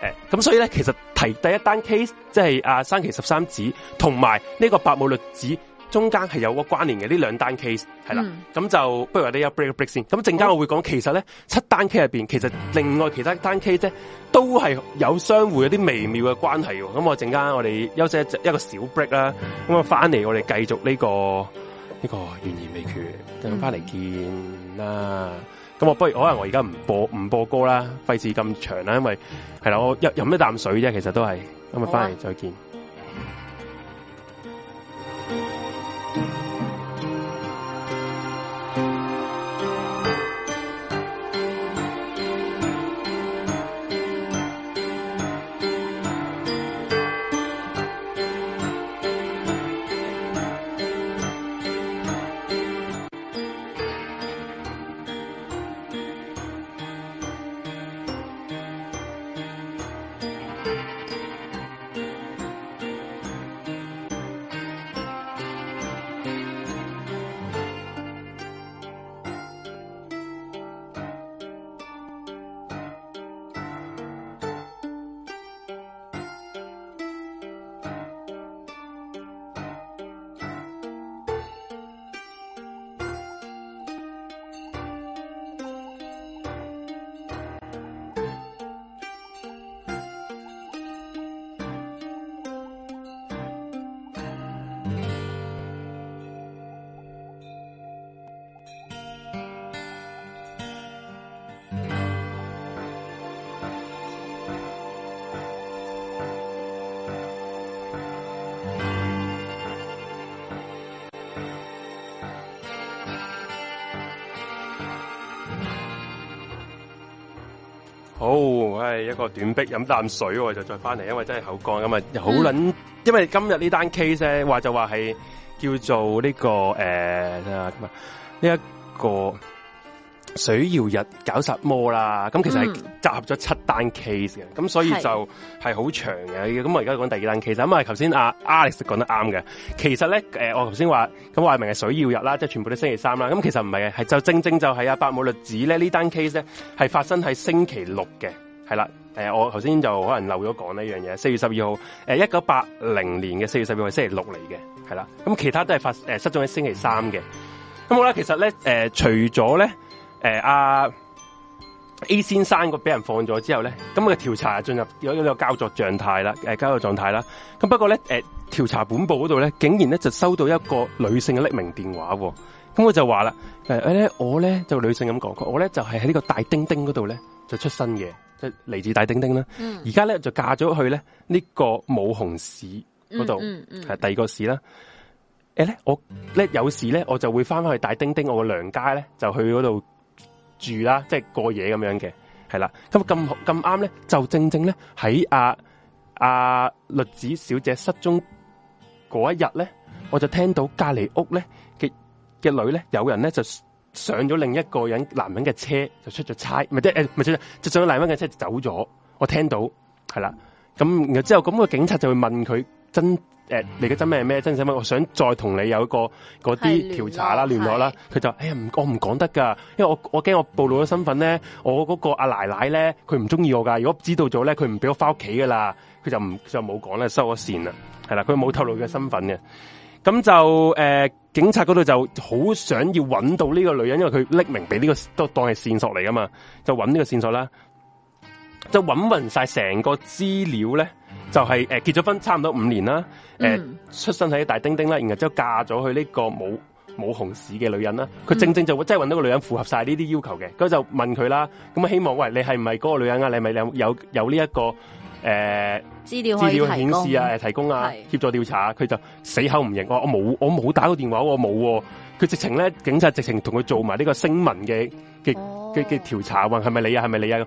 是、誒，咁、哎、所以咧，其實提第一單 case 即係阿山崎十三子同埋呢個八木律子中間係有個關聯嘅呢兩單 case 係啦，咁、嗯、就不如話你有 break break 先，咁陣間我會講、哦、其實咧七單 case 入邊，其實另外其他單 case 都係有相互有啲微妙嘅關係嘅，咁我陣間我哋休息一,一個小 break 啦，咁啊翻嚟我哋繼續呢、這個呢、這個懸而未決，等我翻嚟見啦。嗯好，不如可能我而家唔播唔播歌啦，費事咁長啦，因為係啦，我一飲一啖水啫，其實都係，咁啊，翻嚟再見。短壁飲啖水就再翻嚟，因為真係口乾咁啊！又好捻，因為今日呢單 case 咧，話就話係叫做呢、這個誒咩啊？呢、呃、一、這個水曜日搞殺魔啦！咁其實係集合咗七單 case 嘅，咁所以就係好長嘅。咁我而家講第二單，case 咁啊，頭先阿 Alex 講得啱嘅。其實咧，誒，我頭先話咁話明係水曜日啦，即係全部都星期三啦。咁其實唔係係就正正就係阿百母律子咧呢單 case 咧係發生喺星期六嘅。係啦，誒、呃，我頭先就可能漏咗講呢樣嘢。四月十二號，誒、呃，一九八零年嘅四月十二號係星期六嚟嘅，係啦。咁其他都係發誒、呃、失蹤喺星期三嘅。咁我咧其實咧，誒、呃，除咗咧，誒、呃，阿 A 先生個俾人放咗之後咧，咁佢調查進入咗有有交錯狀態啦，誒、呃，交錯狀態啦。咁不過咧，誒、呃，調查本部嗰度咧，竟然咧就收到一個女性嘅匿名電話、哦，咁我就話啦，誒、呃，我咧就女性咁講，我咧就係喺呢個大丁丁嗰度咧就出身嘅。嚟自大丁丁啦，而家咧就嫁咗去咧呢、這個武雄市嗰度，係、嗯嗯嗯、第二個市啦。誒、欸、咧，我咧有時咧，我就會翻翻去大丁丁，我個娘家咧就去嗰度住啦，即係過夜咁樣嘅，係啦。咁咁咁啱咧，就正正咧喺阿阿律子小姐失蹤嗰一日咧，我就聽到隔籬屋咧嘅嘅女咧，有人咧就上咗另一個人男人嘅車就出咗差，咪即係咪即係就上咗男人嘅車就走咗。我聽到係啦，咁然後之後咁個警察就會問佢真誒、呃，你嘅真名係咩？真姓乜？我想再同你有一個嗰啲調查啦、聯絡啦。佢就哎呀，唔我唔講得噶，因為我我驚我暴露咗身份咧。我嗰個阿奶奶咧，佢唔中意我噶。如果知道咗咧，佢唔俾我翻屋企噶啦。佢就唔就冇講啦，收咗線啦。係啦，佢冇透露佢嘅身份嘅。咁就誒、呃，警察嗰度就好想要揾到呢個女人，因為佢匿名俾呢、這個都當係線索嚟噶嘛，就揾呢個線索啦，就揾匀晒成個資料咧，就係、是、誒、呃、結咗婚差唔多五年啦，誒、呃嗯、出生喺大丁丁啦，然後之後嫁咗去呢個冇冇紅市嘅女人啦，佢正正就會即係揾到個女人符合晒呢啲要求嘅，佢就問佢啦，咁啊希望喂，你係唔係嗰個女人啊？你咪有有有呢一個？誒、呃，資料資料顯示啊、呃，提供啊，協助調查、啊，佢就死口唔認，我冇我冇打過電話，我冇、啊，佢直情咧，警察直情同佢做埋呢個聲文嘅嘅嘅嘅調查，問係咪你啊，係咪你啊，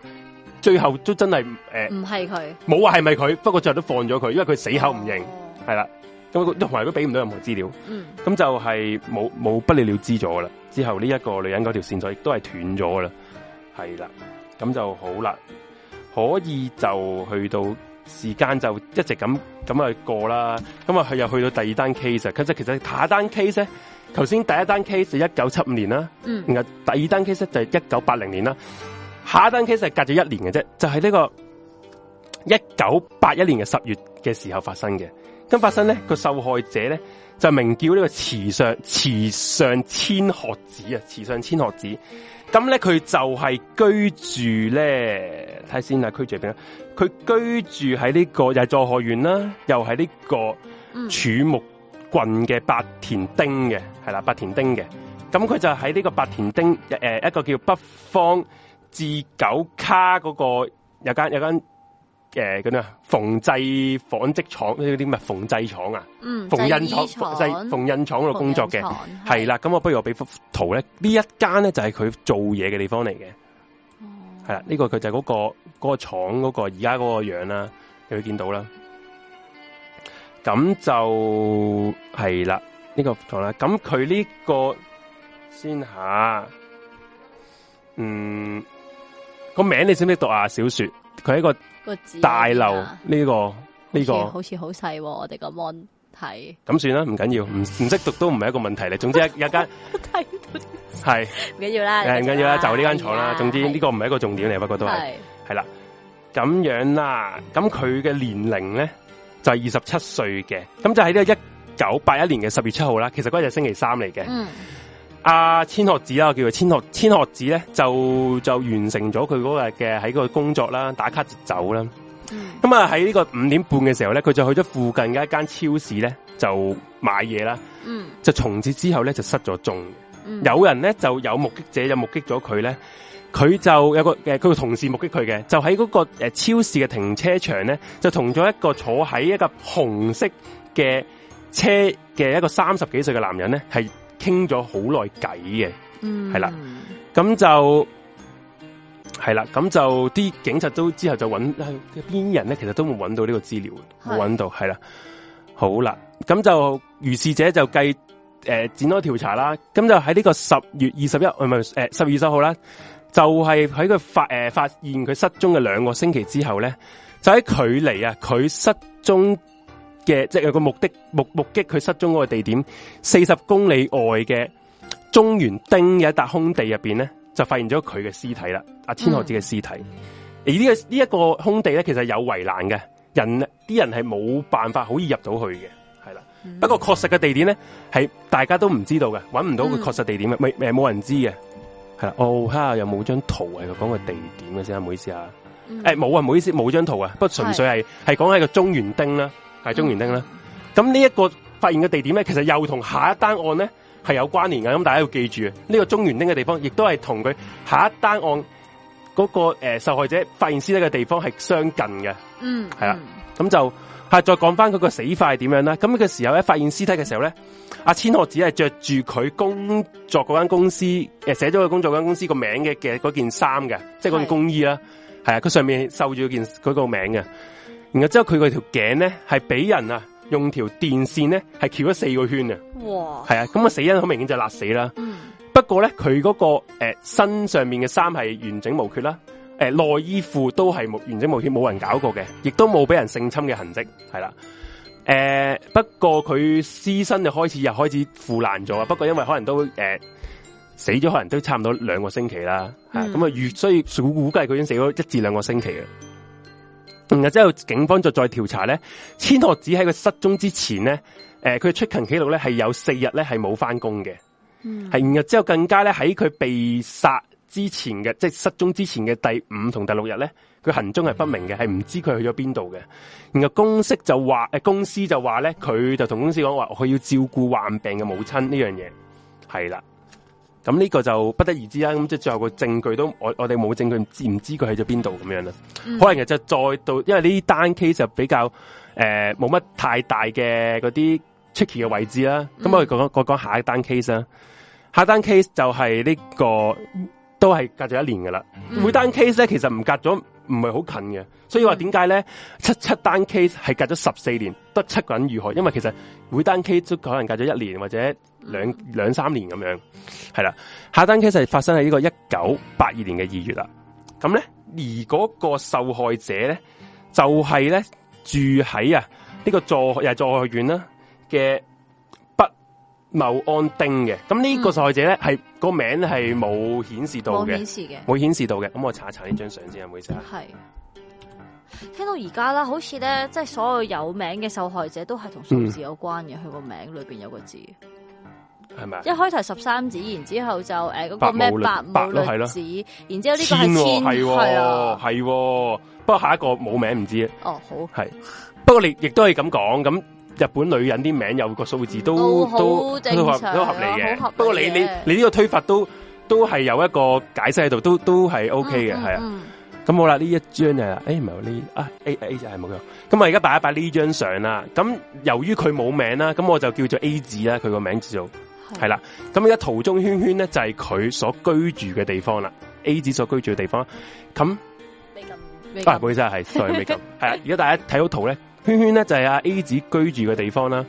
最後都真係誒，唔係佢，冇話係咪佢，不過最後都放咗佢，因為佢死口唔認，係、哦、啦，咁同埋都俾唔到任何資料，咁、嗯、就係冇冇不了了之咗啦，之後呢一個女人嗰條線索亦都係斷咗啦，係啦，咁就好啦。可以就去到時間就一直咁咁去過啦，咁、嗯、啊、嗯嗯、又去到第二單 case，其實其實下單 case 咧，頭先第一單 case 就一九七五年啦，嗯，然後第二單 case 就係一九八零年啦，下一單 case 係隔咗一年嘅啫，就係、是、呢個一九八一年嘅十月嘅時候發生嘅，咁發生咧、這個受害者咧就名叫呢個慈上慈上千鶴子啊，慈上千鶴子，咁咧佢就係居住咧。睇先啊，居住邊啊？佢居住喺呢、這個又係佐賀縣啦，又係呢個柱木郡嘅白田町嘅，係啦，白田町嘅。咁佢就喺呢個白田町誒、呃、一個叫北方至久卡嗰、那個有間有間誒嗰啲啊縫製紡織廠呢啲咩？縫製廠啊，嗯，縫紉廠縫製縫紉廠嗰度工作嘅，係啦。咁我不如我俾幅圖咧，圖呢這一間咧就係佢做嘢嘅地方嚟嘅。係啦，呢、這個佢就嗰、那個嗰、那個廠嗰、那個而家嗰個樣啦，你會見到啦。咁就係啦，呢、這個廠啦。咁佢呢個先下，嗯，個名你識唔識讀啊？小說，佢係一個樓、這個字大樓呢個呢個，好似好細、哦，我哋個 mon。係咁算啦，唔緊要，唔唔識讀都唔係一個問題嚟。 *laughs* 總之有一一間係唔緊要啦，唔緊要啦，就呢間廠啦。總之呢、這個唔係一個重點嚟，不過都係係啦。咁樣啦，咁佢嘅年齡咧就係二十七歲嘅。咁就喺呢個一九八一年嘅十月七號啦。其實嗰日係星期三嚟嘅。阿、嗯啊、千鶴子啦，我叫佢千鶴，千鶴子咧就就完成咗佢嗰日嘅喺嗰個工作啦，打卡就走啦。咁、嗯、啊，喺呢個五點半嘅時候咧，佢就去咗附近嘅一間超市咧，就買嘢啦。嗯，就從此之後咧就失咗蹤、嗯。有人咧就有目擊者就目擊，有目擊咗佢咧，佢就有個佢個、呃、同事目擊佢嘅，就喺嗰、那個誒、呃、超市嘅停車場咧，就同咗一個坐喺一個紅色嘅車嘅一個三十幾歲嘅男人咧，係傾咗好耐偈嘅。嗯，係啦，咁就。係啦，咁就啲警察都之後就揾係邊人咧，其實都冇揾到呢個資料，冇揾到係啦。好啦，咁就如是者就繼誒、呃、展開調查啦。咁就喺呢個十月二十一誒唔係誒十月二十號啦，就係喺佢發誒、呃、發現佢失蹤嘅兩個星期之後咧，就喺距離啊佢失蹤嘅即係有個目的目目擊佢失蹤嗰個地點四十公里外嘅中原町有一笪空地入邊咧。就發現咗佢嘅屍體啦，阿千鶴子嘅屍體。嗯、而呢、這個呢一、這個空地咧，其實有圍欄嘅，人啲人係冇辦法可以入到去嘅，係啦。嗯、不過確實嘅地點咧，係大家都唔知道嘅，揾唔到佢確實地點嘅，未、嗯、冇人知嘅，係啦。哦，哈有冇張圖佢、啊、講個地點嘅先，唔好意思啊，誒、嗯、冇、欸、啊，唔好意思冇張圖啊，不過純粹係係講緊個中原丁啦，係中原丁啦。咁呢一個發現嘅地點咧，其實又同下一單案咧，係有關聯嘅，咁大家要記住啊！呢、這個中原丁嘅地方，亦都係同佢下一單案嗰、那個誒、呃、受害者發現屍體嘅地方係相近嘅。嗯，係啦，咁、嗯、就係、啊、再講翻佢個死法係點樣啦。咁嘅時候咧，發現屍體嘅時候咧，阿千鶴子係着住佢工作嗰間公司誒寫咗佢工作嗰間公司個名嘅嘅件衫嘅，即係嗰件工衣啦。係啊，佢上面繡住件嗰個名嘅、嗯。然後之後佢個條頸咧係俾人啊。用條電線咧係翹咗四個圈嘅，係啊，咁個死因好明顯就勒死啦、嗯。不過咧佢嗰個誒、呃、身上面嘅衫係完整無缺啦，誒、呃、內衣褲都係冇完整無缺，冇人搞過嘅，亦都冇俾人性侵嘅痕跡，係啦、啊。誒、呃，不過佢屍身就開始又開始腐爛咗啊！不過因為可能都誒、呃、死咗，可能都差唔多兩個星期啦。咁啊越、嗯嗯嗯、所以估估計佢已經死咗一至兩個星期啦。然後之後警方就再調查咧，千鶴子喺佢失蹤之前咧，誒、呃、佢出勤記錄咧係有四日咧係冇翻工嘅，係、嗯、然後之後更加咧喺佢被殺之前嘅，即、就、係、是、失蹤之前嘅第五同第六日咧，佢行蹤係不明嘅，係唔知佢去咗邊度嘅。然後公司就話，誒、呃、公司就話咧，佢就同公司講話，佢要照顧患病嘅母親呢樣嘢，係啦。咁、這、呢個就不得而知啦，咁即係最後個證據都我我哋冇證據，唔知唔知佢喺咗邊度咁樣啦。嗯、可能其實再到，因為呢啲單 case 就比較誒冇乜太大嘅嗰啲 tricky 嘅位置啦。咁、嗯嗯、我哋講講講下一單 case 啦，下一單 case 就係呢、這個都係隔咗一年噶啦。嗯、每單 case 咧其實唔隔咗唔係好近嘅，所以話點解咧七七單 case 係隔咗十四年得七個人遇害，因為其實每單 case 都可能隔咗一年或者。兩兩三年咁樣，係啦。下丁 case 係發生喺呢個一九八二年嘅二月啦。咁咧，而嗰個受害者咧，就係、是、咧住喺啊呢個助又係助學院啦嘅北茂安町嘅。咁呢個受害者咧，係、嗯、個名係冇顯示到嘅，冇顯示嘅，冇顯示到嘅。咁我查一查呢張相先啊，唔好意思。係。聽到而家啦，好似咧，即係所有有名嘅受害者都係同數字有關嘅，佢、嗯、個名裏邊有個字。係咪？一開頭十三子，然之後就誒嗰、欸嗰個咩八，八白木輪子，然之後呢個係千係啊，係、啊啊啊啊啊啊。不過下一個冇名唔知道哦，好係。不過你亦都係咁講，咁日本女人啲名字有個數字都都、哦、都合都合，都合理嘅、啊。不過你你你呢個推法都都係有一個解釋喺度，都都係 O K 嘅，係、嗯、啊。咁、嗯、好啦，呢一張啊，誒唔係呢啊 A A 就係冇用。咁我而家擺一擺呢張相啦。咁由於佢冇名啦，咁我就叫做 A 字啦，佢個名字做。係啦，咁而家圖中圈圈咧就係、是、佢所居住嘅地方啦，A 子所居住嘅地方，咁、嗯、啊，唔好意思啊，係上未夠，係 *laughs* 啦，而家大家睇到圖咧，圈圈咧就係、是、阿 A 子居住嘅地方啦，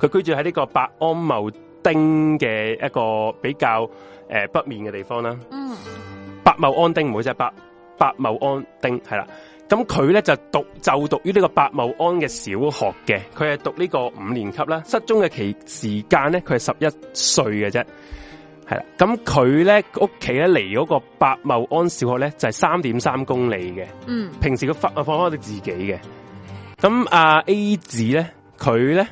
佢居住喺呢個百安茂丁嘅一個比較誒、呃、北面嘅地方啦，嗯，百茂安丁唔好意思百百茂安丁係啦。咁佢咧就讀就讀於呢個白茂安嘅小學嘅，佢係讀呢個五年級啦。失蹤嘅期時間咧，佢係十一歲嘅啫，係啦。咁佢咧屋企咧離嗰個白茂安小學咧就係三點三公里嘅。嗯，平時佢放放翻佢自己嘅。咁阿 A 子咧，佢咧，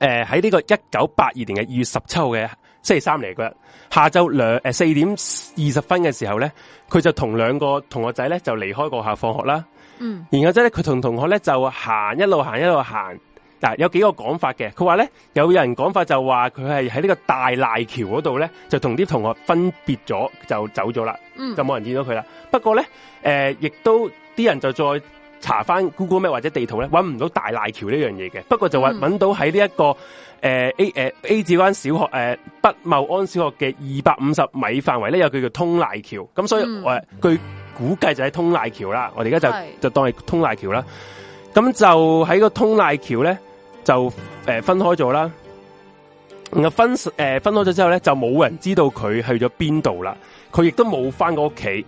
誒喺呢個一九八二年嘅二月十七號嘅。星期三嚟喇，下晝兩誒四點二十分嘅時候咧，佢就同兩個同學仔咧就離開學校放學啦。嗯，然後即係咧佢同同學咧就行一路行一路行。嗱、啊，有幾個講法嘅，佢話咧有人講法就話佢係喺呢個大賴橋嗰度咧就同啲同學分別咗就走咗啦。嗯，就冇人見到佢啦。不過咧，誒、呃、亦都啲人就再。查翻 Google Map 或者地圖咧，揾唔到大瀨橋呢樣嘢嘅。不過就話揾到喺呢一個誒、嗯呃、A 誒 A 字灣小學誒北、呃、茂安小學嘅二百五十米範圍咧，有個叫做通瀨橋。咁所以我、嗯呃、據估計就係通瀨橋啦。我哋而家就就當係通瀨橋啦。咁就喺個通瀨橋咧，就誒、呃、分開咗啦。分誒、呃、分開咗之後咧，就冇人知道佢去咗邊度啦。佢亦都冇翻過屋企。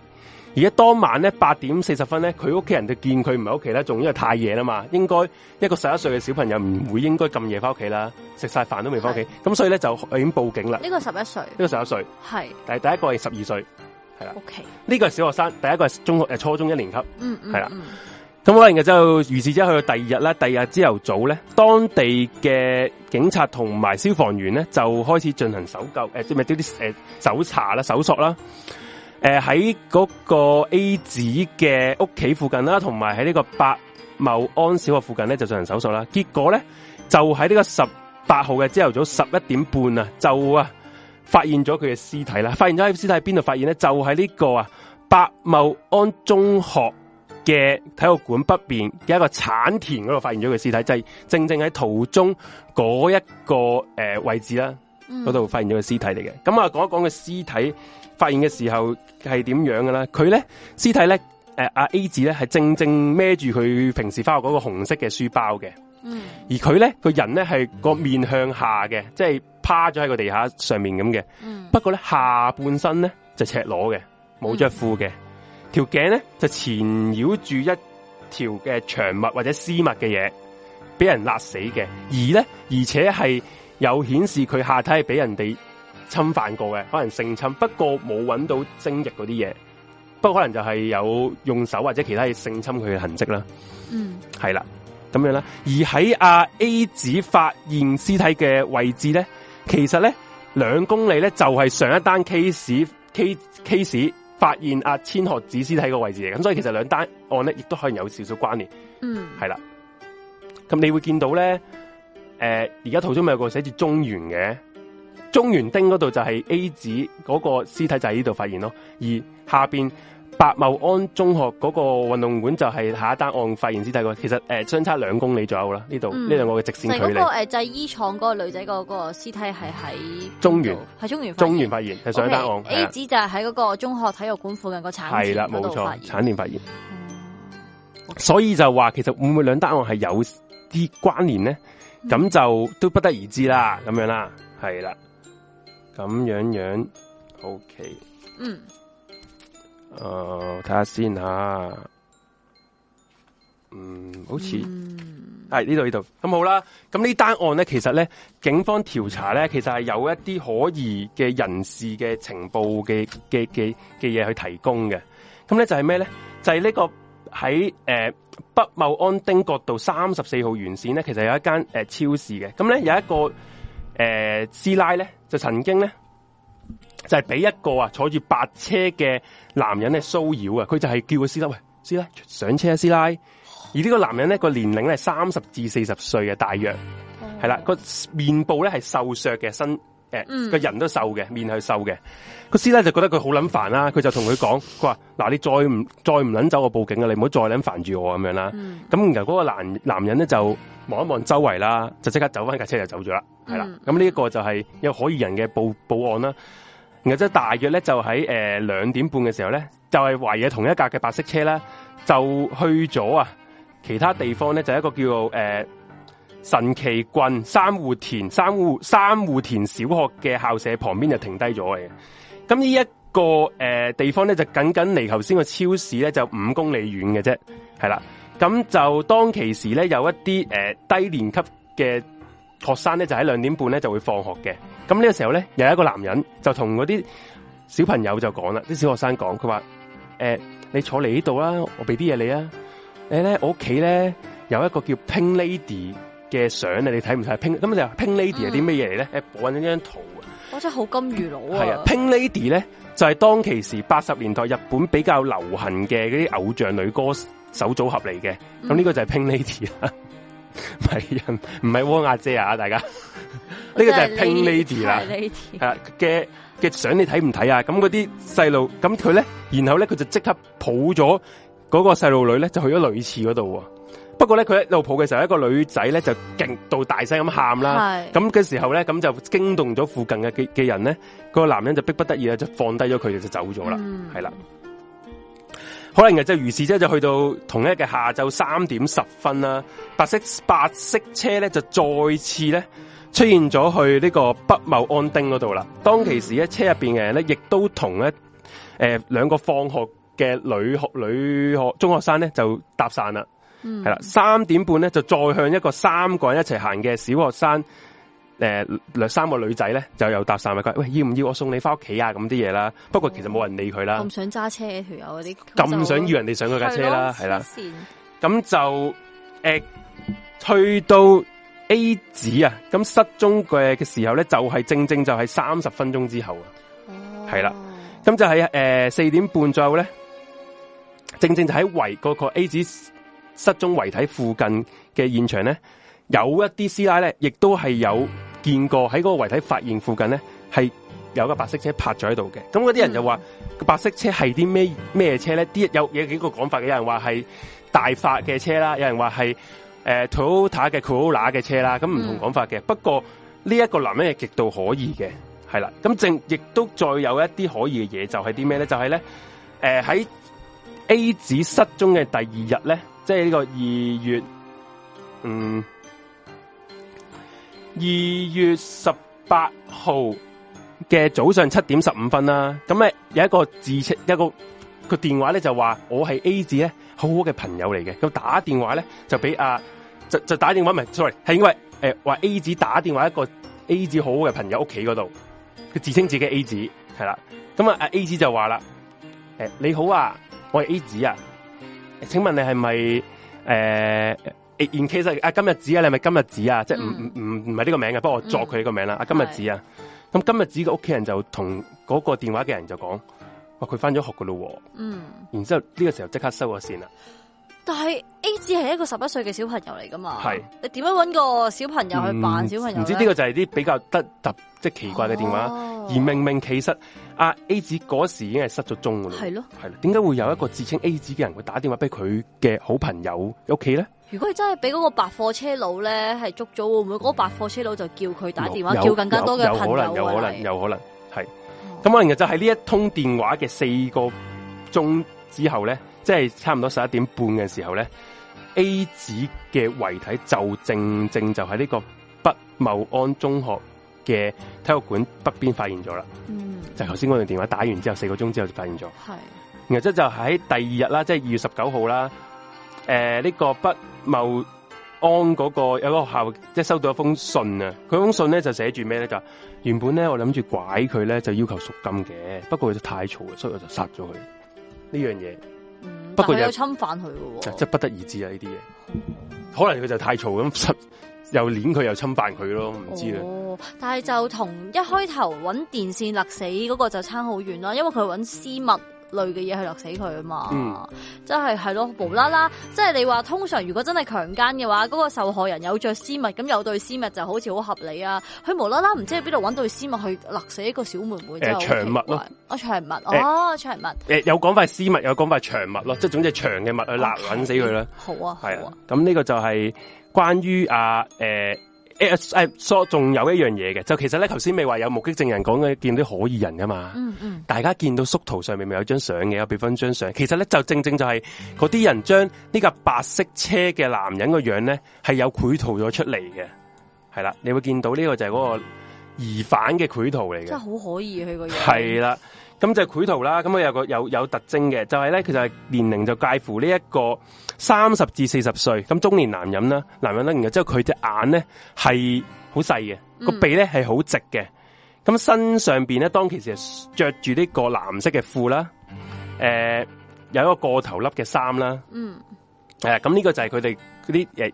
而家當晚咧八點四十分咧，佢屋企人就見佢唔喺屋企啦，仲因為太夜啦嘛，應該一個十一歲嘅小朋友唔會應該咁夜翻屋企啦，食晒飯都未翻屋企，咁所以咧就已經報警啦。呢個十一歲，呢個十一歲係，但係第一個係十二歲，係啦。O K，呢個係小學生，第一個係中學誒初中一年級，嗯嗯係啦。咁可能嘅就如是者去到第二日啦，第二日朝頭早咧，當地嘅警察同埋消防員咧就開始進行搜救誒，即咪啲啲誒搜查啦、搜索啦。誒、呃，喺嗰個 A 子嘅屋企附近啦，同埋喺呢個白茂安小學附近咧，就進行搜索啦。結果咧，就喺呢個十八號嘅朝頭早十一點半啊，就啊發現咗佢嘅屍體啦。發現咗屍體喺邊度？發現咧，就喺呢個啊白茂安中學嘅體育館北邊嘅一個產田嗰度發現咗佢屍體，就係、是、正正喺途中嗰一個誒位置啦，嗰度發現咗佢屍體嚟嘅。咁、嗯、啊，講、嗯嗯嗯、一講嘅屍體。發現嘅時候係點樣嘅咧？佢咧屍體咧，誒、呃、阿 A 字咧係正正孭住佢平時翻學嗰個紅色嘅書包嘅、嗯，而佢咧個人咧係個面向下嘅，即係趴咗喺個地下上面咁嘅。不過咧下半身咧就赤裸嘅，冇着褲嘅，條頸咧就纏繞住一條嘅長物或者絲襪嘅嘢，俾人勒死嘅。而咧而且係有顯示佢下體係俾人哋。侵犯過嘅，可能性侵，不過冇揾到精液嗰啲嘢，不過可能就係有用手或者其他嘢，性侵佢嘅痕跡啦。嗯，係啦，咁樣啦。而喺阿、啊、A 子發現屍體嘅位置咧，其實咧兩公里咧就係、是、上一單 case case case 發現阿、啊、千鶴子屍體個位置嚟。咁所以其實兩單案咧亦都可以有少少關聯。嗯，係啦，咁你會見到咧，誒、呃，而家圖中咪有個寫住中原嘅。中原丁嗰度就係 A 子嗰個屍體就喺呢度發現咯，而下邊白茂安中學嗰個運動館就係下一單案發現屍體其實誒、呃、相差兩公里左右啦，呢度呢兩個嘅直線距離。成個誒製衣廠嗰個女仔嗰個屍體係喺中原，就是那個呃、中原，中原。中原發現係上一單案。Okay, A 子就係喺嗰個中學體育館附近個產。係啦，冇錯，產電發現。發現嗯 okay. 所以就話其實會唔會兩單案係有啲關聯呢？咁、嗯、就都不得而知啦，咁樣啦，係啦。咁樣樣，OK，嗯，誒、哦，睇下先吓，嗯，好似係、嗯哎、呢度呢度，咁好啦。咁呢單案咧，其實咧，警方調查咧，其實係有一啲可疑嘅人士嘅情報嘅嘅嘅嘅嘢去提供嘅。咁咧就係咩咧？就係、是、呢、就是這個喺誒、呃、北茂安丁國道三十四號沿線咧，其實有一間誒、呃、超市嘅。咁咧有一個。誒、呃，師奶咧就曾經咧就係、是、俾一個啊坐住白車嘅男人咧騷擾啊，佢就係叫個師奶喂，師奶上車，師奶。而呢個男人咧個年齡咧係三十至四十歲嘅，大約，係啦，個面部咧係瘦削嘅身。誒、yeah, 嗯，個人都瘦嘅，面係瘦嘅，個師奶就覺得佢好諗煩啦，佢、嗯、就同佢講，佢話嗱，你再唔再唔諗走我報警啊，你唔好再諗煩住我咁樣啦。咁、嗯、然後嗰個男男人咧就望一望周圍啦，就即刻走翻架車就走咗啦，係啦。咁呢一個就係有可疑人嘅報報案啦。然後即係大約咧就喺誒兩點半嘅時候咧，就係懷疑同一架嘅白色車啦，就去咗啊其他地方咧就一個叫做誒。呃神奇郡三戶田三戶三戶田小學嘅校舍旁邊就停低咗嘅，咁呢一個誒、呃、地方咧就僅僅離頭先個超市咧就五公里遠嘅啫，係啦，咁就當其時咧有一啲誒、呃、低年級嘅學生咧就喺兩點半咧就會放學嘅，咁呢個時候咧有一個男人就同嗰啲小朋友就講啦，啲小學生講，佢話誒你坐嚟呢度啦，我俾啲嘢你啊，誒、呃、咧我屋企咧有一個叫 Pink Lady。嘅相，嗯、啊，你睇唔睇？拼咁就拼 Lady 係啲咩嘢嚟咧？誒，我印咗張圖啊，真係好金魚佬啊！係啊，拼 Lady 咧就係當其時八十年代日本比較流行嘅嗰啲偶像女歌手組合嚟嘅。咁、嗯、呢個就係拼 Lady 啦，唔係唔係汪阿姐啊，大家呢 *laughs* 我真的笑個就係拼 Lady, Lady 啦，係啊嘅嘅相你睇唔睇啊？咁嗰啲細路，咁佢咧，然後咧佢就即刻抱咗嗰個細路女咧，就去咗女廁嗰度喎。不過咧，佢喺路抱嘅時候，一個女仔咧就勁到大聲咁喊啦。咁嘅時候咧，咁就驚動咗附近嘅嘅人咧。個男人就逼不得已啦，就放低咗佢就走咗啦。係、嗯、啦，可能就如是啫，就去到同一日嘅下晝三點十分啦。白色白色車咧就再次咧出現咗去呢個北茂安町嗰度啦。當其時咧，車入邊嘅人咧亦都同一誒兩個放學嘅女學女學中學生咧就搭訕啦。係、嗯、啦，三點半咧就再向一個三個人一齊行嘅小學生，誒、呃，三個女仔咧就有搭訕啦。佢話喂，要唔要我送你翻屋企啊？咁啲嘢啦，不過其實冇人理佢啦。咁、嗯、想揸車條友嗰啲，咁想要人哋上佢架車啦，係啦。咁就誒、呃，去到 A 子啊，咁失蹤嘅嘅時候咧，就係、是、正正就係三十分鐘之後啊。係、哦、啦，咁就喺誒四點半左右咧，正正就喺圍嗰個 A 子。失蹤遺體附近嘅現場咧，有一啲師奶咧，亦都係有見過喺嗰個遺體發現附近咧，係有個白色車泊咗喺度嘅。咁嗰啲人就話、嗯、白色車係啲咩咩車咧？啲有有幾個講法嘅，有人話係大發嘅車啦，有人話係誒 Toyota 嘅 Corolla 嘅車啦。咁唔同講法嘅、嗯。不過呢一、這個男人係極度可疑嘅，係啦。咁正亦都再有一啲可疑嘅嘢，就係啲咩咧？就係、是、咧，誒、呃、喺 A 子失蹤嘅第二日咧。即係呢個二月，嗯，二月十八號嘅早上七點十五分啦、啊。咁咧有一個自稱一個個電話咧就話我係 A 子咧好好嘅朋友嚟嘅。咁打電話咧就俾啊，就就打電話唔係，sorry 係因為誒話、欸、A 子打電話一個 A 子好好嘅朋友屋企嗰度，佢自稱自己 A 子係啦。咁啊 A 子就話啦，誒、欸、你好啊，我係 A 子啊。請問你係咪誒？然其實啊，今日子啊，你係咪今日子啊？嗯、即係唔唔唔唔係呢個名嘅，不過我作佢呢個名啦、嗯。啊，今日子啊，咁今日子個屋企人就同嗰個電話嘅人就講：哇，佢翻咗學噶咯。嗯。然之後呢個時候即刻收咗線啦。但係 A 子係一個十一歲嘅小朋友嚟噶嘛？係你點樣揾個小朋友去扮小朋友？唔、嗯、知呢、呢個就係啲比較得特即係奇怪嘅電話，哦，而明明其實阿、啊、A 子嗰時已經係失咗蹤噶啦。係咯，係啦。點解會有一個自稱 A 子嘅人會打電話俾佢嘅好朋友屋企咧？如果佢真係俾嗰個白貨車佬咧係捉咗，會唔會嗰個白貨車佬就叫佢打電話，嗯、叫更加多嘅朋友？可能，有可能，有可能。係咁，可能，可能是、嗯是嗯、那就係呢一通電話嘅四個鐘之後咧。即係差唔多十一點半嘅時候咧，A 子嘅遺體就正正就喺呢個北茂安中學嘅體育館北邊發現咗啦。嗯，就頭先嗰段電話打完之後四個鐘之後就發現咗。係，然後即就喺第二、就是、日啦，即係二月十九號啦。誒，呢個北茂安嗰個有個學校即係、就是、收到一封信啊，佢封信咧就寫住咩咧？就原本咧我諗住拐佢咧就要求贖金嘅，不過佢就太嘈，所以我就殺咗佢呢樣嘢。但不過有侵犯佢，即係不得而知啊！呢啲嘢，可能佢就太嘈咁，又捻佢又侵犯佢咯，唔知啦。哦，但係就同一開頭搵電線勒死嗰個就差好遠啦，因為佢搵私密。類嘅嘢去勒死佢啊嘛，嗯真無無，真係係咯，無啦啦，即係你話通常如果真係強姦嘅話，嗰，那個受害人有著絲襪，咁有對絲襪就好似好合理啊，佢無啦啦唔知喺邊度搵到對絲襪去勒死一個小妹妹，誒，呃、長襪咯啊，啊長襪，哦，呃、長襪，呃，誒有講塊絲襪，有講塊長襪咯，即係總之長嘅襪去勒撚死佢啦，嗯 okay, 啊，好啊，係啊，咁呢個就係關於啊誒。誒、欸、誒，仲、欸、有一樣嘢嘅，就其實咧，頭先未話有目擊證人講嘅，見到可疑人㗎嘛。嗯嗯，大家見到縮圖上面咪有張相嘅，有備份張相。其實咧，就正正就係嗰啲人將呢架白色車嘅男人個樣咧，係有繪圖咗出嚟嘅。係啦，你會見到呢個就係嗰個疑犯嘅繪圖嚟嘅。即係好可疑佢個樣子。係啦。咁就係繪圖啦，咁佢有個有有特徵嘅，就係、是、咧，其實係年齡就介乎呢一個三十至四十歲，咁中年男人啦，男人啦，然之後佢隻眼咧係好細嘅，個鼻咧係好直嘅，咁身上邊咧當其時着住呢個藍色嘅褲啦，誒、呃，有一個過頭笠嘅衫啦，誒、嗯，咁、呃、呢個就係佢哋嗰啲誒。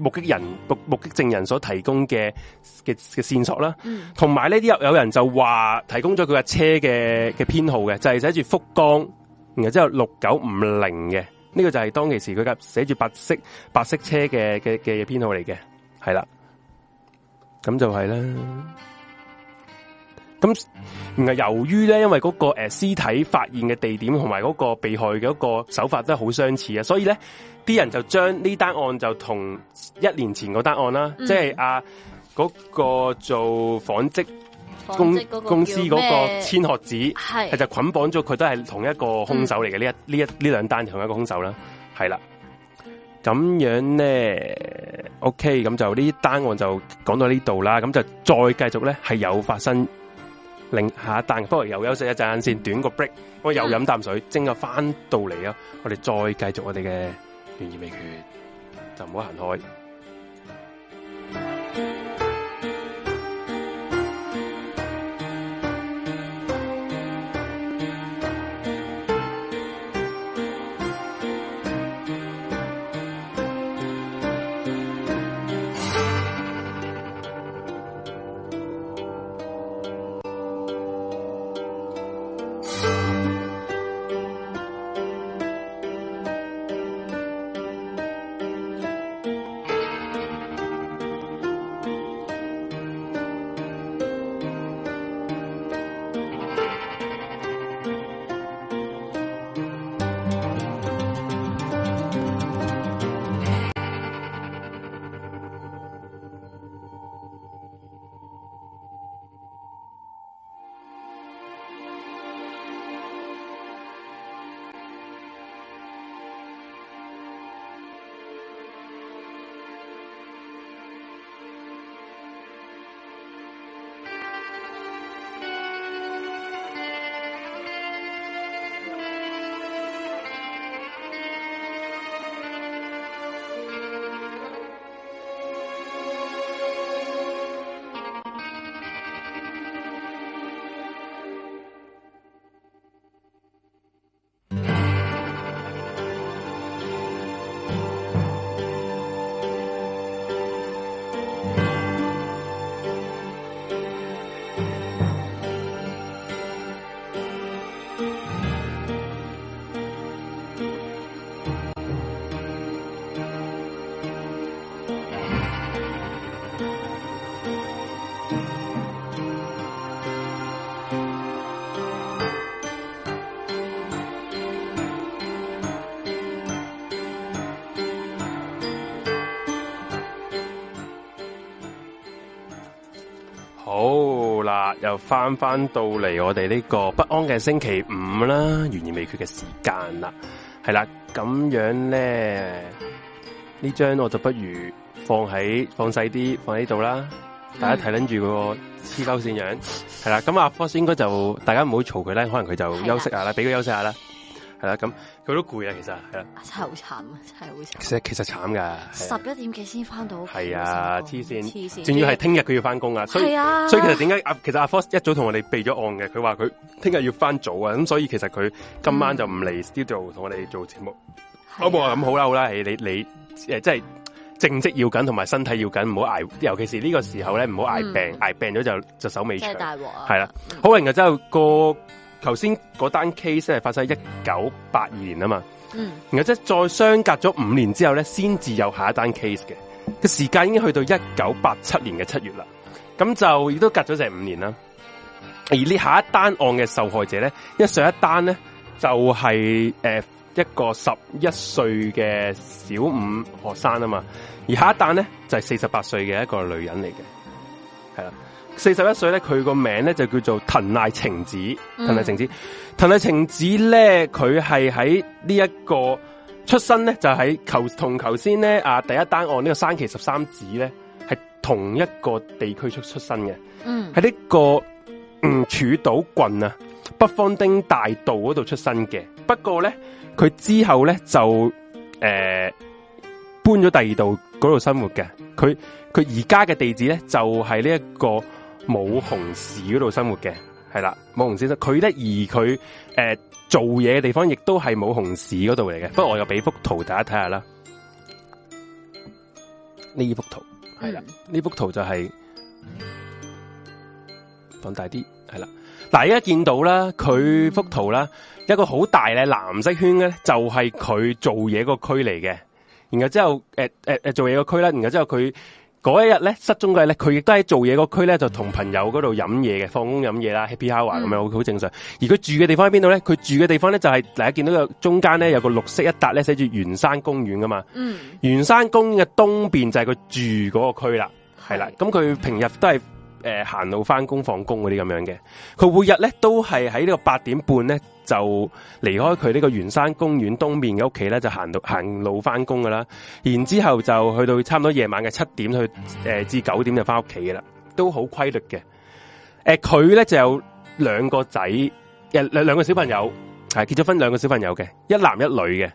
目擊人目目擊證人所提供嘅嘅嘅線索啦，同、嗯、埋呢啲有人就話提供咗佢架車嘅嘅編號嘅，就係寫住福江，然後之後六九五零嘅，呢、這個就係當其時佢架寫住白色白色車嘅嘅嘅編號嚟嘅，係啦，咁就係啦。咁，然後由於咧，因為嗰、那個誒、呃、屍體發現嘅地點同埋嗰個被害嘅一個手法都係好相似啊，所以咧啲人就將呢單案就同一年前嗰單案啦，嗯、即係啊嗰、那個做紡織公公司嗰個，那個千鶴子係，係係就捆綁咗佢都係同一個凶手嚟嘅呢一呢一呢兩單同一個凶手啦，係、嗯、啦。咁樣咧，OK，咁就呢單案就講到呢度啦，咁就再繼續咧係有發生。令下一單，不過又休息一陣先，短個 break，我又飲啖水，蒸下翻到嚟啊！我哋再繼續我哋嘅懸而未決，就唔好行開。又翻翻到嚟我哋呢個不安嘅星期五啦，懸而未決嘅時間啦，係啦，咁樣咧呢張我就不如放喺放細啲，放喺度啦，大家睇捻住個黐鳩綫樣，係啦，咁阿 Foss 先應該就大家唔好嘈佢咧，可能佢就休息下啦，俾佢休息下啦。係啦、啊，咁佢都攰啊，其實係啊，真係好慘啊，真係好慘。其實其實慘噶，十一點幾先翻到，係啊，黐線，黐線，仲要係聽日佢要翻工啊，所以、啊、所以其實點解阿其實阿 Force 一早同我哋備咗案嘅，佢話佢聽日要翻早啊，咁所以其實佢今晚就唔嚟 studio 同、嗯、我哋做節目。好、啊，我咁好啦，好啦，你你誒，即係、啊、正職要緊，同埋身體要緊，唔好挨，尤其是呢個時候咧，唔好挨病，挨、嗯、病咗就就手尾長，大鑊、啊。係啦、啊，好、嗯、嘅，嗯、之後、那個。頭先嗰單 case 係發生喺一九八二年啊嘛，嗯，然後即係再相隔咗五年之後咧，先至有下一單 case 嘅，個時間已經去到一九八七年嘅七月啦，咁就亦都隔咗成五年啦。而呢下一單案嘅受害者咧，一上一單咧就係、是、誒、呃、一個十一歲嘅小五學生啊嘛，而下一單咧就係四十八歲嘅一個女人嚟嘅，係啦。四十一歲咧，佢個名咧就叫做藤瀨晴子，藤瀨晴子，嗯、藤瀨晴子咧，佢係喺呢一個出生咧，就喺頭同頭先咧啊第一單案呢、這個山崎十三子咧係同一個地區出出生嘅，嗯，喺呢、這個嗯柱島郡啊北方町大道嗰度出生嘅。不過咧，佢之後咧就誒、呃、搬咗第二度嗰度生活嘅。佢佢而家嘅地址咧就係呢一個。武雄市嗰度生活嘅係啦，武雄市生活佢咧而佢誒、呃、做嘢嘅地方亦都係武雄市嗰度嚟嘅。不過我又俾幅圖大家睇下啦。呢幅圖係啦，呢幅圖就係、是、放大啲係啦。嗱，而家見到啦，佢幅圖啦，一個好大嘅藍色圈咧，就係佢做嘢個區嚟嘅。然後之後誒誒誒做嘢個區啦，然後之後佢。嗰一日咧失蹤嘅咧，佢亦都喺做嘢個區咧，就同朋友嗰度飲嘢嘅，放工飲嘢啦，happy hour 咁、嗯、樣好正常。而佢住嘅地方喺邊度咧？佢住嘅地方咧就係大家見到個中間咧有個綠色一笪咧寫住元山公園噶嘛。嗯，元山公園嘅東邊就係佢住嗰個區啦，係啦。咁佢平日都係。誒、呃，行路翻工放工嗰啲咁樣嘅，佢每日咧都係喺呢個八點半咧就離開佢呢個圓山公園東面嘅屋企咧，就行到行路翻工噶啦，然之後就去到差唔多夜晚嘅七點去誒、呃、至九點就翻屋企嘅啦，都好規律嘅。誒，佢咧就有兩個仔，誒兩兩個小朋友係結咗婚，兩個小朋友嘅一男一女嘅。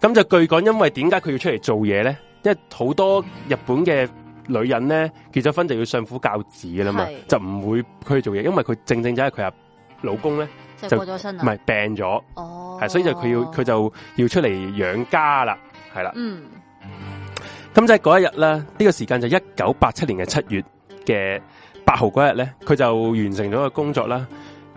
咁就據講，因為點解佢要出嚟做嘢咧？因為好多日本嘅。女人咧結咗婚就要相夫教子噶啦嘛，就唔會去做嘢，因為佢正正就係佢阿老公咧就是，過咗身啦，唔係病咗，係、哦、所以就佢要佢就要出嚟養家啦，係啦，咁就係嗰一日咧，呢、這個時間就一九八七年嘅七月嘅八號嗰日咧，佢就完成咗個工作啦，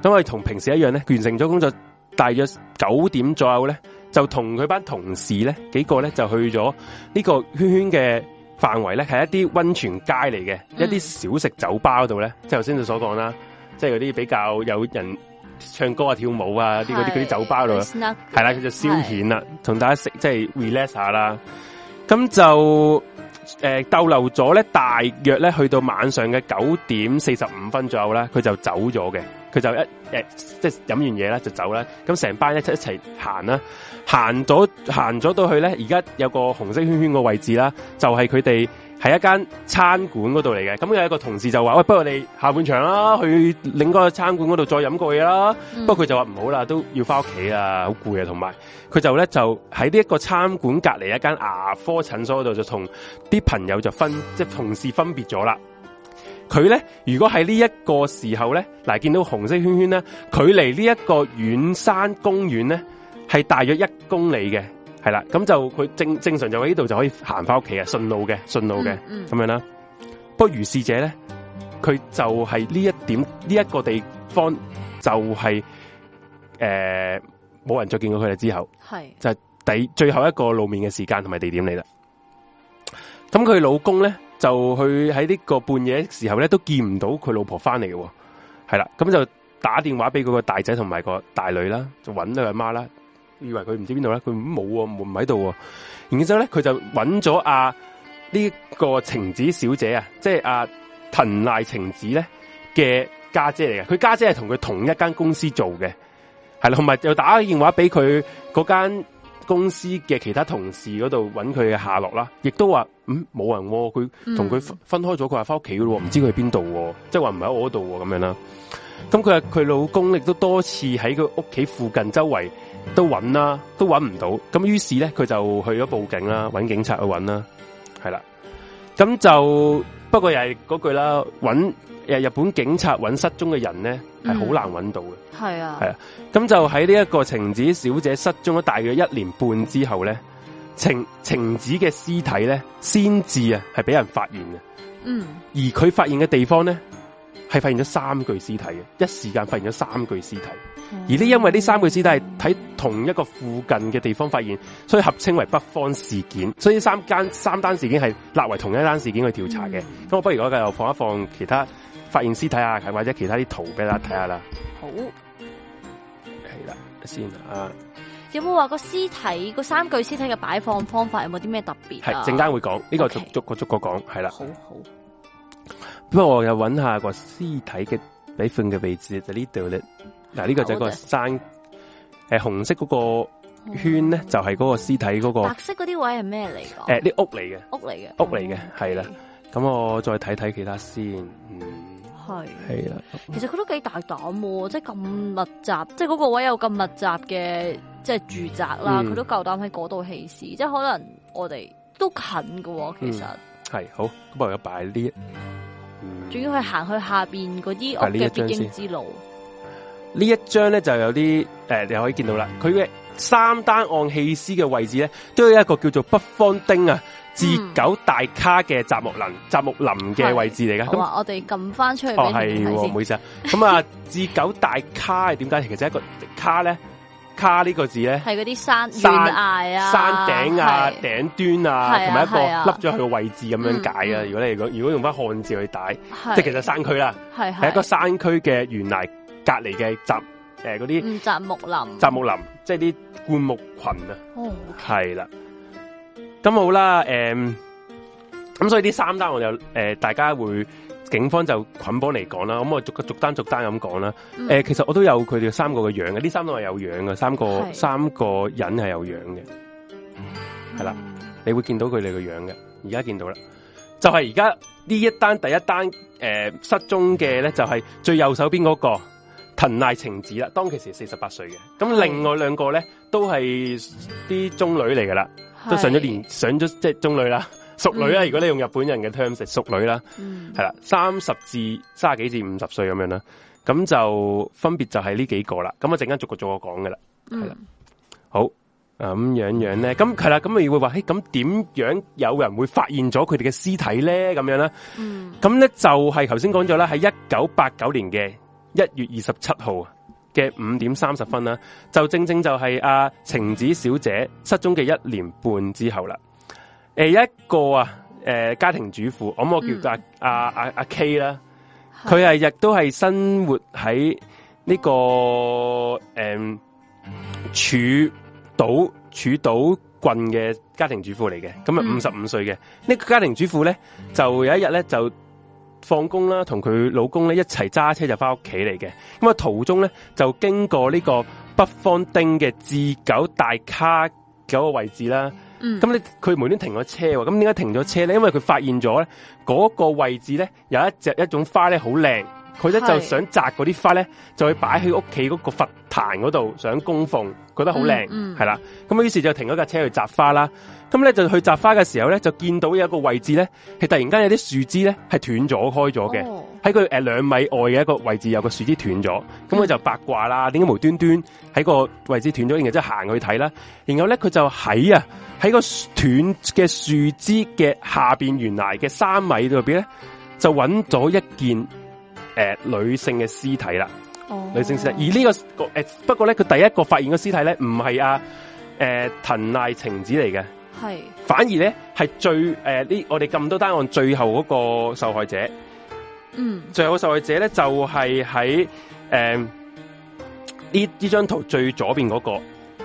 咁我哋同平時一樣咧，完成咗工作，大約九點左右咧，就同佢班同事咧幾個咧就去咗呢個圈圈嘅。範圍咧係一啲溫泉街嚟嘅、嗯，一啲小食酒吧度咧，即係頭先你所講啦，即係嗰啲比較有人唱歌啊、跳舞啊啲嗰啲嗰啲酒吧度啦，係啦，佢就消遣啦，同大家食即係 relax 下啦。咁就誒、呃、逗留咗咧，大約咧去到晚上嘅九點四十五分左右咧，佢就走咗嘅。佢就一誒即係飲完嘢咧就走啦。咁成班一齊一齊行啦，行咗行咗到去咧，而家有個紅色圈圈個位置啦，就係佢哋喺一間餐館嗰度嚟嘅。咁有一個同事就話：喂，不如我哋下半場啦、啊，去另一個餐館嗰度再飲過嘢啦、嗯。不過佢就話唔好啦，都要翻屋企啦，好攰啊，同埋佢就咧就喺呢一個餐館隔離一間牙科診所嗰度，就同啲朋友就分即係、就是、同事分別咗啦。佢咧，如果喺呢一個時候咧，嗱見到紅色圈圈咧，距離呢一個遠山公園咧，係大約一公里嘅。係啦，咁就佢正正常就喺呢度就可以行翻屋企嘅，順路嘅，順路嘅，咁、嗯嗯、樣啦。不如是者咧，佢就係呢一點、呢、這、一個地方就係、是、誒、冇、呃、人再見過佢哋之後係就係、是、第最後一個露面嘅時間同埋地點嚟啦。咁佢老公咧，就佢喺呢個半夜時候咧，都見唔到佢老婆翻嚟嘅，係啦，咁就打電話俾佢個大仔同埋個大女啦，就揾到阿媽啦，以為佢唔知邊度咧，佢冇、哦哦、啊，門唔喺度，然之後咧佢就揾咗阿呢個晴子小姐即啊，即係阿藤瀨晴子咧嘅家姐嚟嘅，佢家姐係同佢同一間公司做嘅，係啦，同埋又打電話俾佢嗰間。公司嘅其他同事嗰度揾佢嘅下落啦，亦都話嗯冇人、哦，佢同佢分開咗，佢話翻屋企嘅咯，唔、嗯、知佢邊度，即係話唔係喺我度咁、啊、樣啦。咁佢話佢老公亦都多次喺佢屋企附近周圍都揾啦，都揾唔到。咁於是咧，佢就去咗報警啦，揾警察去揾啦，係啦。咁就不過又係嗰句啦，揾誒日本警察揾失蹤嘅人咧。係好難揾到嘅，係、嗯、啊，係啊，咁就喺呢一個晴子小姐失蹤咗大約一年半之後咧，晴晴子嘅屍體咧先至啊係俾人發現嘅，嗯，而佢發現嘅地方咧係發現咗三具屍體嘅，一時間發現咗三具屍體，嗯、而呢因為呢三具屍體喺同一個附近嘅地方發現，所以合稱為北方事件，所以三間三單事件係立為同一單事件去調查嘅，咁、嗯、我不如我繼續放一放其他。發現屍體啊，係或者其他啲圖俾大家睇下啦。好，係啦，先啊。有冇話個屍體個三具屍體嘅擺放方法有冇啲咩特別係、啊，係，陣間會講，呢、這個、okay. 逐，逐，逐，逐個逐個講，係、okay. 啦。好好。咁我又搵下個屍體嘅俾糞嘅位置就呢度咧。嗱、呢、啊這個就係個山，誒、呃、紅色嗰個圈咧就係、是、嗰個屍體嗰、那個。白色嗰啲位係咩嚟？誒、呃，啲、這個、屋嚟嘅，屋嚟嘅，屋嚟嘅，係、oh, 啦、okay. 咁我再睇睇其他先。嗯。係，其實佢都幾大膽、啊，即係咁密集，即係嗰個位有咁密集嘅即係住宅啦、啊，佢、嗯、都夠膽喺嗰度棄屍，即係可能我哋都近噶、啊，其實係、嗯、好咁，那我有擺呢一，仲、嗯、要去行去下邊嗰啲嘅必經之路這張，呢。呢一張咧就有啲誒、呃，你可以見到啦，佢嘅三單按棄屍嘅位置咧，都有一個叫做北方丁啊。至九大卡嘅雜木林，雜木林嘅位置嚟噶。咁、啊、我哋撳翻出去聽聽哦。哦係，唔好意思啊。咁 *laughs* 啊，至九大卡係點解？其實一個卡咧，卡呢個字咧，係嗰啲山懸崖啊，山頂啊，頂端啊，同埋、啊、一個凹咗去嘅位置咁、啊啊、樣解啊，啊。如果你如果如果用翻漢字去帶，即係其實山區啦，係一個山區嘅原崖隔籬嘅雜誒嗰啲雜木林，雜木林即係啲灌木群啊，係、哦、啦。Okay 咁好啦，誒、嗯，咁所以呢三單我就誒、呃，大家會警方就捆綁嚟講啦，咁我逐個逐單逐單咁講啦。誒、嗯呃，其實我都有佢哋三個嘅樣嘅，呢三個係有樣嘅，三個三個人係有樣嘅，係、嗯、啦，你會見到佢哋嘅樣嘅，而家見到啦，就係而家呢一單第一單誒、呃、失蹤嘅咧，就係最右手邊嗰個藤瀨晴子啦，當其時四十八歲嘅，咁另外兩個咧都係啲中女嚟噶啦。都上咗年，上咗即係中女啦，熟女啦、嗯。如果你用日本人嘅 term 熟女啦，係、嗯、啦，三十至卅幾至五十歲咁樣啦，咁就分別就係呢幾個啦。咁我陣間逐個逐個講噶啦，係、嗯、啦，好咁樣樣咧，咁係啦，咁你會話，誒、欸，咁點樣有人會發現咗佢哋嘅屍體咧？咁樣啦，咁、嗯、咧就係頭先講咗啦，喺一九八九年嘅一月二十七號。嘅五點三十分啦，就正正就係阿晴子小姐失蹤嘅一年半之後啦。誒，一個啊，誒、啊，家庭主婦，咁、啊、我叫阿阿阿阿 K 啦、啊，佢係日都係生活喺呢、這個誒，楚島楚島郡嘅家庭主婦嚟嘅，咁啊五十五歲嘅呢個家庭主婦咧，就有一日咧就。放工啦，同佢老公咧一齊揸車就翻屋企嚟嘅。咁啊途中咧就經過呢個北方丁嘅至九大卡九個位置啦。咁咧佢無端端停咗車喎。咁點解停咗車咧？因為佢發現咗咧嗰個位置咧有一隻一種花咧好靚。佢咧就想摘嗰啲花咧，就去擺喺屋企嗰個佛壇嗰度想供奉，覺得好靚，係、嗯、啦。咁、嗯、於於是就停咗架車去摘花啦。咁咧就去摘花嘅時候咧，就見到有一個位置咧，係突然間有啲樹枝咧係斷咗開咗嘅，喺佢誒兩米外嘅一個位置有個樹枝斷咗。咁佢就八卦啦，點解無端端喺個位置斷咗？然後即係行去睇啦。然後咧佢就喺啊喺個斷嘅樹枝嘅下邊，原來嘅三米入邊咧就揾咗一件。誒、呃，女性嘅屍體啦，oh. 女性屍體，而呢、這個誒、呃，不過咧，佢第一個發現嘅屍體咧，唔係阿誒藤瀨晴子嚟嘅。係，反而咧係最誒呢，是最呃、我哋咁多單案最後嗰個受害者，嗯、mm.，最後受害者咧就係喺誒呢呢張圖最左邊嗰、那個，是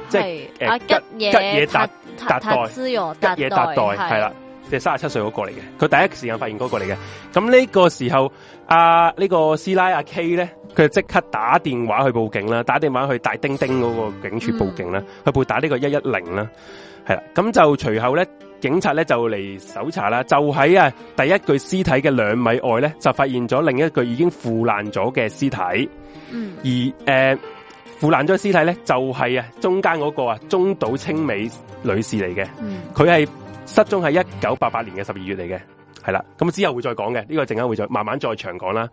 即係、呃、吉、吉野達達代吉野達代代吉野達代係啦。即係三十七歲嗰個嚟嘅，佢第一時間發現嗰個嚟嘅。咁呢個時候，阿、啊、呢、這個師奶阿、啊、K 咧，佢即刻打電話去報警啦，打電話去大丁丁嗰個警署報警啦，去撥打這個 110, 那就後呢個一一零啦。係啦，咁就隨後咧，警察咧就嚟搜查啦。就喺啊第一具屍體嘅兩米外咧，就發現咗另一具已經腐爛咗嘅屍體。嗯，而誒腐爛咗屍體咧，就係、是、啊中間嗰個啊中島青美女士嚟嘅。佢係。失蹤係一九八八年嘅十二月嚟嘅，係啦，咁之後會再講嘅，呢、這個陣間會再慢慢再長講啦，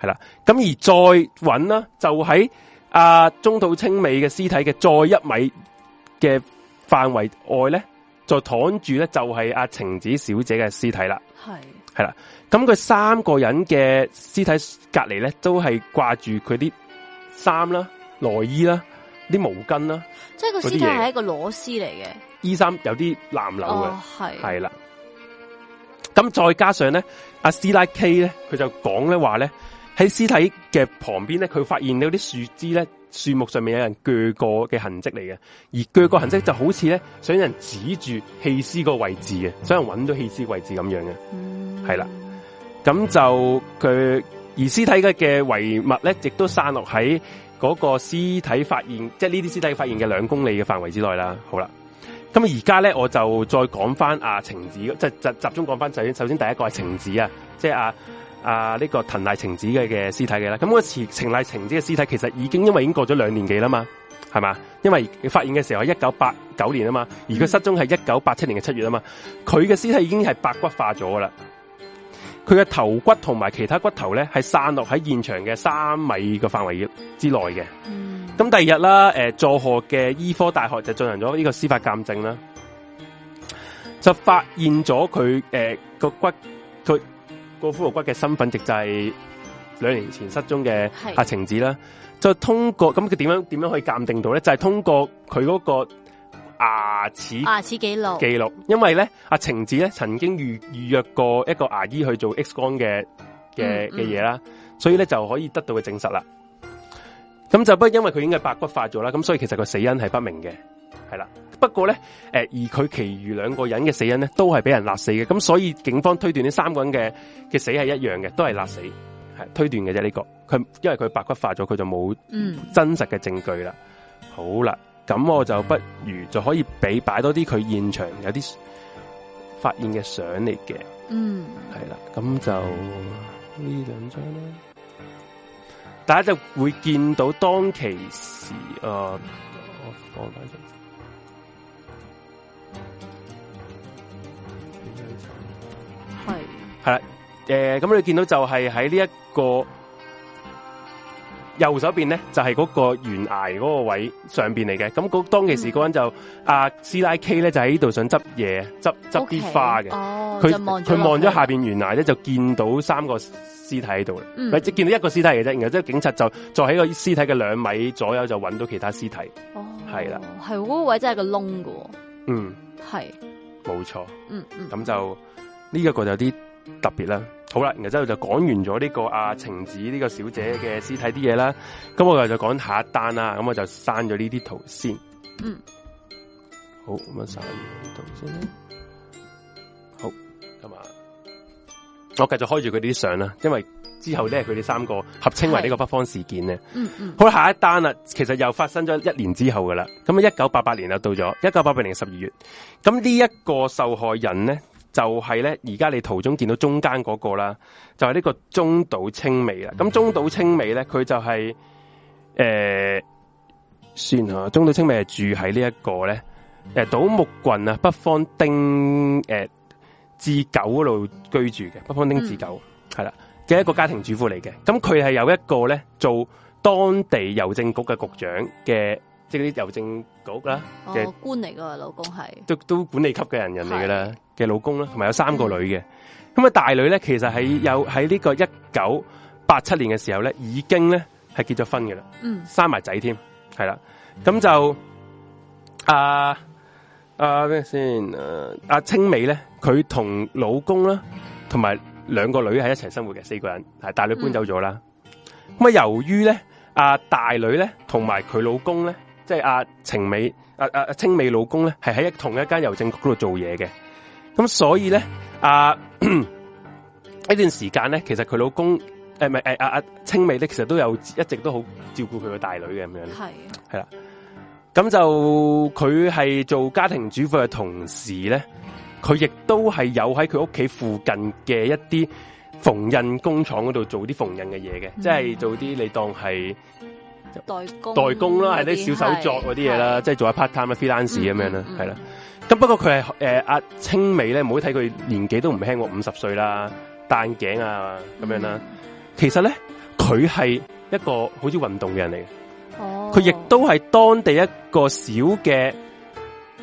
係啦，咁而再揾啦，就喺阿、呃、中島清美嘅屍體嘅再一米嘅範圍外咧，就躺住咧就係阿晴子小姐嘅屍體啦，係，係啦，咁佢三個人嘅屍體隔籬咧都係掛住佢啲衫啦、內衣啦、啲毛巾啦，即係個屍體係一個裸屍嚟嘅。衣衫有啲藍褸嘅，係、哦、啦。咁再加上咧，阿師奶 K 咧，佢就講咧話咧，喺屍體嘅旁邊咧，佢發現到啲樹枝咧，樹木上面有人鋸過嘅痕迹嚟嘅。而鋸過痕迹就好似咧，想人指住棄屍個位置嘅，想人揾到棄屍位置咁樣嘅。係、嗯、啦，咁就佢而屍體嘅嘅遺物咧，亦都散落喺嗰個屍體發現，即係呢啲屍體發現嘅兩公里嘅範圍之內啦。好啦。咁而家咧，我就再講翻阿晴子即係集集中講翻，首先首先第一個係晴子啊，即係啊啊呢個滕麗晴子嘅嘅屍體嘅啦。咁嗰次滕麗晴子嘅屍體其實已經因為已經過咗兩年幾啦嘛，係嘛？因為發現嘅時候係一九八九年啊嘛，而佢失蹤係一九八七年嘅七月啊嘛，佢嘅屍體已經係白骨化咗㗎啦。佢嘅頭骨同埋其他骨頭咧，係散落喺現場嘅三米個範圍之內嘅。咁、嗯、第二日啦、啊，誒、呃，佐賀嘅醫科大學就進行咗呢個司法鑑證啦，就發現咗佢誒個骨佢個骷髏骨嘅身份，即就係兩年前失蹤嘅阿晴子啦。就通過咁佢點樣點樣可以鑑定到咧？就係、是、通過佢嗰，那個。牙齒牙齒記錄記錄，因為咧阿晴子咧曾經預預約過一個牙醫去做 X 光嘅嘅嘅嘢啦、嗯嗯，所以咧就可以得到嘅證實啦。咁就不因為佢已經係白骨化咗啦，咁所以其實個死因係不明嘅，係啦。不過咧，誒、呃、而佢其餘兩個人嘅死因咧都係俾人勒死嘅，咁所以警方推斷呢三個人嘅嘅死係一樣嘅，都係勒死係推斷嘅啫。呢、這個佢因為佢白骨化咗，佢就冇真實嘅證據啦、嗯。好啦。咁我就不如就可以俾擺多啲佢現場有啲發現嘅相嚟嘅，嗯，係啦，咁就呢兩張啦，大家就會見到當其時，誒、啊，我放翻正，係係啦，誒、呃，咁你見到就係喺呢一個。右手邊咧就係、是、嗰個懸崖嗰個位上邊嚟嘅，咁、那個、當當其時嗰人就阿師奶 K 咧就喺度想執嘢，執執啲花嘅。佢佢望咗下邊懸崖咧就見到三個屍體喺度啦，即、嗯、者見到一個屍體嚟啫。然後即係警察就再喺個屍體嘅兩米左右就揾到其他屍體。哦，係啦，係嗰、那個位真係個窿噶。嗯，係，冇錯。嗯嗯就，咁、這個、就呢一個就有啲特別啦。好啦，然後之後就講完咗呢個阿晴子呢個小姐嘅屍體啲嘢啦，咁我哋就講下一單啦，咁我就刪咗呢啲圖先。嗯，好，咁樣刪完圖先。好，係嘛？我繼續開住佢啲相啦，因為之後咧佢哋三個合稱為呢個北方事件咧。嗯嗯。好啦，下一單啦，其實又發生咗一年之後噶啦，咁啊一九八八年就到咗一九八八年十二月，咁呢一個受害人咧。就係、是、咧，而家你途中見到中間嗰個啦，就係、是、呢個中島清美啦。咁中島清美咧，佢就係、是、誒、呃，算吓，中島清美係住喺呢一個咧，誒、呃，島木郡啊，北方町誒志、呃、久嗰度居住嘅，北方町志久係啦，嘅一個家庭主婦嚟嘅。咁佢係有一個咧，做當地郵政局嘅局長嘅，即係啲郵政。局啦，嘅官嚟嘅老公係都都管理級嘅人人嚟嘅啦，嘅老公啦，同埋有三個女嘅，咁啊大女咧，其實喺有喺呢個一九八七年嘅時候咧，已經咧係結咗婚嘅啦，嗯，生埋仔添，係啦，咁就啊啊咩先？誒，阿青美咧，佢同老公啦，同埋兩個女喺一齊生活嘅，四個人係大女搬走咗啦。咁啊由於咧，阿大女咧同埋佢老公咧。即係阿青美，阿阿阿青美老公咧，係喺同一間郵政局度做嘢嘅，咁所以咧，啊呢段時間咧，其實佢老公誒，咪誒阿阿青美咧，其實都有一直都好照顧佢個大女嘅咁樣，係係啦，咁就佢係做家庭主婦嘅同時咧，佢亦都係有喺佢屋企附近嘅一啲縫紉工廠嗰度做啲縫紉嘅嘢嘅，即、嗯、係做啲你當係。代工，代工啦、啊，係啲小手作嗰啲嘢啦，即係做下 part time 嘅、嗯、freelance、嗯、咁、嗯、樣啦，係啦。咁不過佢係誒阿青美咧，唔好睇佢年紀都唔輕過五十歲啦，戴眼鏡啊咁、啊嗯、樣啦、啊。其實咧，佢係一個好中意運動嘅人嚟嘅。哦，佢亦都係當地一個小嘅誒、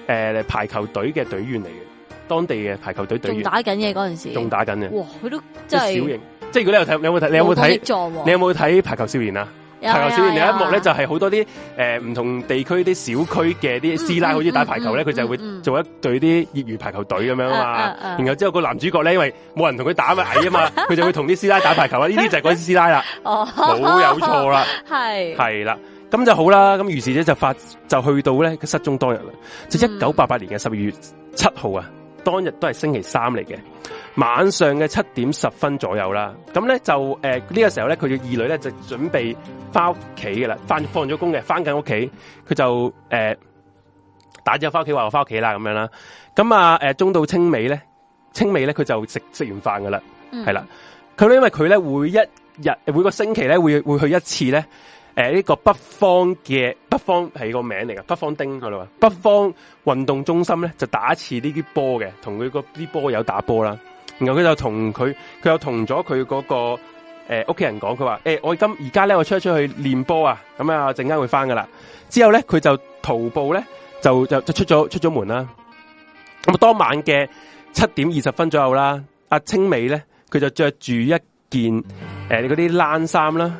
呃、排球隊嘅隊員嚟嘅，當地嘅排球隊隊員。仲打緊嘢嗰陣時，仲打緊嘅。佢都即係小型。啊、即係如果你有睇，你有冇睇，你有冇睇、啊？你有冇睇排球少年啊？排球少年你、啊、一幕咧、啊啊、就係、是，好多啲誒唔同地區啲小區嘅啲師奶好、嗯、似打排球咧佢、嗯嗯、就會做一隊啲業餘排球隊咁樣嘛啊嘛、啊啊，然後之後個男主角咧因為冇人同佢打咪矮啊嘛，佢 *laughs* 就會同啲師奶打排球啊，呢 *laughs* 啲就係嗰啲師奶啦，冇 *laughs* 有錯錯啦，係係啦，咁就好啦，咁於是咧就發就去到咧失蹤多日啦，就一九八八年嘅十二月七號啊。嗯當日都係星期三嚟嘅，晚上嘅七點十分左右啦，咁咧就誒呢、呃，這個時候咧，佢嘅二女咧就準備翻屋企嘅啦，翻放咗工嘅，翻緊屋企，佢就誒、呃、打字翻屋企話我翻屋企啦咁樣啦，咁啊誒、呃、中到清尾咧，清尾咧佢就食食完飯噶啦，係、嗯、啦，佢咧因為佢咧每一日每個星期咧會會去一次咧。誒、呃，呢、這個北方嘅北方係個名嚟噶，北方丁佢咯，北方運動中心咧就打一次呢啲波嘅，同佢個啲波友打波啦。然後佢就同佢，佢又同咗佢嗰個誒屋企人講，佢話誒，我今而家咧，我出一出去練波啊，咁啊，陣間會翻噶啦。之後咧，佢就徒步咧，就就就出咗出咗門啦。咁當晚嘅七點二十分左右啦，阿青美咧，佢就着住一件誒嗰啲冷衫啦。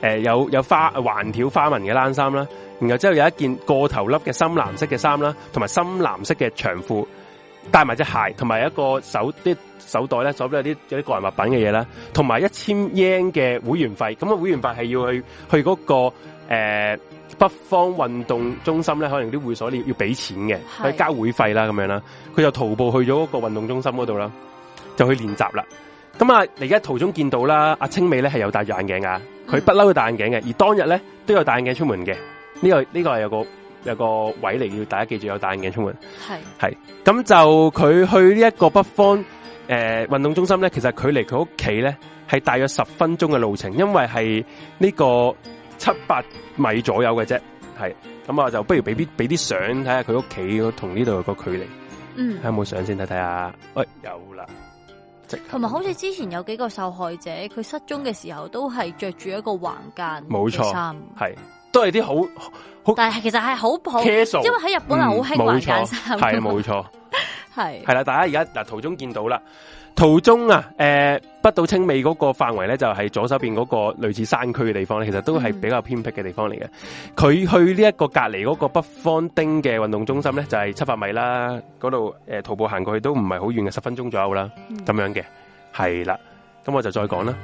誒、呃，有有花環條花紋嘅冷衫啦，然後之後有一件個頭粒嘅深藍色嘅衫啦，同埋深藍色嘅長褲，帶埋隻鞋，同埋一個手啲手袋咧，手邊有啲有啲個人物品嘅嘢啦，同埋一千英嘅會員費，咁啊會員費係要去去嗰、那個誒、呃、北方運動中心咧，可能啲會所你要俾錢嘅，去交會費啦咁樣啦，佢就徒步去咗個個運動中心嗰度啦，就去練習啦。咁啊，嚟而家途中見到啦，阿青美咧係有戴住眼鏡噶，佢不嬲都戴眼鏡嘅，而當日咧都有戴眼鏡出門嘅。呢、這個呢、這個係有個有個位嚟，要大家記住有戴眼鏡出門。係咁就佢去呢一個北方誒、呃、運動中心咧，其實距離佢屋企咧係大約十分鐘嘅路程，因為係呢個七八米左右嘅啫。係咁啊，我就不如俾啲俾啲相睇下佢屋企同呢度個距離。嗯，看看有冇相先睇睇啊？喂、哎，有啦。同埋好似之前有幾個受害者，佢失蹤嘅時候都係着住一個橫間衫冇錯，係都係啲好好，但係其實係好好，因為喺日本係好興橫間衫，係冇錯，係係啦，大家而家嗱途中見到啦。途中啊，誒、呃，北到清尾嗰個範圍咧，就係、是、左手邊嗰個類似山區嘅地方咧，其實都係比較偏僻嘅地方嚟嘅。佢去呢一個隔籬嗰個北方丁嘅運動中心咧，就係、是、七百米啦，嗰度誒徒步行過去都唔係好遠嘅，十分鐘左右啦，咁樣嘅，係啦，咁我就再講啦。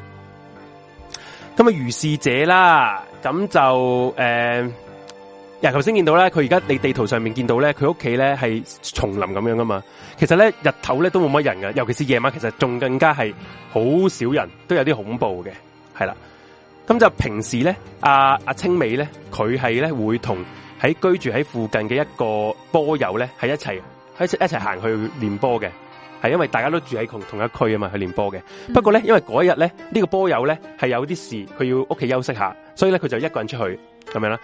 咁啊如是者啦，咁就誒。呃呀、啊，頭先見到咧，佢而家你地圖上面見到咧，佢屋企咧係松林咁樣噶嘛。其實咧日頭咧都冇乜人噶，尤其是夜晚，其實仲更加係好少人，都有啲恐怖嘅，係啦。咁就平時咧，阿阿青美咧，佢係咧會同喺居住喺附近嘅一個波友咧係一齊，喺一齊行去練波嘅，係因為大家都住喺同同一區啊嘛，去練波嘅。不過咧，因為嗰一日咧呢、這個波友咧係有啲事，佢要屋企休息下，所以咧佢就一個人出去咁樣啦。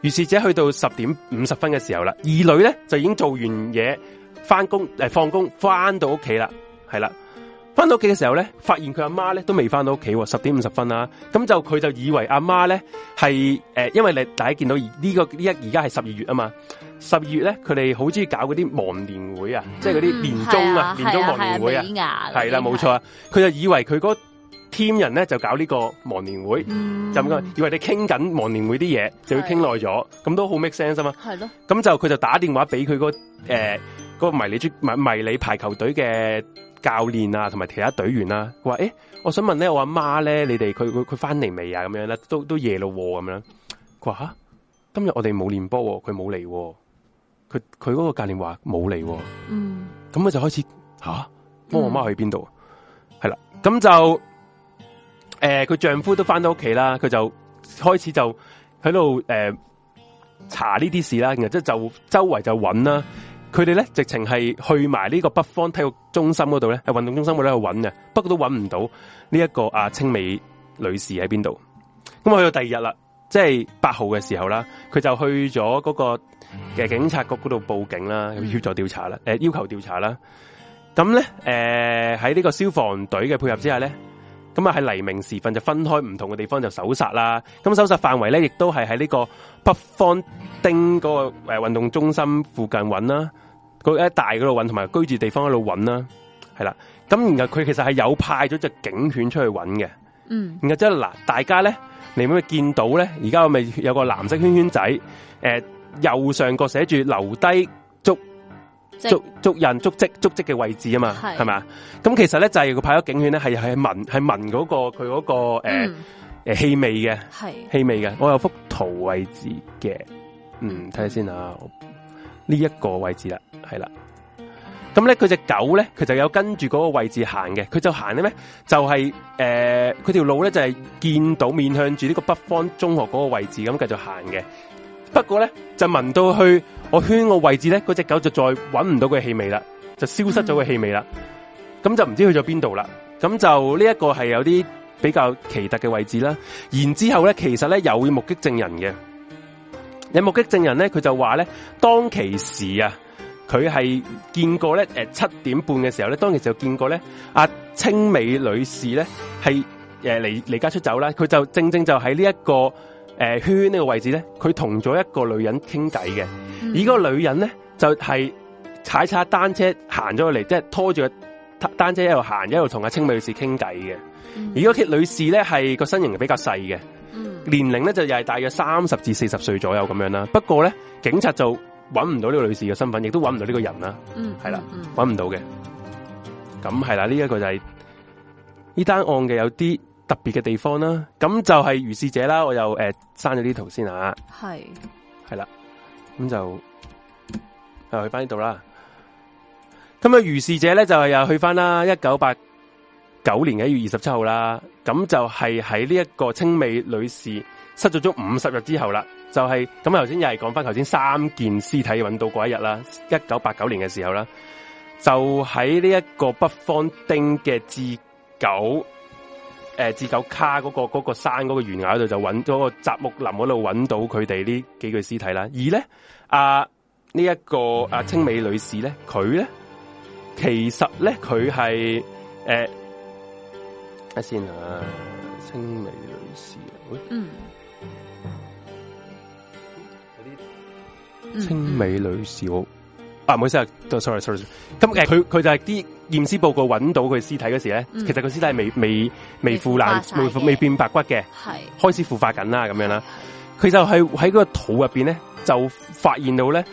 如是者去到十點五十分嘅時候啦，二女咧就已經做完嘢，返工誒放工返到屋企啦，係啦，返到屋企嘅時候咧，發現佢阿媽咧都未返到屋企，十點五十分啦，啊，咁就佢就以為阿媽咧係誒，因為你大家見到呢，這個呢一而家係十二月啊嘛，十二月咧佢哋好中意搞嗰啲忘年會啊，嗯、即係嗰啲年終啊、嗯、啊，年終忘年會啊，係啦，冇錯啊，佢、啊啊啊、就以為佢嗰。team 人咧就搞呢個忘年會，嗯、就咁樣以為你傾緊忘年會啲嘢，就會傾耐咗，咁都好 make sense 啊嘛。係咯，咁就佢就打電話俾佢、那個呃那個迷你迷你排球隊嘅教練啊，同埋其他隊員啦、啊，話誒、欸，我想問咧，我阿媽咧，你哋佢佢翻嚟未啊？咁樣咧，都都夜咯咁樣。佢話吓，今日我哋冇練波，佢冇嚟。佢佢嗰個教練話冇嚟、啊。嗯，咁佢就開始吓，幫我媽去邊度、啊？係、嗯、啦，咁就。誒、呃，佢丈夫都翻到屋企啦，佢就開始就喺度誒查呢啲事啦，然後即係就周圍就揾啦。佢哋咧直情係去埋呢個北方體育中心嗰度咧，喺運動中心嗰度去揾嘅，不過都揾唔到呢、這、一個阿青、啊、美女士喺邊度。咁、嗯、去到第二、就是、日啦，即係八號嘅時候啦，佢就去咗嗰個嘅警察局嗰度報警啦、呃，要求調查啦，誒要求調查啦。咁咧誒喺呢個消防隊嘅配合之下咧。咁啊，喺黎明時分就分開唔同嘅地方就搜殺啦。咁搜殺範圍咧，亦都係喺呢個北方丁嗰個誒運動中心附近揾啦，大嗰度揾，同埋居住地方嗰度揾啦，係啦。咁然後佢其實係有派咗隻警犬出去揾嘅，嗯。然後即係嗱，大家咧，你有冇見到咧？而家我咪有個藍色圈圈仔，呃，右上角寫住留低。捉足印足跡足跡嘅位置啊嘛，係咪？咁其實咧就係佢派咗警犬咧，係係聞係聞嗰個佢嗰個誒誒氣味嘅氣味嘅。我有幅圖位置嘅，嗯，睇下先啊，呢一個位置啦，係啦。咁咧佢隻狗咧，佢就有跟住嗰個位置行嘅，佢就行嘅咩？就係誒，佢條路咧就係見到面向住呢個北方中學嗰個位置咁繼續行嘅。不過咧，就聞到去我圈個位置咧，嗰隻狗就再揾唔到佢氣味啦，就消失咗個氣味啦。咁就唔知去咗邊度啦。咁就呢一個係有啲比較奇特嘅位置啦。然之後咧，其實咧有目擊證人嘅，有目擊證人咧，佢就話咧，當其時啊，佢係見過咧，誒，七點半嘅時候咧，當其時就見過咧，阿、啊、青美女士咧係誒離離家出走啦。佢就正正就喺呢一個。誒、呃，圈呢個位置咧，佢同咗一個女人傾偈嘅，而嗰個女人咧就係、是、踩踩單車行咗嚟，即、就、係、是、拖住個單車一路行，一路同阿青美女士傾偈嘅。而嗰個女士咧係個身形比較細嘅、嗯，年齡咧就又、是、係大約三十至四十歲左右咁樣啦。不過咧，警察，就揾唔到呢個女士嘅身份，亦都揾唔到呢個人、嗯、啦。嗯，係啦，揾唔到嘅。咁係啦，呢一個就係呢單案嘅有啲。特別嘅地方啦、啊，咁就係如是者啦，我又誒刪咗啲圖先啊，係係啦，咁就又去翻呢度啦。咁啊如是者咧就係又去翻啦，一九八九年一月二十七號啦，咁就係喺呢一個清美女士失咗足五十日之後啦，就係咁頭先又係講翻頭先三件屍體揾到嗰一日啦，一九八九年嘅時候啦，就喺呢一個北方丁嘅至九。誒、呃，自九卡嗰、那個、那個山嗰個懸崖度就揾咗、那個雜木林嗰度揾到佢哋呢幾具屍體啦。而咧，阿呢一個阿青、啊、美女士咧，佢咧其實咧佢係誒，睇先、呃、啊，青美女士，嗯，啲青美女士，我、哦、啊唔好意思啊，sorry sorry，今日佢佢就係啲。驗屍報告揾到佢屍體嗰時咧、嗯，其實佢屍體係未未未腐爛、未未，未，未，未變白骨嘅，係開始腐化緊啦，咁樣啦。佢就係喺嗰個肚入邊咧，就發現到咧，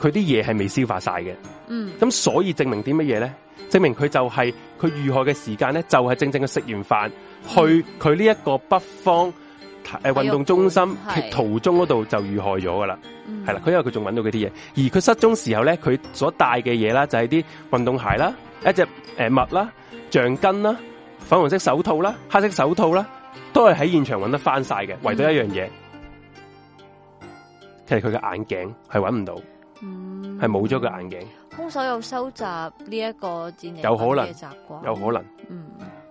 佢啲嘢係未消化晒嘅。嗯，咁所以證明啲乜嘢咧？證明佢就係、是、佢遇害嘅時間咧，就係、是、正正嘅食完飯去佢呢一個北方。誒、呃，運動中心途中嗰度就遇害咗噶啦，係、嗯、啦。佢因為佢仲揾到佢啲嘢，而佢失蹤時候咧，佢所戴嘅嘢啦，就係啲運動鞋啦，一隻誒襪啦、橡筋啦、粉紅色手套啦、黑色手套啦，都係喺現場揾得翻晒嘅，唯、嗯、獨一樣嘢，其實佢嘅眼鏡係揾唔到，係冇咗個眼鏡。兇手又收集呢一個戰利品，有可能嘅習慣，有可能。嗯。嗯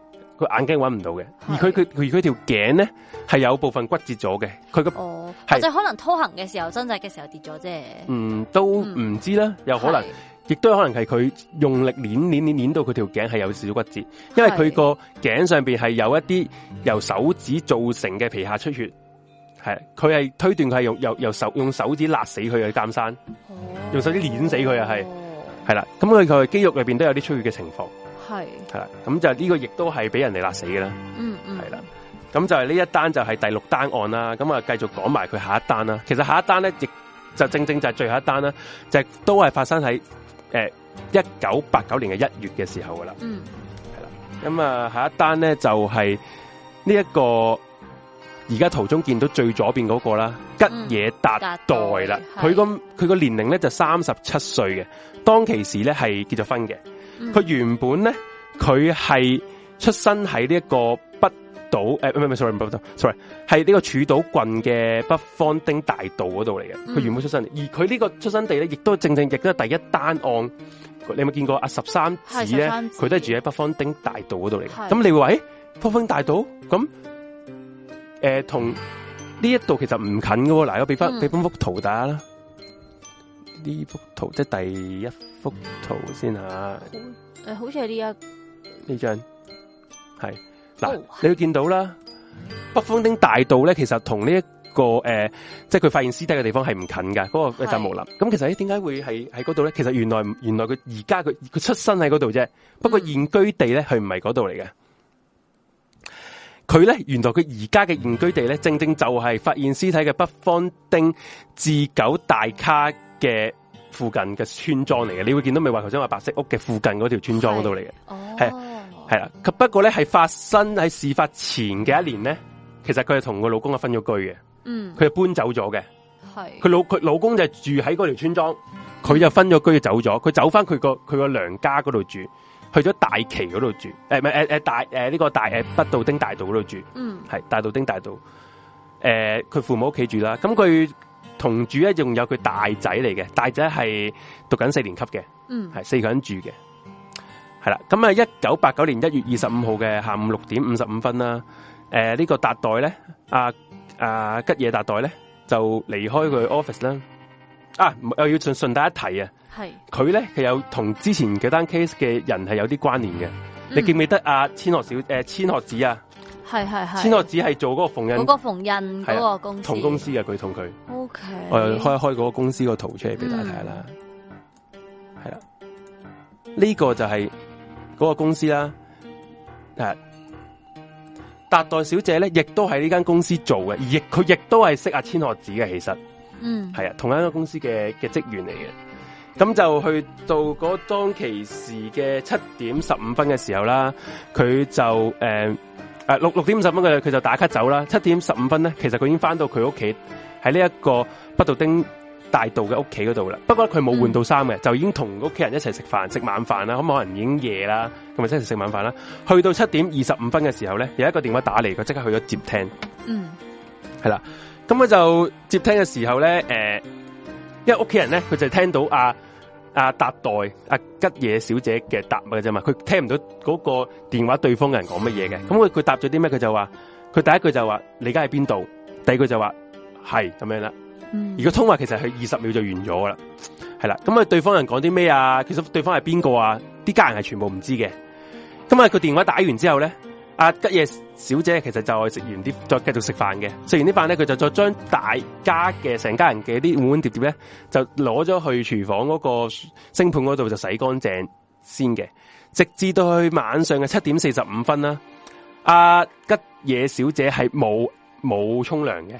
佢眼睛揾唔到嘅，而佢佢而佢條頸咧係有部分骨折咗嘅，佢個或者可能拖行嘅時候，真扎嘅時候跌咗啫。嗯，都唔知啦，um, 又可能，亦都可能係佢用力捻捻捻捻到佢條頸係有少少骨折，因為佢個頸上邊係有一啲由手指造成嘅皮下出血。係，佢係推斷佢係用由由手用手指辣死佢嘅登山，oh. 用手指捻死佢啊，係，係啦，咁佢佢肌肉入邊都有啲出血嘅情況。係，係啦，咁就呢個亦都係俾人哋勒死嘅啦。嗯嗯，係啦，咁就係呢一單就係第六單案啦。咁啊，繼續講埋佢下一單啦。其實下一單咧，亦就正正就係最後一單啦，就係都係發生喺誒一九八九年嘅一月嘅時候噶啦。嗯，係啦。咁啊，下一單咧就係呢一個而家途中見到最左邊嗰個啦，吉野達代啦。佢個佢個年齡咧就三十七歲嘅，當其時咧係結咗婚嘅。佢、嗯、原本咧，佢係出生喺呢一個北島誒，唔係 sorry，北島，sorry，係呢個柱島郡嘅北方丁大道嗰度嚟嘅。佢原本出生，而佢呢個出生地咧，亦都正正亦都係第一單案。你有冇見過阿、啊、十三子咧？佢都係住喺北方丁大道嗰度嚟。咁你會喂，北方大道咁，誒，同呢一度其實唔近嘅喎。嗱，我俾翻俾翻幅圖大家啦。嗯呢幅圖即係第一幅圖先吓，誒，好似係呢一呢張係嗱、嗯哦，你會見到啦，嗯、北方丁大道咧，其實同呢一個誒、呃，即係佢發現屍體嘅地方係唔近噶，嗰、那個就雜木林。咁其實誒，點解會係喺嗰度咧？其實原來原來佢而家佢佢出身喺嗰度啫，不過現居地咧佢唔係嗰度嚟嘅。佢咧，原來佢而家嘅現居地咧，正正就係發現屍體嘅北方丁至九大卡。嘅附近嘅村莊嚟嘅，你會見到未？話頭先話白色屋嘅附近嗰條村莊嗰度嚟嘅，係係啦。不過咧係發生喺事發前嘅一年咧，其實佢係同個老公係分咗居嘅，嗯，佢係搬走咗嘅，係佢老佢老公就係住喺嗰條村莊，佢就分咗居就走咗，佢走翻佢個佢個娘家嗰度住，去咗大旗嗰度住，誒唔係誒誒大誒呢、呃這個大誒北道丁大道嗰度住，嗯係大道丁大道，誒、呃、佢父母屋企住啦，咁佢。同住一仲有佢大仔嚟嘅，大仔係讀緊四年級嘅，係、嗯、四個人住嘅，係啦。咁啊，一九八九年一月二十五號嘅下午六點五十五分啦，誒、呃這個、呢個達代咧，阿、啊、阿、啊、吉野達代咧就離開佢 office 啦。啊，又要順順帶一提啊，係佢咧佢有同之前嗰單 case 嘅人係有啲關聯嘅，你記唔記得阿、啊、千鶴小誒、啊、千鶴子啊？係係係，千鶴子係做嗰個縫印，個縫印嗰個公司、啊、同公司嘅佢同佢，OK，我開一開嗰個公司個圖出嚟俾大家睇下啦、嗯，係啦、啊，呢、呢個就係嗰個公司啦，誒、啊，達代小姐咧亦都喺呢間公司做嘅，亦佢亦都係識阿千鶴子嘅，其實，嗯，係啊，同一間公司嘅嘅職員嚟嘅，咁就去到嗰當其時嘅七點十五分嘅時候啦，佢就誒。呃六六點五十分嘅，佢就打卡走啦，七點十五分咧，其實佢已經翻到佢屋企喺呢一個北道丁大道嘅屋企嗰度啦。不過佢冇換到衫嘅，就已經同屋企人一齊食飯，食晚飯啦。咁可能已經夜啦。咁咪一齊食晚飯啦。去到七點二十五分嘅時候咧，有一個電話打嚟，佢即刻去咗接聽。嗯，係啦，咁佢就接聽嘅時候咧，誒、呃，因為屋企人咧，佢就聽到啊。阿、啊、搭代阿吉野小姐嘅答嘅啫嘛，佢聽唔到嗰個電話對方嘅人講乜嘢嘅。咁佢佢答咗啲咩？佢就話，佢第一句就話你而家喺邊度，第二句就話係咁樣啦、嗯。而果通話其實係二十秒就完咗噶啦，係啦。咁、嗯、啊、嗯，對方人講啲咩啊？其實對方係邊個啊？啲家人係全部唔知嘅。咁、嗯、啊，佢電話打完之後咧，阿、啊、吉野。小姐其實就係食完啲，再繼續食飯嘅，食完啲飯咧，佢就再將大家嘅成家人嘅啲碗碗碟碟咧，就攞咗去廚房嗰、那個星盆嗰度就洗乾淨先嘅，直至到去晚上嘅七點四十五分啦。阿、啊、吉野小姐係冇冇沖涼嘅，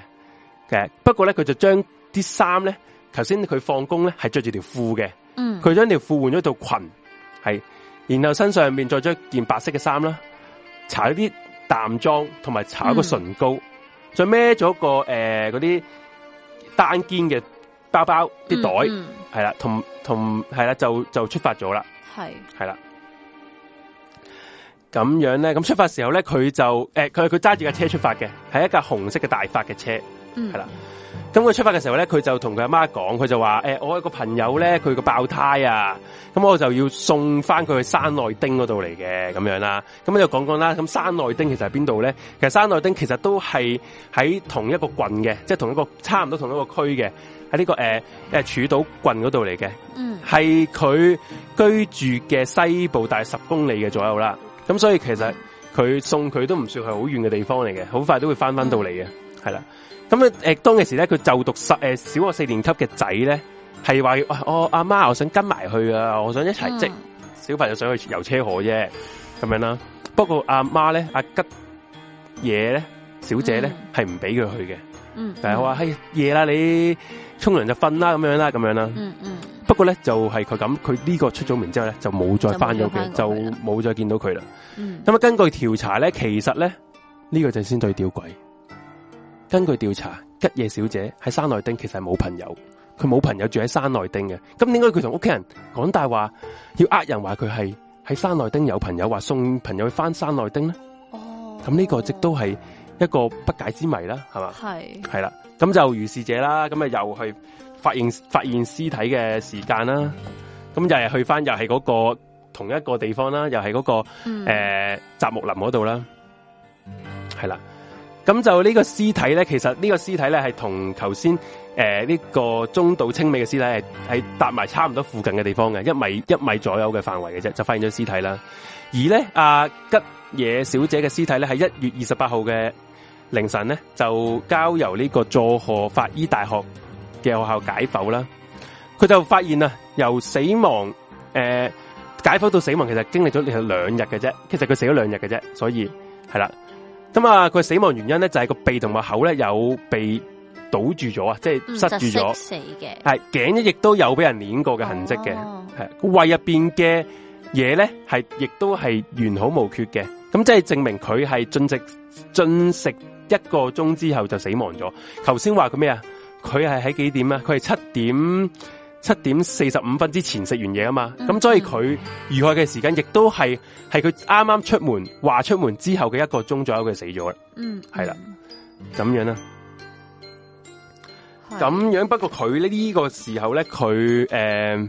嘅不過咧佢就將啲衫咧，頭先佢放工咧係着住條褲嘅，嗯，佢將條褲換咗套裙，係，然後身上面再着一件白色嘅衫啦，搽咗啲。淡妝同埋搽個唇膏，嗯、再孭咗個誒嗰啲單肩嘅包包啲袋係啦，同同係啦就就出發咗啦，係係啦，咁樣咧，咁出發時候咧佢就誒佢佢揸住架車出發嘅，係一架紅色嘅大發嘅車，係啦。嗯咁佢出發嘅時候咧，佢就同佢阿媽講，佢就話，誒、欸，我有一個朋友咧，佢個爆胎啊，咁我就要送翻佢去山內丁嗰度嚟嘅，咁樣啦。咁就講講啦。咁山內丁其實喺邊度咧？其實山內丁其實都係喺同一個郡嘅，即、就、係、是、同一個差唔多同一個區嘅，喺呢、這個誒誒、呃、柱島郡嗰度嚟嘅。嗯。係佢居住嘅西部大約十公里嘅左右啦。咁所以其實佢送佢都唔算係好遠嘅地方嚟嘅，好快都會翻翻到嚟嘅。嗯係啦，咁啊誒，當其時咧，佢就讀十誒小學四年級嘅仔咧，係話我阿媽，我想跟埋去啊，我想一齊、嗯，即小朋友想去遊車河啫，咁樣啦。不過阿媽咧，阿吉嘢咧，小姐咧，係唔俾佢去嘅。嗯，但係我話、嗯、嘿夜啦，你沖涼就瞓啦，咁樣啦，咁樣啦。嗯嗯。不過咧，就係佢咁，佢呢個出咗門之後咧，就冇再翻咗佢，就冇再見到佢啦。咁、嗯、啊，根據調查咧，其實咧呢、這個就先對吊鬼。根據調查，吉野小姐喺山內町其實係冇朋友，佢冇朋友住喺山內町嘅。咁點解佢同屋企人講大話，要呃人話佢係喺山內町有朋友，話送朋友去返山內町咧？哦，咁呢個亦都係一個不解之謎啦，係嘛？係係啦，咁就如是者啦，咁啊又去發現發現屍體嘅時間啦，咁又係去返又係嗰個同一個地方啦，又係嗰、嗰個誒雜木林嗰度啦，係啦。咁就個屍呢個屍體咧，其實個屍呢個屍體咧係同頭先誒呢個中度清美嘅屍體係搭埋差唔多附近嘅地方嘅一米一米左右嘅範圍嘅啫，就發現咗屍體啦。而咧阿、啊、吉野小姐嘅屍體咧，喺一月二十八號嘅凌晨咧就交由呢個佐賀法醫大學嘅學校解剖啦。佢就發現啦，由死亡誒、呃、解剖到死亡，其實經歷咗兩日嘅啫。其實佢死咗兩日嘅啫，所以係啦。咁啊，佢死亡原因咧，就係個鼻同埋口咧有被堵住咗啊，即係塞住咗。嗯就是、死嘅係頸亦都有俾人碾過嘅痕跡嘅，係胃入邊嘅嘢咧係亦都係完好無缺嘅。咁即係證明佢係進食進食一個鐘之後就死亡咗。頭先話佢咩啊？佢係喺幾點啊？佢係七點。七點四十五分之前食完嘢啊嘛，咁、嗯嗯嗯、所以佢遇害嘅時間亦都係係佢啱啱出門話出門之後嘅一個鐘左右佢死咗啦。嗯，嗯，係啦，咁樣啦，咁樣。不過佢呢呢個時候咧，佢誒、呃、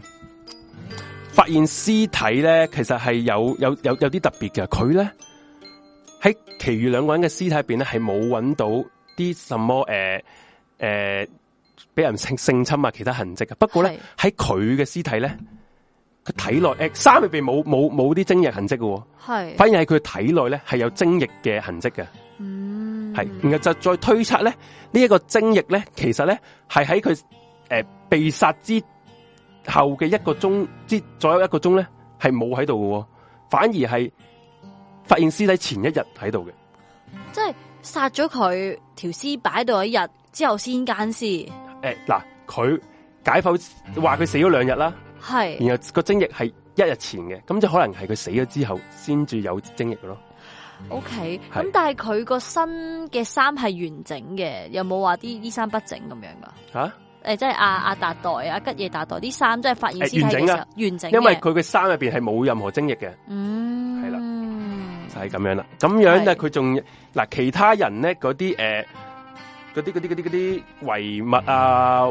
發現屍體咧，其實係有有有有啲特別嘅。佢咧喺其餘兩個人嘅屍體入邊咧，係冇揾到啲什麼誒誒。呃呃俾人性性侵啊！其他痕跡啊，不過咧喺佢嘅屍體咧，佢體內誒衫入邊冇冇冇啲精液痕跡嘅，係反而係佢體內咧係有精液嘅痕跡嘅，係、嗯、然後就再推測咧呢一、這個精液咧其實咧係喺佢誒被殺之後嘅一個鐘之左右一個鐘咧係冇喺度嘅，反而係發現屍體前一日喺度嘅，即係殺咗佢條屍擺到一日之後先姦屍。誒、欸，嗱，佢解剖話佢死咗兩日啦，係，然後個精液係一日前嘅，咁就可能係佢死咗之後先至有精液嘅咯。O K，咁但係佢個身嘅衫係完整嘅，有冇話啲衣衫不整咁樣噶？吓、啊，誒、欸，即係阿阿達代啊吉野達代啲衫，即係發現係完整嘅？完整，啊完整，啊完整，因為佢嘅衫入邊係冇任何精液嘅。嗯，係啦，就係、是、咁樣啦。咁樣咧，佢仲嗱其他人咧嗰啲誒。嗰啲嗰啲嗰啲嗰啲遺物啊，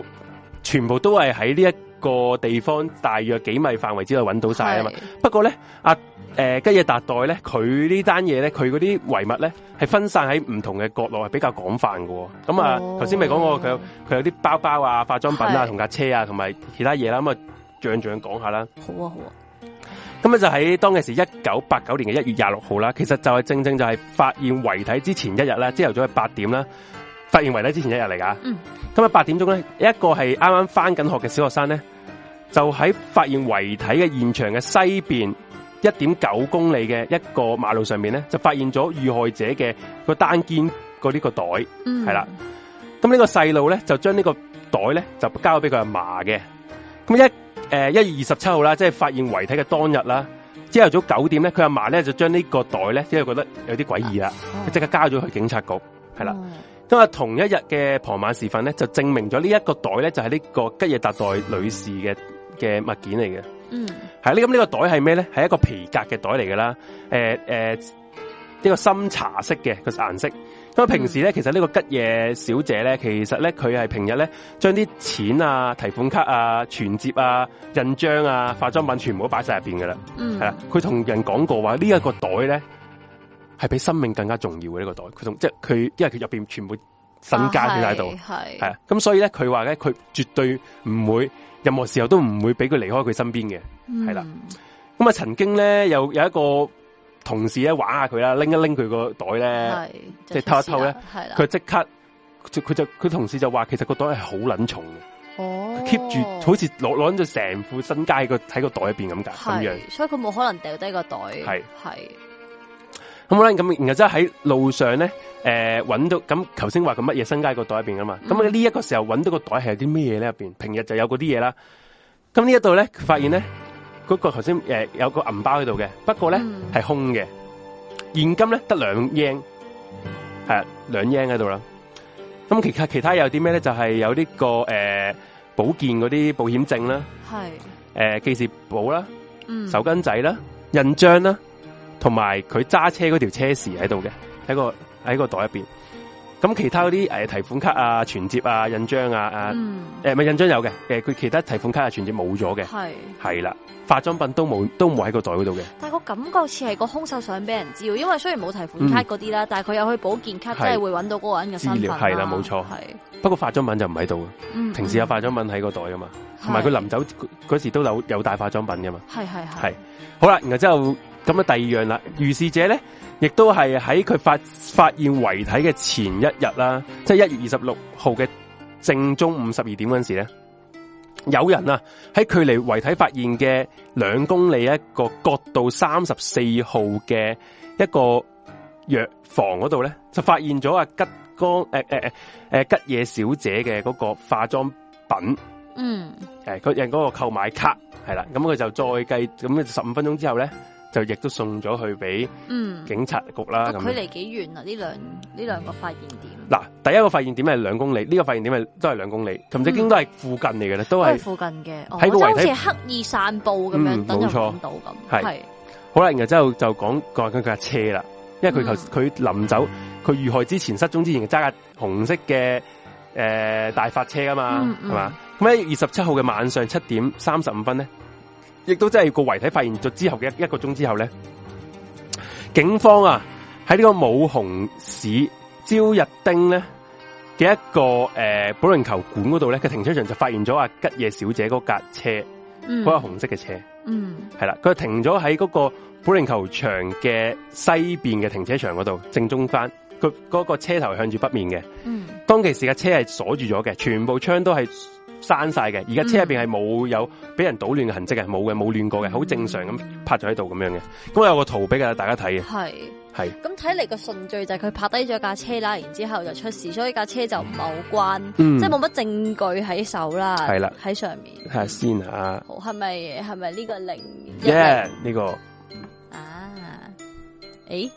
全部都係喺呢一個地方大約幾米範圍之內揾到晒啊嘛。不過咧，阿、啊、誒、呃、吉野達代咧，佢呢單嘢咧，佢嗰啲遺物咧係分散喺唔同嘅角落，係比較廣泛喎。咁啊，頭先咪講過佢佢有啲包包啊、化妝品啊、同架車啊，同埋其他嘢啦。咁啊，樣樣講下啦。好啊，好啊。咁啊，就喺當其時一九八九年嘅一月廿六號啦。其實就係正正就係發現遺體之前一日啦，朝頭早係八點啦。發現遺體之前一日嚟噶，咁啊，八點鐘咧，一個係啱啱翻緊學嘅小學生咧，就喺發現遺體嘅現場嘅西邊一點九公里嘅一個馬路上面咧，就發現咗遇害者嘅個單肩嗰呢個袋，係、嗯、啦。咁呢個細路咧就將呢個袋咧就交俾佢阿嫲嘅。咁一誒一月二十七號啦，即係發現遺體嘅當日啦，朝頭早九點咧，佢阿嫲咧就將呢個袋咧，即係覺得有啲詭異啦，即刻交咗去警察局，係啦。嗯咁啊，同一日嘅傍晚時分咧，就證明咗呢一個袋咧，就係呢個吉野達代女士嘅嘅物件嚟嘅、嗯。嗯，係啦，咁呢個袋係咩咧？係一個皮革嘅袋嚟噶啦。誒、呃、誒，一、呃呢個深茶色嘅個顏色。咁啊，平時咧，其實呢個吉野小姐咧，其實咧佢係平日咧，將啲錢啊、提款卡啊、存折啊、印章啊、化妝品全部都擺晒入邊噶啦。嗯，係啦，佢同人講過話呢一個袋咧。係比生命更加重要嘅，呢個袋，佢同即係佢，因為佢入邊全部身家佢喺度，係啊，咁所以咧，佢話咧，佢絕對唔會任何時候都唔會俾佢離開佢身邊嘅，係啦。咁啊，曾經咧，有有一個同事咧玩下佢啦，拎一拎佢個袋咧，即係偷一偷咧，佢即刻，佢就佢同事就話，其實個袋係好撚重嘅，哦，keep 住好似攞攞咗成副身家喺個喺個袋入邊咁噶，咁樣，所以佢冇可能掉低個袋，係係。咁咧，咁然後即係喺路上咧，誒，揾到咁，頭先話佢乜嘢？新街個袋入邊噶嘛？咁喺呢一個時候揾到個袋係有啲咩嘢咧？入邊平日就有嗰啲嘢啦。咁呢一度咧，佢發現咧，嗰個頭先誒有個銀包喺度嘅，不過咧係空嘅，現金咧得兩英，係兩英喺度啦。咁其其他有啲咩咧？就係有呢個誒保健嗰啲保險證啦，係誒記事簿啦，手巾仔啦，印章啦。同埋佢揸車嗰條車匙喺度嘅，喺個喺個袋入邊。咁其他嗰啲誒提款卡啊、存折啊、印章啊啊誒，咪、嗯呃、印章有嘅，誒、呃、佢其他提款卡啊、存折冇咗嘅，係係啦，化妝品都冇都冇喺個袋嗰度嘅。但係我感覺似係個凶手想俾人知道，因為雖然冇提款卡嗰啲啦，嗯、但係佢有去保健卡，即係會揾到嗰個人嘅資料。係啦，冇錯，係不過化妝品就唔喺度。平時有化妝品喺個袋噶嘛，同埋佢臨走嗰時都有有帶化妝品噶嘛。係係係，係好啦，然後之後。咁啊，第二樣啦，如是者咧，亦都係喺佢發發現遺體嘅前一、就是、日啦，即係一月二十六號嘅正中午十二點嗰陣時咧，有人啊喺距離遺體發現嘅兩公里一個國道三十四號嘅一個藥房嗰度咧，就發現咗啊吉江誒誒誒誒吉野小姐嘅嗰個化妝品，嗯，誒個人嗰個購買卡係啦，咁佢就再計咁十五分鐘之後咧。就亦都送咗去俾警察局啦。咁佢離幾遠啊？呢兩呢兩個發現點？嗱，第一個發現點係兩公里，呢、這個發現點係都係兩公里。琴正經都係附近嚟嘅咧，都係附近嘅。喺、哦、個好似刻意散步咁樣，嗯、錯等就到咁。係好啦，然後之後就講講緊架車啦。因為佢頭佢臨走，佢遇害之前失蹤之前揸架紅色嘅誒、呃、大發車噶嘛，係、嗯、嘛？咁喺二十七號嘅晚上七點三十五分咧。亦都真係個遺體發現咗之後嘅一個鐘之後咧，警方啊喺呢個武雄市朝日町咧嘅一個誒、呃、保齡球館嗰度咧，佢停車場就發現咗阿吉野小姐嗰架車，嗰個紅色嘅車，嗯，係啦，佢停咗喺嗰個保齡球場嘅西邊嘅停車場嗰度正中翻，佢嗰個車頭向住北面嘅，嗯，當其時架車係鎖住咗嘅，全部窗都係。閂晒嘅，而家車入邊係冇有俾人搗亂嘅痕跡，係冇嘅，冇亂過嘅，好正常咁拍咗喺度咁樣嘅。咁我有個圖俾大家睇嘅，係，係。咁睇嚟個順序就係佢拍低咗架車啦，然之後就出事，所以架車就唔係好關，mm-hmm。即係冇乜證據喺手啦，係啦，喺上面。睇下先吓，好係咪係咪呢個零 y、yeah，呢、這個啊，誒、欸，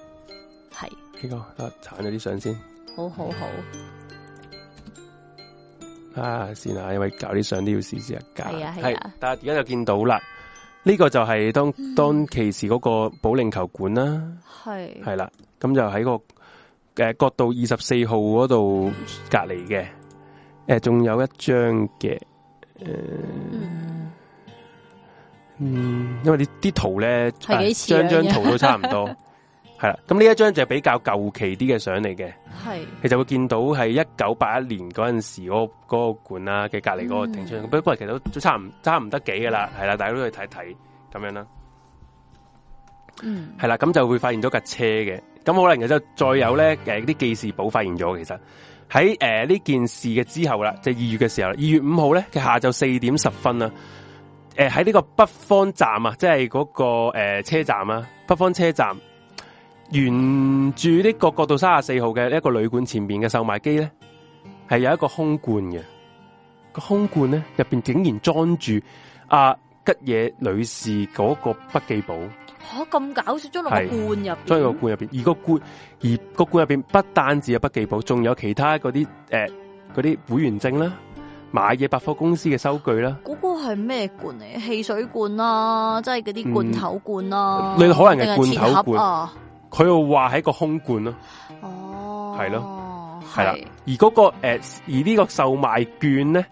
係呢、這個，我鏟咗啲相先，好好好。好。啊，先啊因為搞啲相都要試試一搞，係啊係但係而家就見到啦，呢、這個就係當當其時嗰個保齡球館啦，係係啦，咁就喺個誒、呃、角度二十四號嗰度隔離嘅，誒、呃、仲有一張嘅，誒、呃、嗯，嗯，因為你啲圖咧，張張、啊、圖都差唔多。 *laughs* 咁呢一張就比較舊期啲嘅相嚟嘅，係其實會見到係一九八一年嗰陣時，嗰個個館啦嘅隔籬嗰個停車場，不過其實都都差唔差唔得幾噶啦，係啦，大家都去睇一睇咁樣啦。嗯，係啦，咁就會發現咗架車嘅，咁然後就再有咧，誒啲記事簿發現咗。其實喺誒呢件事嘅之後啦，即係二月嘅時候，二月五號咧嘅下晝四點十分啦，誒喺呢個北方站啊，即係嗰個誒、呃、車站啊，北方車站。沿住呢個角度三十四號嘅一個旅館前邊嘅售賣機咧，係有一個空罐嘅，個空罐咧入邊竟然裝住阿、啊、吉野女士嗰個筆記簿，吓、啊、咁搞笑裝落個罐入，裝喺個罐入邊。而個罐而個罐入邊不單止有筆記簿，仲有其他嗰啲誒啲會員證啦、買嘢百貨公司嘅收據啦。嗰、嗰個係咩罐嚟？汽水罐啦、啊，即係嗰啲罐頭罐啦。你可能係罐頭罐啊。嗯佢又話係一個空罐咯，哦，係咯，係啦。而嗰、那個誒、呃，而呢個售賣券咧，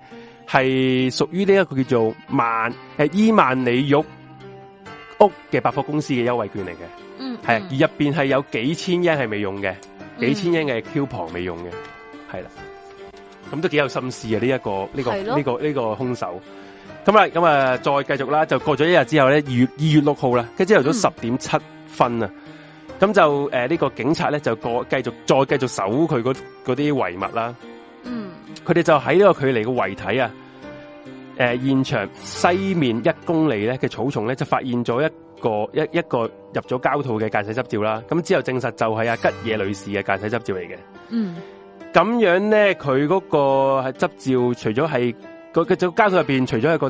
係屬於呢一個叫做萬誒、呃、伊萬里玉屋嘅百貨公司嘅優惠券嚟嘅，嗯，係，入邊係有幾千英係未用嘅，幾千英嘅 coupon 未用嘅，係、嗯、啦，咁都幾有心思啊！呢、這、一個呢、這個呢、這個呢、這個凶、這個、手，咁啊咁啊，再繼續啦，就過咗一日之後咧，二月二月六號啦，跟住朝頭早十點七分啊。嗯咁、嗯、就誒，呢、呃呢個警察咧就過繼續再繼續搜佢嗰啲遺物啦。嗯，佢哋就喺呢個距離嘅遺體啊，誒、呃，現場西面一公里咧嘅草叢咧，就發現咗一個一一個入咗膠套嘅駕駛執照啦。咁、嗯、之後證實就係阿吉野女士嘅駕駛執照嚟嘅。嗯呢，咁樣咧，佢、那、嗰個係執照，那個那個、除咗係佢佢就膠套入邊，除咗係個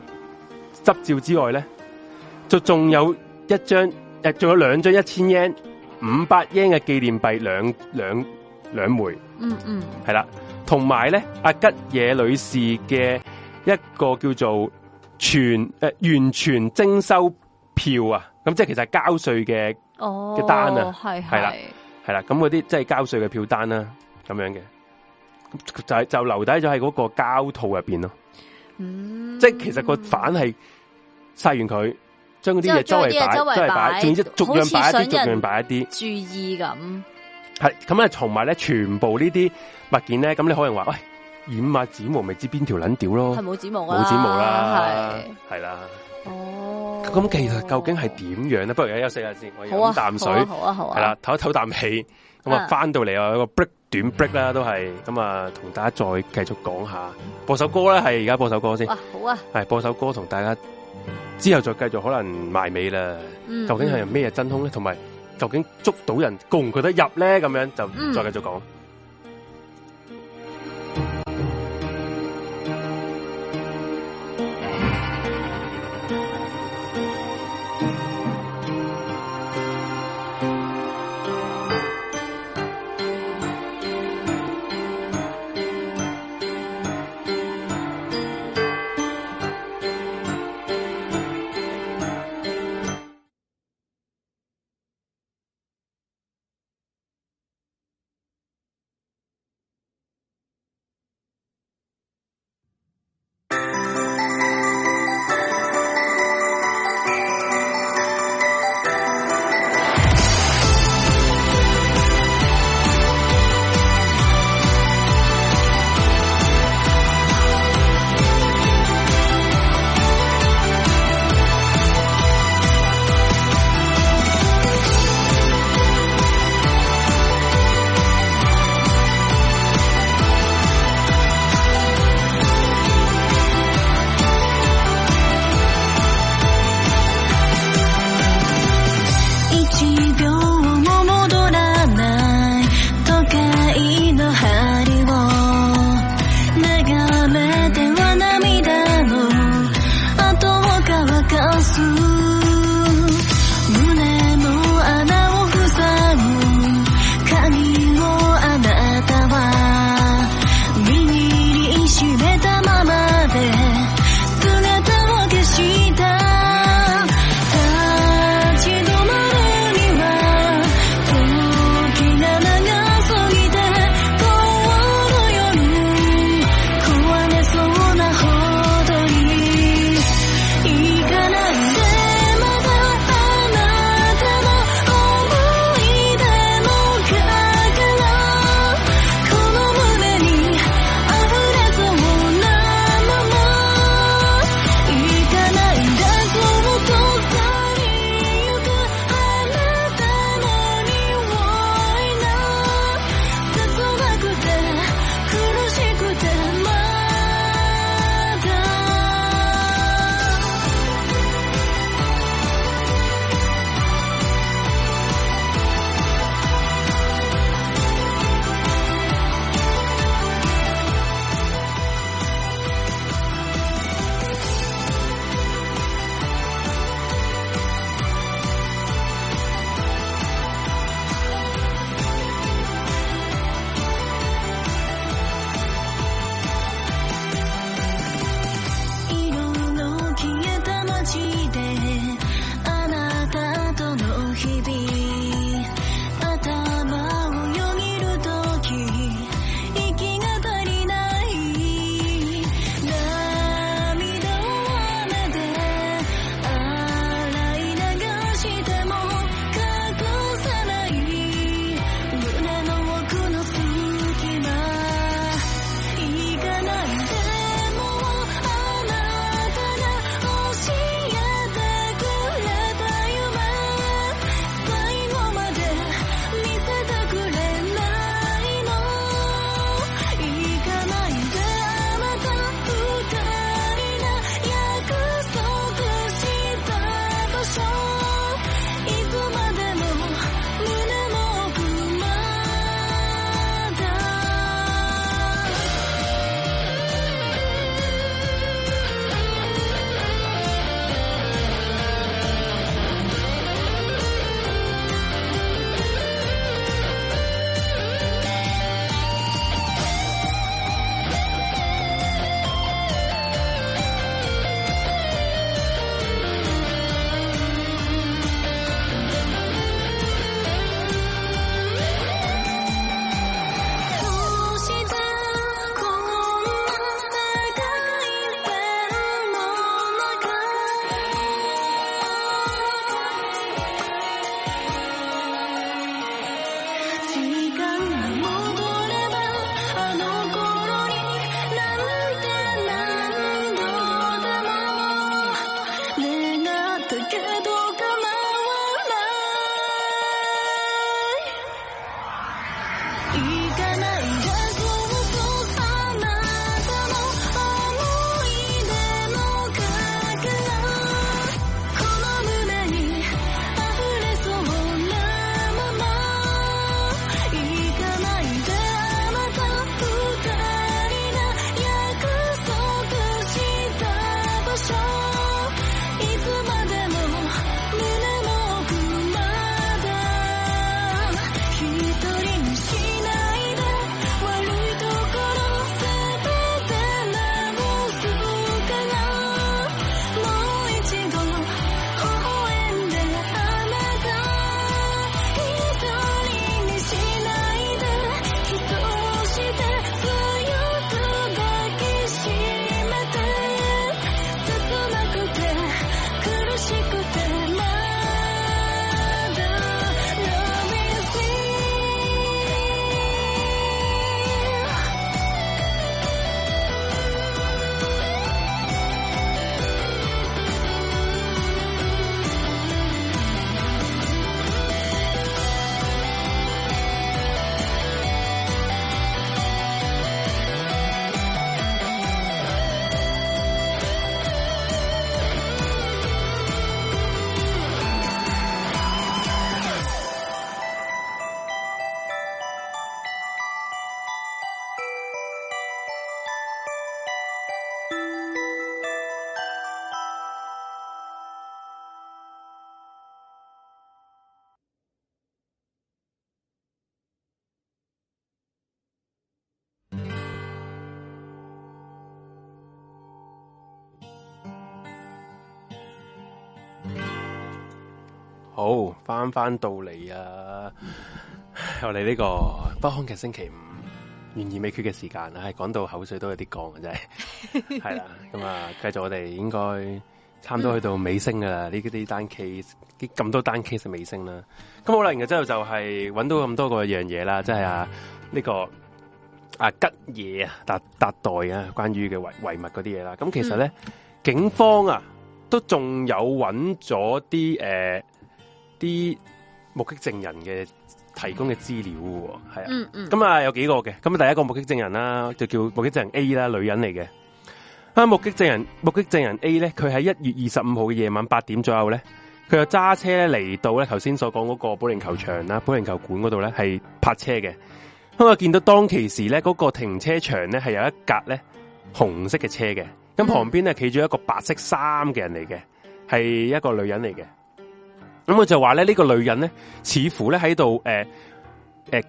執照之外咧，就仲有一張誒，仲、呃、有兩張一千 yen。五百英嘅紀念幣兩兩兩枚，嗯嗯，係啦，同埋咧阿吉野女士嘅一個叫做全誒、呃、完全徵收票啊，咁、嗯、即係其實係交稅嘅哦嘅單啊，係係啦係啦，咁嗰啲即係交稅嘅票單啦、啊，咁樣嘅，就係就留低咗喺嗰個膠套入邊咯，即係其實個反係晒、嗯、完佢。將嗰啲嘢周圍擺，周圍擺，仲要擺擺一逐樣擺一啲，逐樣擺一啲，注意咁。係咁咧，同埋咧，全部呢啲物件咧，咁你可能話，喂、哎，染啊，指毛咪知邊條撚屌咯，係冇指毛啊，冇指毛啦，係係啦，啦。哦，咁其實究竟係點樣咧？不如休息下先，我飲啖水，係、啊啊啊啊、啦，唞一唞啖氣。咁啊，翻到嚟啊，一個 break、啊、短 break 啦，都係咁啊，同大家再繼續講下、嗯，播首歌咧，係而家播首歌先。哇，好啊，係播首歌同大家。之後再繼續可能埋尾啦、嗯，究竟係咩嘢真凶咧？同埋究竟捉到人攻唔攻得入咧？咁樣就再繼續講。好翻翻到嚟啊！嗯、 *laughs* 我哋呢個北康嘅星期五，懸而未決嘅時間啊，係講到口水都有啲降、 *laughs* 嗯就是嗯、啊，真係係啦。咁啊，繼續我哋應該差唔多去到尾聲啊。啦。呢啲單 case，啲咁多單 case 尾聲啦。咁好啦，然之後就係揾到咁多個樣嘢啦，即係啊呢個啊吉野達達代啊，關於嘅遺遺物嗰啲嘢啦。咁其實咧、嗯，警方啊都仲有揾咗啲誒。呃啲目擊證人嘅提供嘅資料係啊，咁啊有幾個嘅，咁啊第一個目擊證人啦、啊，就叫目擊證人 A 啦，女人嚟嘅。啊目擊證人目擊證人 A 咧，佢喺一月二十五號嘅夜晚八點左右咧，佢就揸車嚟到咧頭先所講嗰個保齡球場啦，保齡球館嗰度咧係泊車嘅，咁啊見到當其時咧嗰、嗰個停車場咧係有一格咧紅色嘅車嘅，咁旁邊咧企住一個白色衫嘅人嚟嘅，係一個女人嚟嘅。咁佢就話咧呢、這個女人咧，似乎咧喺度誒誒，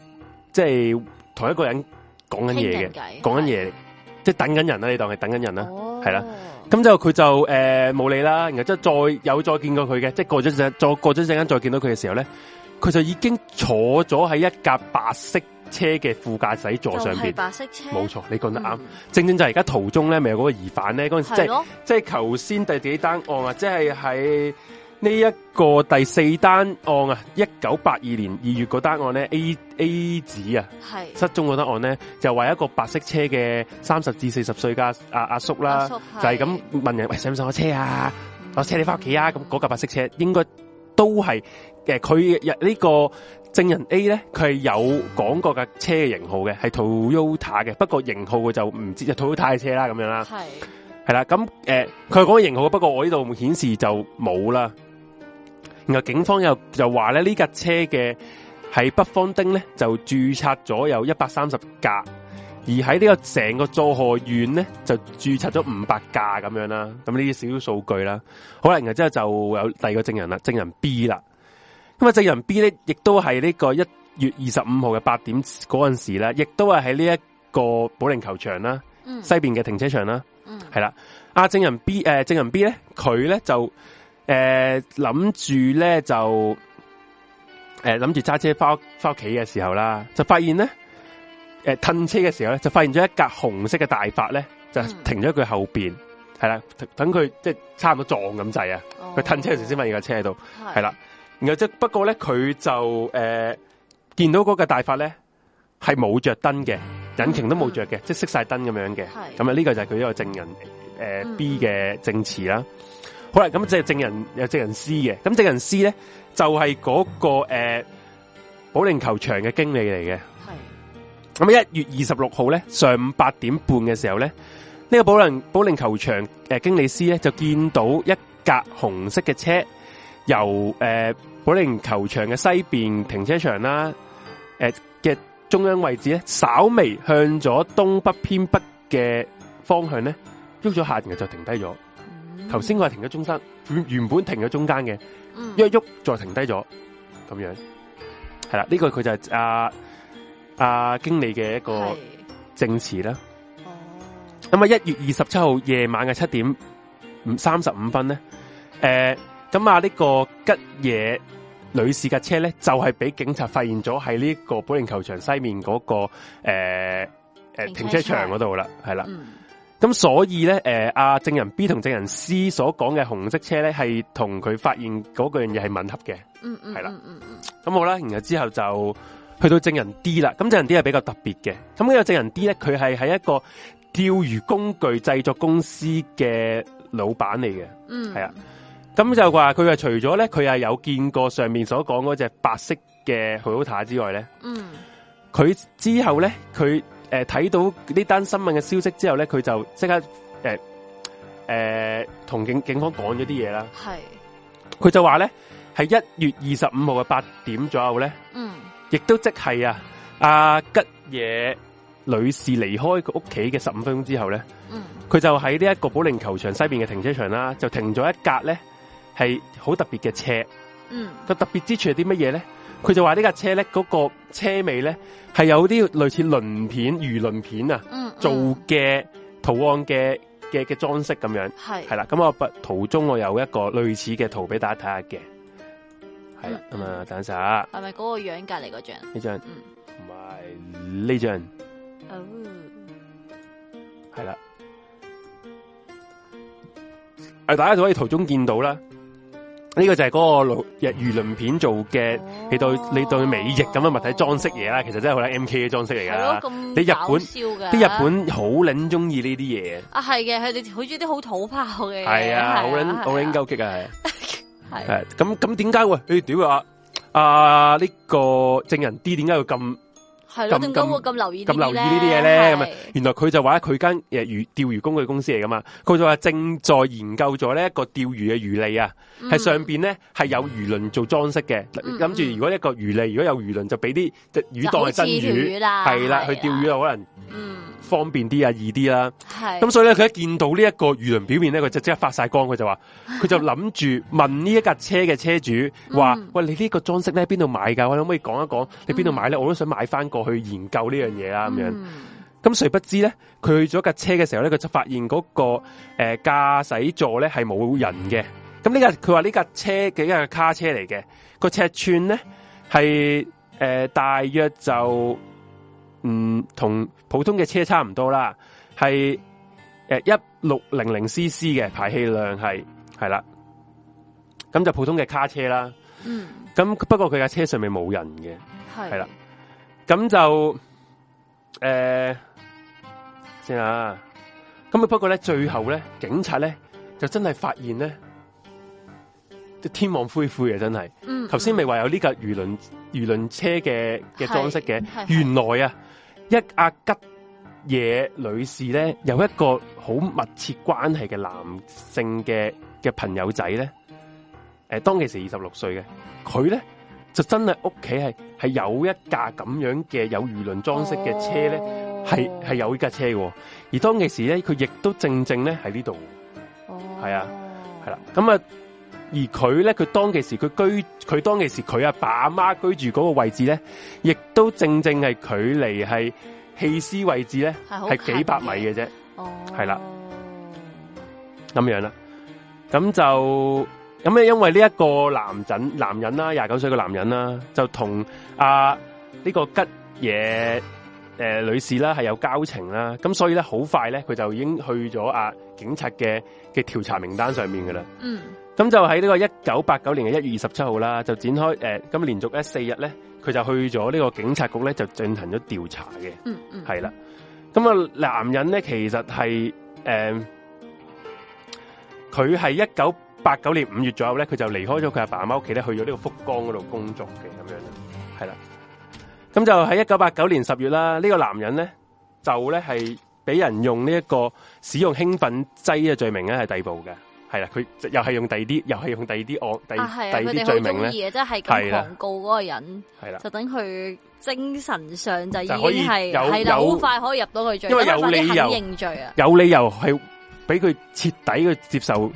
即係同一個人講緊嘢嘅，講緊嘢，即係等緊人啦、啊。你當係等緊人啦、啊，係、哦、啦。咁之後佢就誒冇、呃、理啦。然後即係再有再見過佢嘅，即係過咗陣，再過咗陣間再見到佢嘅時候咧，佢就已經坐咗喺一架白色車嘅副駕駛座上邊。白色車，冇錯，你講得啱、嗯。正正就係而家途中咧，咪有嗰個疑犯咧？嗰陣、就是、即係即係求先第幾單案啊？即係喺。呢、這、一個第四單案啊，一九八二年二月嗰單案咧，A A 子啊，係失蹤嗰單案咧，就話一個白色車嘅三十至四十歲嘅阿阿叔啦，啊、叔就係咁問人，喂，使唔使我車啊，我車你翻屋企啊，咁嗰架白色車應該都係誒，佢、呃、呢、這個證人 A 咧，佢係有講過架車嘅型號嘅，係 Toyota 嘅，不過型號就唔知道，就是、Toyota 嘅車啦咁樣啦，係係啦，咁誒，佢講嘅型號，不過我呢度顯示就冇啦。然後警方又又話咧，呢架車嘅喺北方丁咧就註冊咗有一百三十架，而喺呢個成個佐河院咧就註冊咗五百架咁樣啦。咁呢啲少數據啦，好啦，然後之後就有第二個證人啦，證人 B 啦。咁、嗯、啊，證人 B 咧亦都係呢個一月二十五號嘅八點嗰陣時啦，亦都係喺呢一個保齡球場啦，西邊嘅停車場啦，係啦。阿證人 B 誒，證人 B 咧佢咧就。誒、呃，諗住咧就，誒諗住揸車翻屋翻屋企嘅時候啦，就發現咧，誒、呃，褪車嘅時候咧，就發現咗一架紅色嘅大發咧，就停咗佢後邊，係、嗯、啦，等佢即係差唔多撞咁滯啊。佢、哦、褪車嘅時候先發現架車喺度，係啦。然後即不過咧，佢就誒見、呃、到嗰個大發咧係冇着燈嘅，引擎都冇着嘅，即係熄晒燈咁樣嘅。咁啊，呢個就係佢一個證人，誒、呃嗯、B 嘅證詞啦。好啦，咁即係證人，有證人師嘅。咁證人師咧就係、是、嗰、那個誒、呃、保齡球場嘅經理嚟嘅。係。咁一月二十六號咧上午八點半嘅時候咧，呢、這個保齡保齡球場誒、呃、經理師咧就見到一架紅色嘅車由誒、呃、保齡球場嘅西邊停車場啦，誒、呃、嘅中央位置咧，稍微向咗東北偏北嘅方向咧，喐咗下嘅就停低咗。頭先我係停咗中間、嗯，原本停咗中間嘅，一、嗯、喐再停低咗，咁樣係啦。呢、這個佢就係阿阿經理嘅一個證詞啦。咁啊，一、嗯、月二十七號夜晚嘅七點三十五分咧，誒、呃，咁啊呢個吉野女士架車咧就係、是、俾警察發現咗喺呢個保齡球場西面嗰、那個誒誒、呃呃、停車場嗰度啦，係啦。咁所以咧，誒、呃，阿、啊、證人 B 同證人 C 所講嘅紅色車咧，係同佢發現嗰樣嘢係吻合嘅，係、嗯、啦，咁好啦。然後之後就去到證人 D 啦，咁證人 D 係比較特別嘅。咁呢個證人 D 咧，佢係喺一個釣魚工具製作公司嘅老闆嚟嘅，係、嗯、啊。咁就話佢係除咗咧，佢係有見過上面所講嗰隻白色嘅好塔之外咧，嗯，佢之後咧，佢、嗯。誒、呃，睇到呢單新聞嘅消息之後咧，佢就即刻誒誒同警警方講咗啲嘢啦。係，佢就話咧係一月二十五號嘅八點左右咧。嗯，亦都即係啊，阿、啊、吉野女士離開佢屋企嘅十五分鐘之後咧。嗯，佢就喺呢一個保齡球場西邊嘅停車場啦，就停咗一格咧，係好特別嘅車。嗯，個特別之處係啲乜嘢咧？佢就話呢架車咧，嗰、那個車尾咧係有啲類似鱗片、魚鱗片啊，嗯嗯、做嘅圖案嘅嘅嘅裝飾咁樣。係係啦，咁我圖中我有一個類似嘅圖俾大家睇下嘅。係啦，咁、嗯、啊等陣下。係咪嗰個樣隔籬嗰張？呢張，同埋呢張。係啦，誒、啊，大家就可以圖中見到啦。呢、這個就係嗰個日鱗片做嘅、哦，你對你對美翼咁嘅物體裝飾嘢啦、哦，其實真係好啦，M K 嘅裝飾嚟㗎，你日本，啲日本好捻中意呢啲嘢。啊，係嘅，佢哋好中意啲好土炮嘅。係啊，好捻好捻勾激啊，係。係咁咁點解？喂，你屌、 *laughs* *laughs* 欸、啊！啊呢、這個證人 D 點解會咁？係咯，點解會咁留意呢啲嘢咧？原來佢就話佢間誒魚釣魚工具公司嚟噶嘛，佢就話正在研究咗呢一個釣魚嘅魚餌啊，喺上邊咧係有魚鱗做裝飾嘅，諗住如果一個魚餌如果有魚鱗，魚鱗就俾啲魚當係真魚，係啦，去釣魚又可能。嗯方便啲啊，易啲啦。咁所以咧，佢一見到呢一個魚鱗表面咧，佢就即刻發晒光，佢就話，佢就諗住問呢一架車嘅車主話、嗯、喂，你呢個裝飾咧邊度買噶？我可唔可以講一講，你邊度買咧？我都想買翻過去研究呢樣嘢啦。咁、嗯、樣，咁誰不知咧？佢去咗架車嘅時候咧，佢就發現嗰、那個誒駕駛座咧係冇人嘅。咁呢架佢話呢架車嘅一架卡車嚟嘅，個尺寸咧係誒大約就。嗯，同普通嘅車差唔多啦，係誒一六零零 CC 嘅排氣量係係啦，咁就普通嘅卡車啦。嗯，咁不過佢架車上面冇人嘅，係啦，咁就誒先啊，咁、呃、啊不，不過咧最後咧警察咧就真係發現咧，即天網恢恢啊真係。嗯，頭先咪話有呢架輿論輿論車嘅嘅裝飾嘅，原來啊。一阿吉野女士咧，有一個好密切關係嘅男性嘅嘅朋友仔咧，誒，當其時二十六歲嘅，佢咧就真係屋企係係有一架咁樣嘅有魚鱗裝飾嘅車咧，係係有呢架車嘅，而當其時咧，佢亦都正正咧喺呢度，係啊，係啦，咁啊。而佢咧，佢當其時佢居，佢當其時佢阿爸阿媽居住嗰個位置咧，亦都正正係距離係棄屍位置咧，係幾百米嘅啫。哦，係啦，咁樣啦，咁就咁咧，因為呢一個男人男人啦、啊，廿九歲嘅男人啦、啊，就同啊呢、這個吉野誒、呃、女士啦、啊、係有交情啦、啊，咁所以咧好快咧，佢就已經去咗啊警察嘅嘅調查名單上面噶啦。嗯。咁就喺呢個一九八九年嘅一月二十七號啦，就展開誒，咁、呃、啊連續咧四日咧，佢就去咗呢個警察局咧，就進行咗調查嘅。嗯嗯，係啦。咁啊，男人咧其實係誒，佢係一九八九年五月左右咧，佢就離開咗佢阿爸阿媽屋企咧，去咗呢個福岡嗰度工作嘅咁樣啦。係啦。咁就喺一九八九年十月啦，呢、這個男人咧就咧係俾人用呢一個使用興奮劑嘅罪名咧係逮捕嘅。係啦，佢又係用第二啲，又係用第二啲惡第第二啲罪名咧。啊，啊，佢哋好中意嘅，即係咁控告嗰個人，係啦，就等佢精神上就已經係係啦，好快可以入到佢罪，因為有理由認罪啊有，有理由係俾佢徹底去接受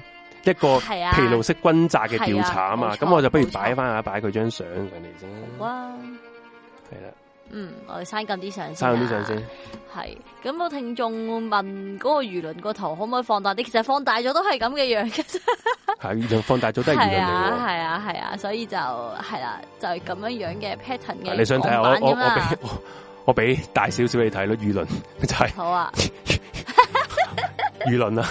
一個疲勞式轟炸嘅調查啊嘛，咁我就不如擺翻下，擺佢張相上嚟先。係啦、啊。嗯，我刪緊啲相先。刪緊啲相先。係，咁我聽眾問嗰個輿論個頭可唔可以放大啲？其實放大咗都係咁嘅樣、樣。係輿論放大咗都係輿論嚟。係啊係啊，啊，所以就係啦、啊，就係、是、咁樣樣嘅 pattern 嘅模板咁啦。我我俾大少少你睇啦，輿論 *laughs* 就係。好啊。 *laughs* 輿論啊，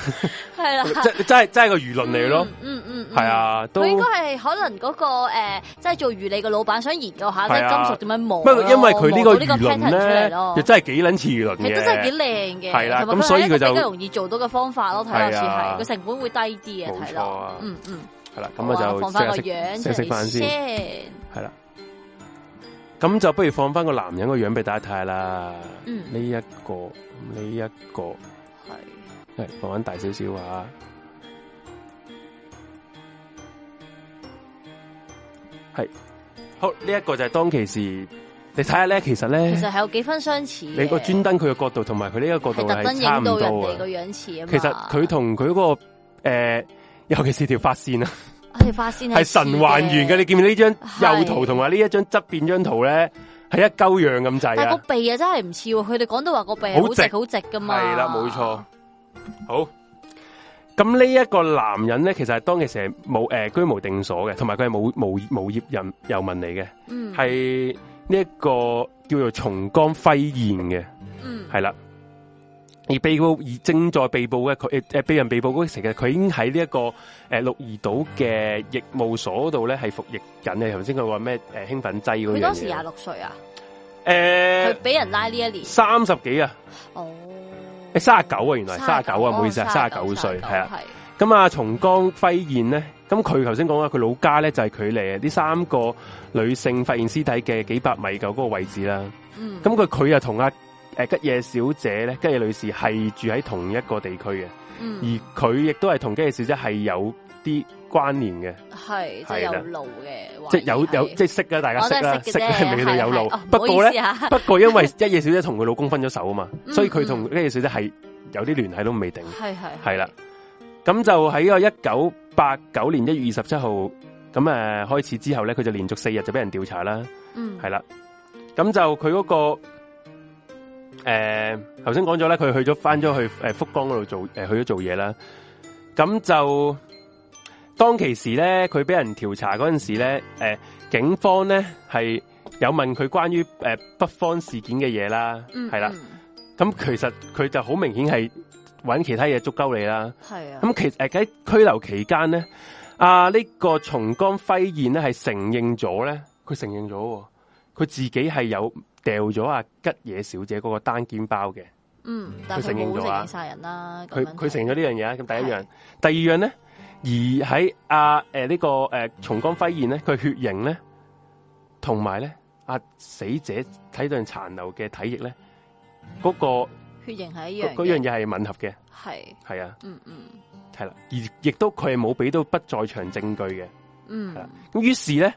係啦 *laughs* 真，真真係真係個輿論嚟咯嗯，嗯嗯，係、嗯、啊，都應該係可能嗰、那個誒、即、呃、係做魚鱗嘅老闆想研究一下、啊，即係金屬點樣磨，不因為佢呢個呢個輿論咧，又真係幾撚似輿論嘅，都真係幾靚嘅，係啦、啊，咁所以佢就比較容易做到嘅方法咯，睇下似係個成本會低啲啊。係咯、啊，嗯嗯，係啦，咁我就放翻個樣先食飯先，係啦，咁就不如放翻個男人個樣俾大家睇啦，嗯，呢、嗯、一、啊、個呢一個。嗯係放翻大少少啊，係好呢一個就係當其時，你睇下咧，其實咧，其實係有幾分相似。你個專登佢嘅角度，同埋佢呢個角度係差唔多嘅，特登影到人哋個樣似啊。其實佢同佢嗰個誒、呃，尤其是條髮線啊，條髮線係神還原嘅。你見唔見呢張右圖同埋呢一張側邊張圖咧，係一鳩樣咁滯啊？個鼻啊，真係唔似。佢哋講到話個鼻好直好直噶嘛，係啦，冇錯。好，咁呢一個男人咧，其實係當其時係冇誒居無定所嘅，同埋佢係冇無無，無業人遊民嚟嘅。嗯，係呢一個叫做松江輝彥嘅。嗯，係啦。而被而正在被捕嘅佢誒，俾人被捕嗰時其實佢已經喺呢一個誒、呃、鹿兒島嘅役務所度咧，係服役緊嘅。頭先佢話咩誒興奮劑嗰樣嘢，佢當時廿六歲啊。誒、呃，佢俾人拉呢一年三十幾啊。哦、oh.。三十九啊，原來三十九啊，唔好意思啊，三十九歲係啊，咁啊，松江輝彥咧，咁佢頭先講啊，佢老家咧就係佢離呢三個女性發現屍體嘅幾百米嘅嗰個位置啦，咁佢佢又同阿誒吉野小姐咧，吉野女士係住喺同一個地區嘅，嗯、而佢亦都係同吉野小姐係有。啲關聯嘅係即係有路嘅，即係有即有,有即係識嘅，大家識啦，識係未嚟有路。不過咧，哦不,啊、不,過呢 *laughs* 不過因為一夜小姐同佢老公分咗手啊嘛，所以佢同一夜小姐係有啲聯繫都未定。係係係啦，咁就喺個一九八九年一月二十七號咁誒開始之後咧，佢就連續四日就俾人調查啦。嗯，係啦，咁就佢嗰、那個誒頭先講咗咧，佢、呃、去咗翻咗去誒、呃、福岡嗰度做誒、呃、去咗做嘢啦，咁就。當其時咧，佢俾人調查嗰陣時咧，誒、呃，警方咧係有問佢關於誒、呃、北方事件嘅嘢啦，係、嗯、啦，咁、嗯、其實佢就好明顯係揾其他嘢捉鳩你啦，係啊，咁其實誒喺、呃、拘留期間咧，啊呢、這個松江輝燕咧係承認咗咧，佢承認咗，佢自己係有掉咗阿、啊、吉野小姐嗰個單肩包嘅，嗯，佢承認咗啊，佢佢承認咗呢樣嘢，咁、那個、第一樣，第二樣咧。而喺阿誒呢個誒松江輝彥咧，佢血型咧，同埋咧阿死者睇到殘留嘅體液咧，嗰、那個血型係一樣嘅，嗰樣嘢係吻合嘅，係係啊，嗯嗯，係啦、啊，而亦都佢係冇俾到不在場證據嘅，嗯，咁於是咧、啊，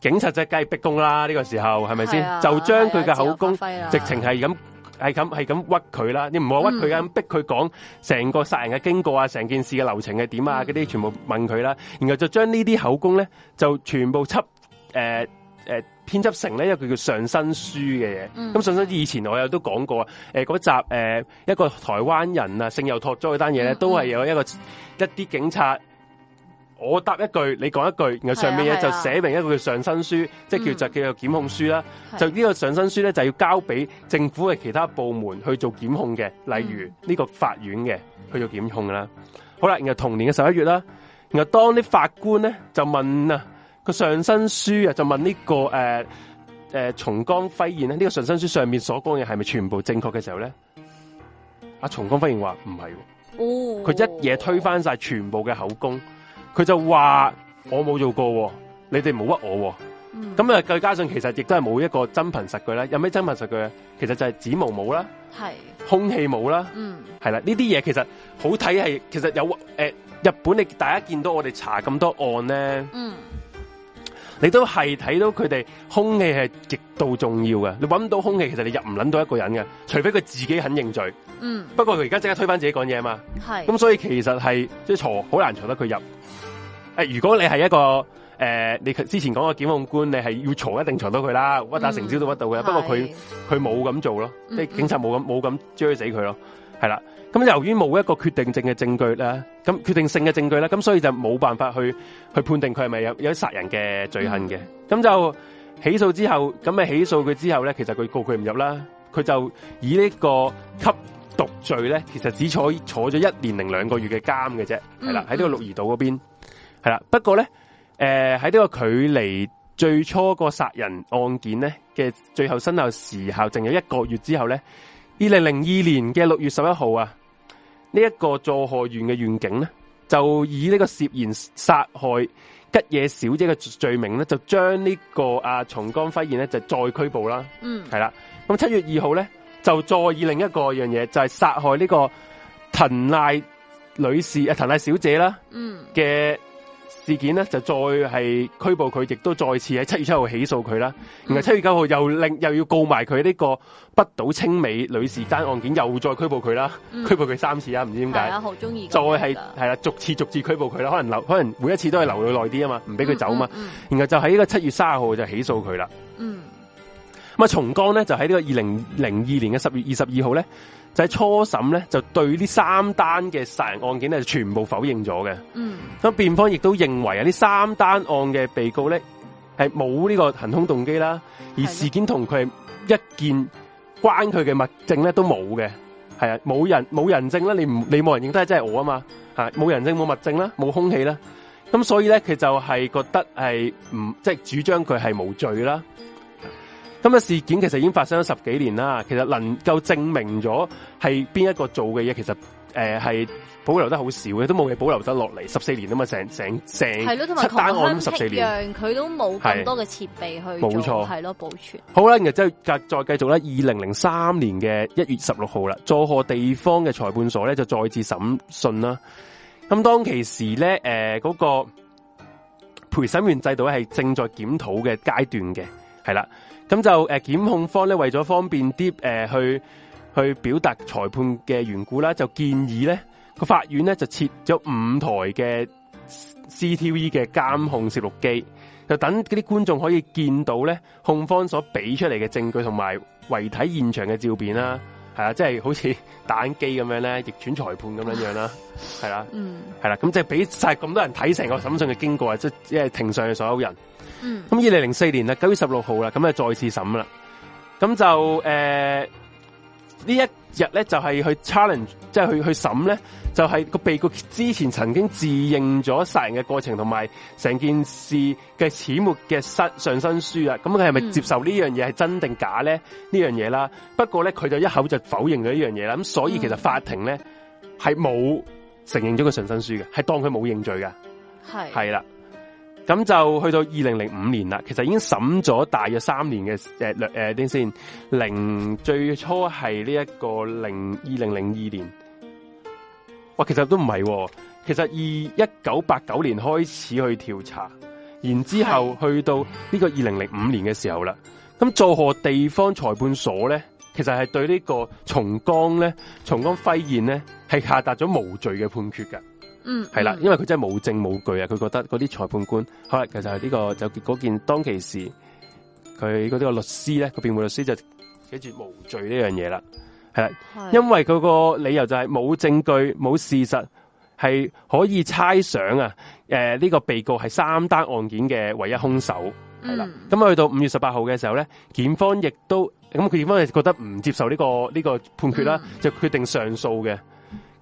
警察就梗係逼供啦，呢、這個時候係咪先？就將佢嘅口供是、啊、直情係咁。係咁係咁屈佢啦，你唔好屈佢，咁逼佢講成個殺人嘅經過啊，成件事嘅流程係點啊，嗰啲全部問佢啦，然後就將呢啲口供咧就全部輯誒誒編輯成咧，一個叫上新書嘅嘢。咁、嗯、上新書以前我有都講過啊，誒嗰集誒、呃、一個台灣人啊，性又托咗嗰單嘢咧，都係有一個一啲警察。我答一句，你講一句，然後上面嘢就寫明一個叫，身、啊就是、叫「上、嗯、新書，即係叫做叫做檢控書啦。就呢個上新書咧，就要交俾政府嘅其他部門去做檢控嘅，例如呢個法院嘅，嗯、去做檢控啦。好啦，然後同年嘅十一月啦，然後當啲法官咧就問啊，這個呃呃這個上新書啊，就問呢個誒誒重江輝彥咧呢個上新書上面所講嘅係咪全部正確嘅時候咧，阿，啊、重江輝彥話唔係，佢一嘢推翻晒全部嘅口供。佢就話、嗯：我冇做過、哦，你哋冇屈我、哦。咁、嗯、啊，再加上其實亦都係冇一個真憑實據啦。有咩真憑實據啊？其實就係指毛冇啦，空氣冇啦，係、嗯、啦。呢啲嘢其實好睇係其實有誒、呃、日本，你大家見到我哋查咁多案咧、嗯，你都係睇到佢哋空氣係極度重要嘅。你揾唔到空氣，其實你入唔撚到一個人嘅，除非佢自己肯認罪。嗯。不過佢而家即刻推翻自己講嘢啊嘛。係。咁所以其實係即係藏好難藏得佢入。誒，如果你係一個誒、呃，你之前講個檢控官，你係要查一定查到佢啦，屈打成招都屈到嘅。不過佢佢冇咁做咯，即係警察冇咁冇咁追死佢咯，係啦。咁由於冇一個決定性嘅證據咧，咁決定性嘅證據咧，咁所以就冇辦法去去判定佢係咪有有殺人嘅罪行嘅。咁、嗯嗯、就起訴之後，咁咪起訴佢之後咧，其實佢告佢唔入啦，佢就以呢個吸毒罪咧，其實只坐坐咗一年零兩個月嘅監嘅啫，係啦，喺呢個鹿兒島嗰邊。嗯嗯嗯係啦，不過咧，誒喺呢個距離最初個殺人案件咧嘅最後生效時效，剩有一個月之後咧，二零零二年嘅六月十一號啊，這個、呢一個助河員嘅願景咧，就以呢個涉嫌殺害吉野小姐嘅罪名咧，就將、啊、呢個阿松江輝彥咧就再拘捕啦。嗯，係啦，咁七月二號咧，就再以另一個樣嘢，就係、是、殺害呢個藤瀨女士啊、呃、藤瀨小姐啦。嗯嘅。事件咧就再係拘捕佢，亦都再次喺七月七號起訴佢啦。然後七月九號又令、嗯、又，又要告埋佢呢個不倒青美女士單案件，又再拘捕佢啦、嗯，拘捕佢三次啊，唔知點解。好中意。再係係啦，逐次逐次拘捕佢啦，可能留，可能每一次都係留佢耐啲啊嘛，唔俾佢走啊嘛、嗯嗯。然後就喺呢個七月卅號就起訴佢啦。嗯。咁啊，松江咧就喺呢個二零零二年嘅十月二十二號咧。就喺初審咧，就對呢三單嘅殺人案件咧，就全部否認咗嘅。嗯，咁辯方亦都認為啊，呢三單案嘅被告咧係冇呢個行凶動機啦，而事件同佢一件關佢嘅物證咧都冇嘅。係啊，冇人冇人證啦，你唔你冇人認得係真係我啊嘛，係冇人證冇物證啦，冇凶器啦，咁所以咧佢就係覺得係唔即係主張佢係無罪啦。咁、這、嘅、個、事件其實已經發生咗十幾年啦，其實能夠證明咗係邊一個做嘅嘢，其實誒係、呃、保留得好少嘅，都冇嘢保留得落嚟十四年啊嘛，成成成七單案十四年，佢都冇咁多嘅設備去冇錯，係咯保存。好啦，然後之後再繼續啦，二零零三年嘅一月十六號啦，佐賀地方嘅裁判所咧就再次審訊啦。咁當其時咧，誒、呃、嗰、那個陪審員制度係正在檢討嘅階段嘅，係啦。咁就誒、呃、檢控方咧，為咗方便啲誒、呃、去去表達裁判嘅緣故啦，就建議咧個法院咧就設咗五台嘅 c t v 嘅監控攝錄機，就等啲觀眾可以見到咧控方所俾出嚟嘅證據同埋遺體現場嘅照片啦，係啊，即、就、係、是、好似打機咁樣咧，逆轉裁判咁樣樣啦，係啦，係、嗯、啦，咁即係俾晒咁多人睇成個審訊嘅經過啊，即係即係庭上嘅所有人。嗯，咁二零零四年咧九月十六號啦，咁啊再次審啦，咁就誒呢、呃、一日咧就係、是、去 challenge，即係去去審咧，就係、是、個被告之前曾經自認咗殺人嘅過程同埋成件事嘅始末嘅上上身書啊，咁佢係咪接受呢、嗯、樣嘢係真定假咧？呢樣嘢啦，不過咧佢就一口就否認咗呢樣嘢啦，咁所以其實法庭咧係冇承認咗佢上身書嘅，係當佢冇認罪㗎，係係啦。咁就去到二零零五年啦，其實已經審咗大約三年嘅，誒誒，先零最初係呢一個零二零零二年，哇，其實都唔係，哦，其實二一九八九年開始去調查，然之後去到呢個二零零五年嘅時候啦，咁做何地方裁判所咧，其實係對個呢個松江咧，松江輝現咧係下達咗無罪嘅判決噶。嗯，係、嗯、啦，因為佢真係冇證冇據啊！佢覺得嗰啲裁判官，好，其實係、這、呢個就嗰件當其時，佢嗰啲個律師咧，佢辯護律師就寫住無罪呢樣嘢啦，係，因為佢個理由就係冇證據、冇事實，係可以猜想啊！誒、呃，呢、這個被告係三單案件嘅唯一凶手，係啦。咁、嗯、啊，去到五月十八號嘅時候咧，檢方亦都咁，佢檢方係覺得唔接受呢、這個呢、這個判決啦、嗯，就決定上訴嘅。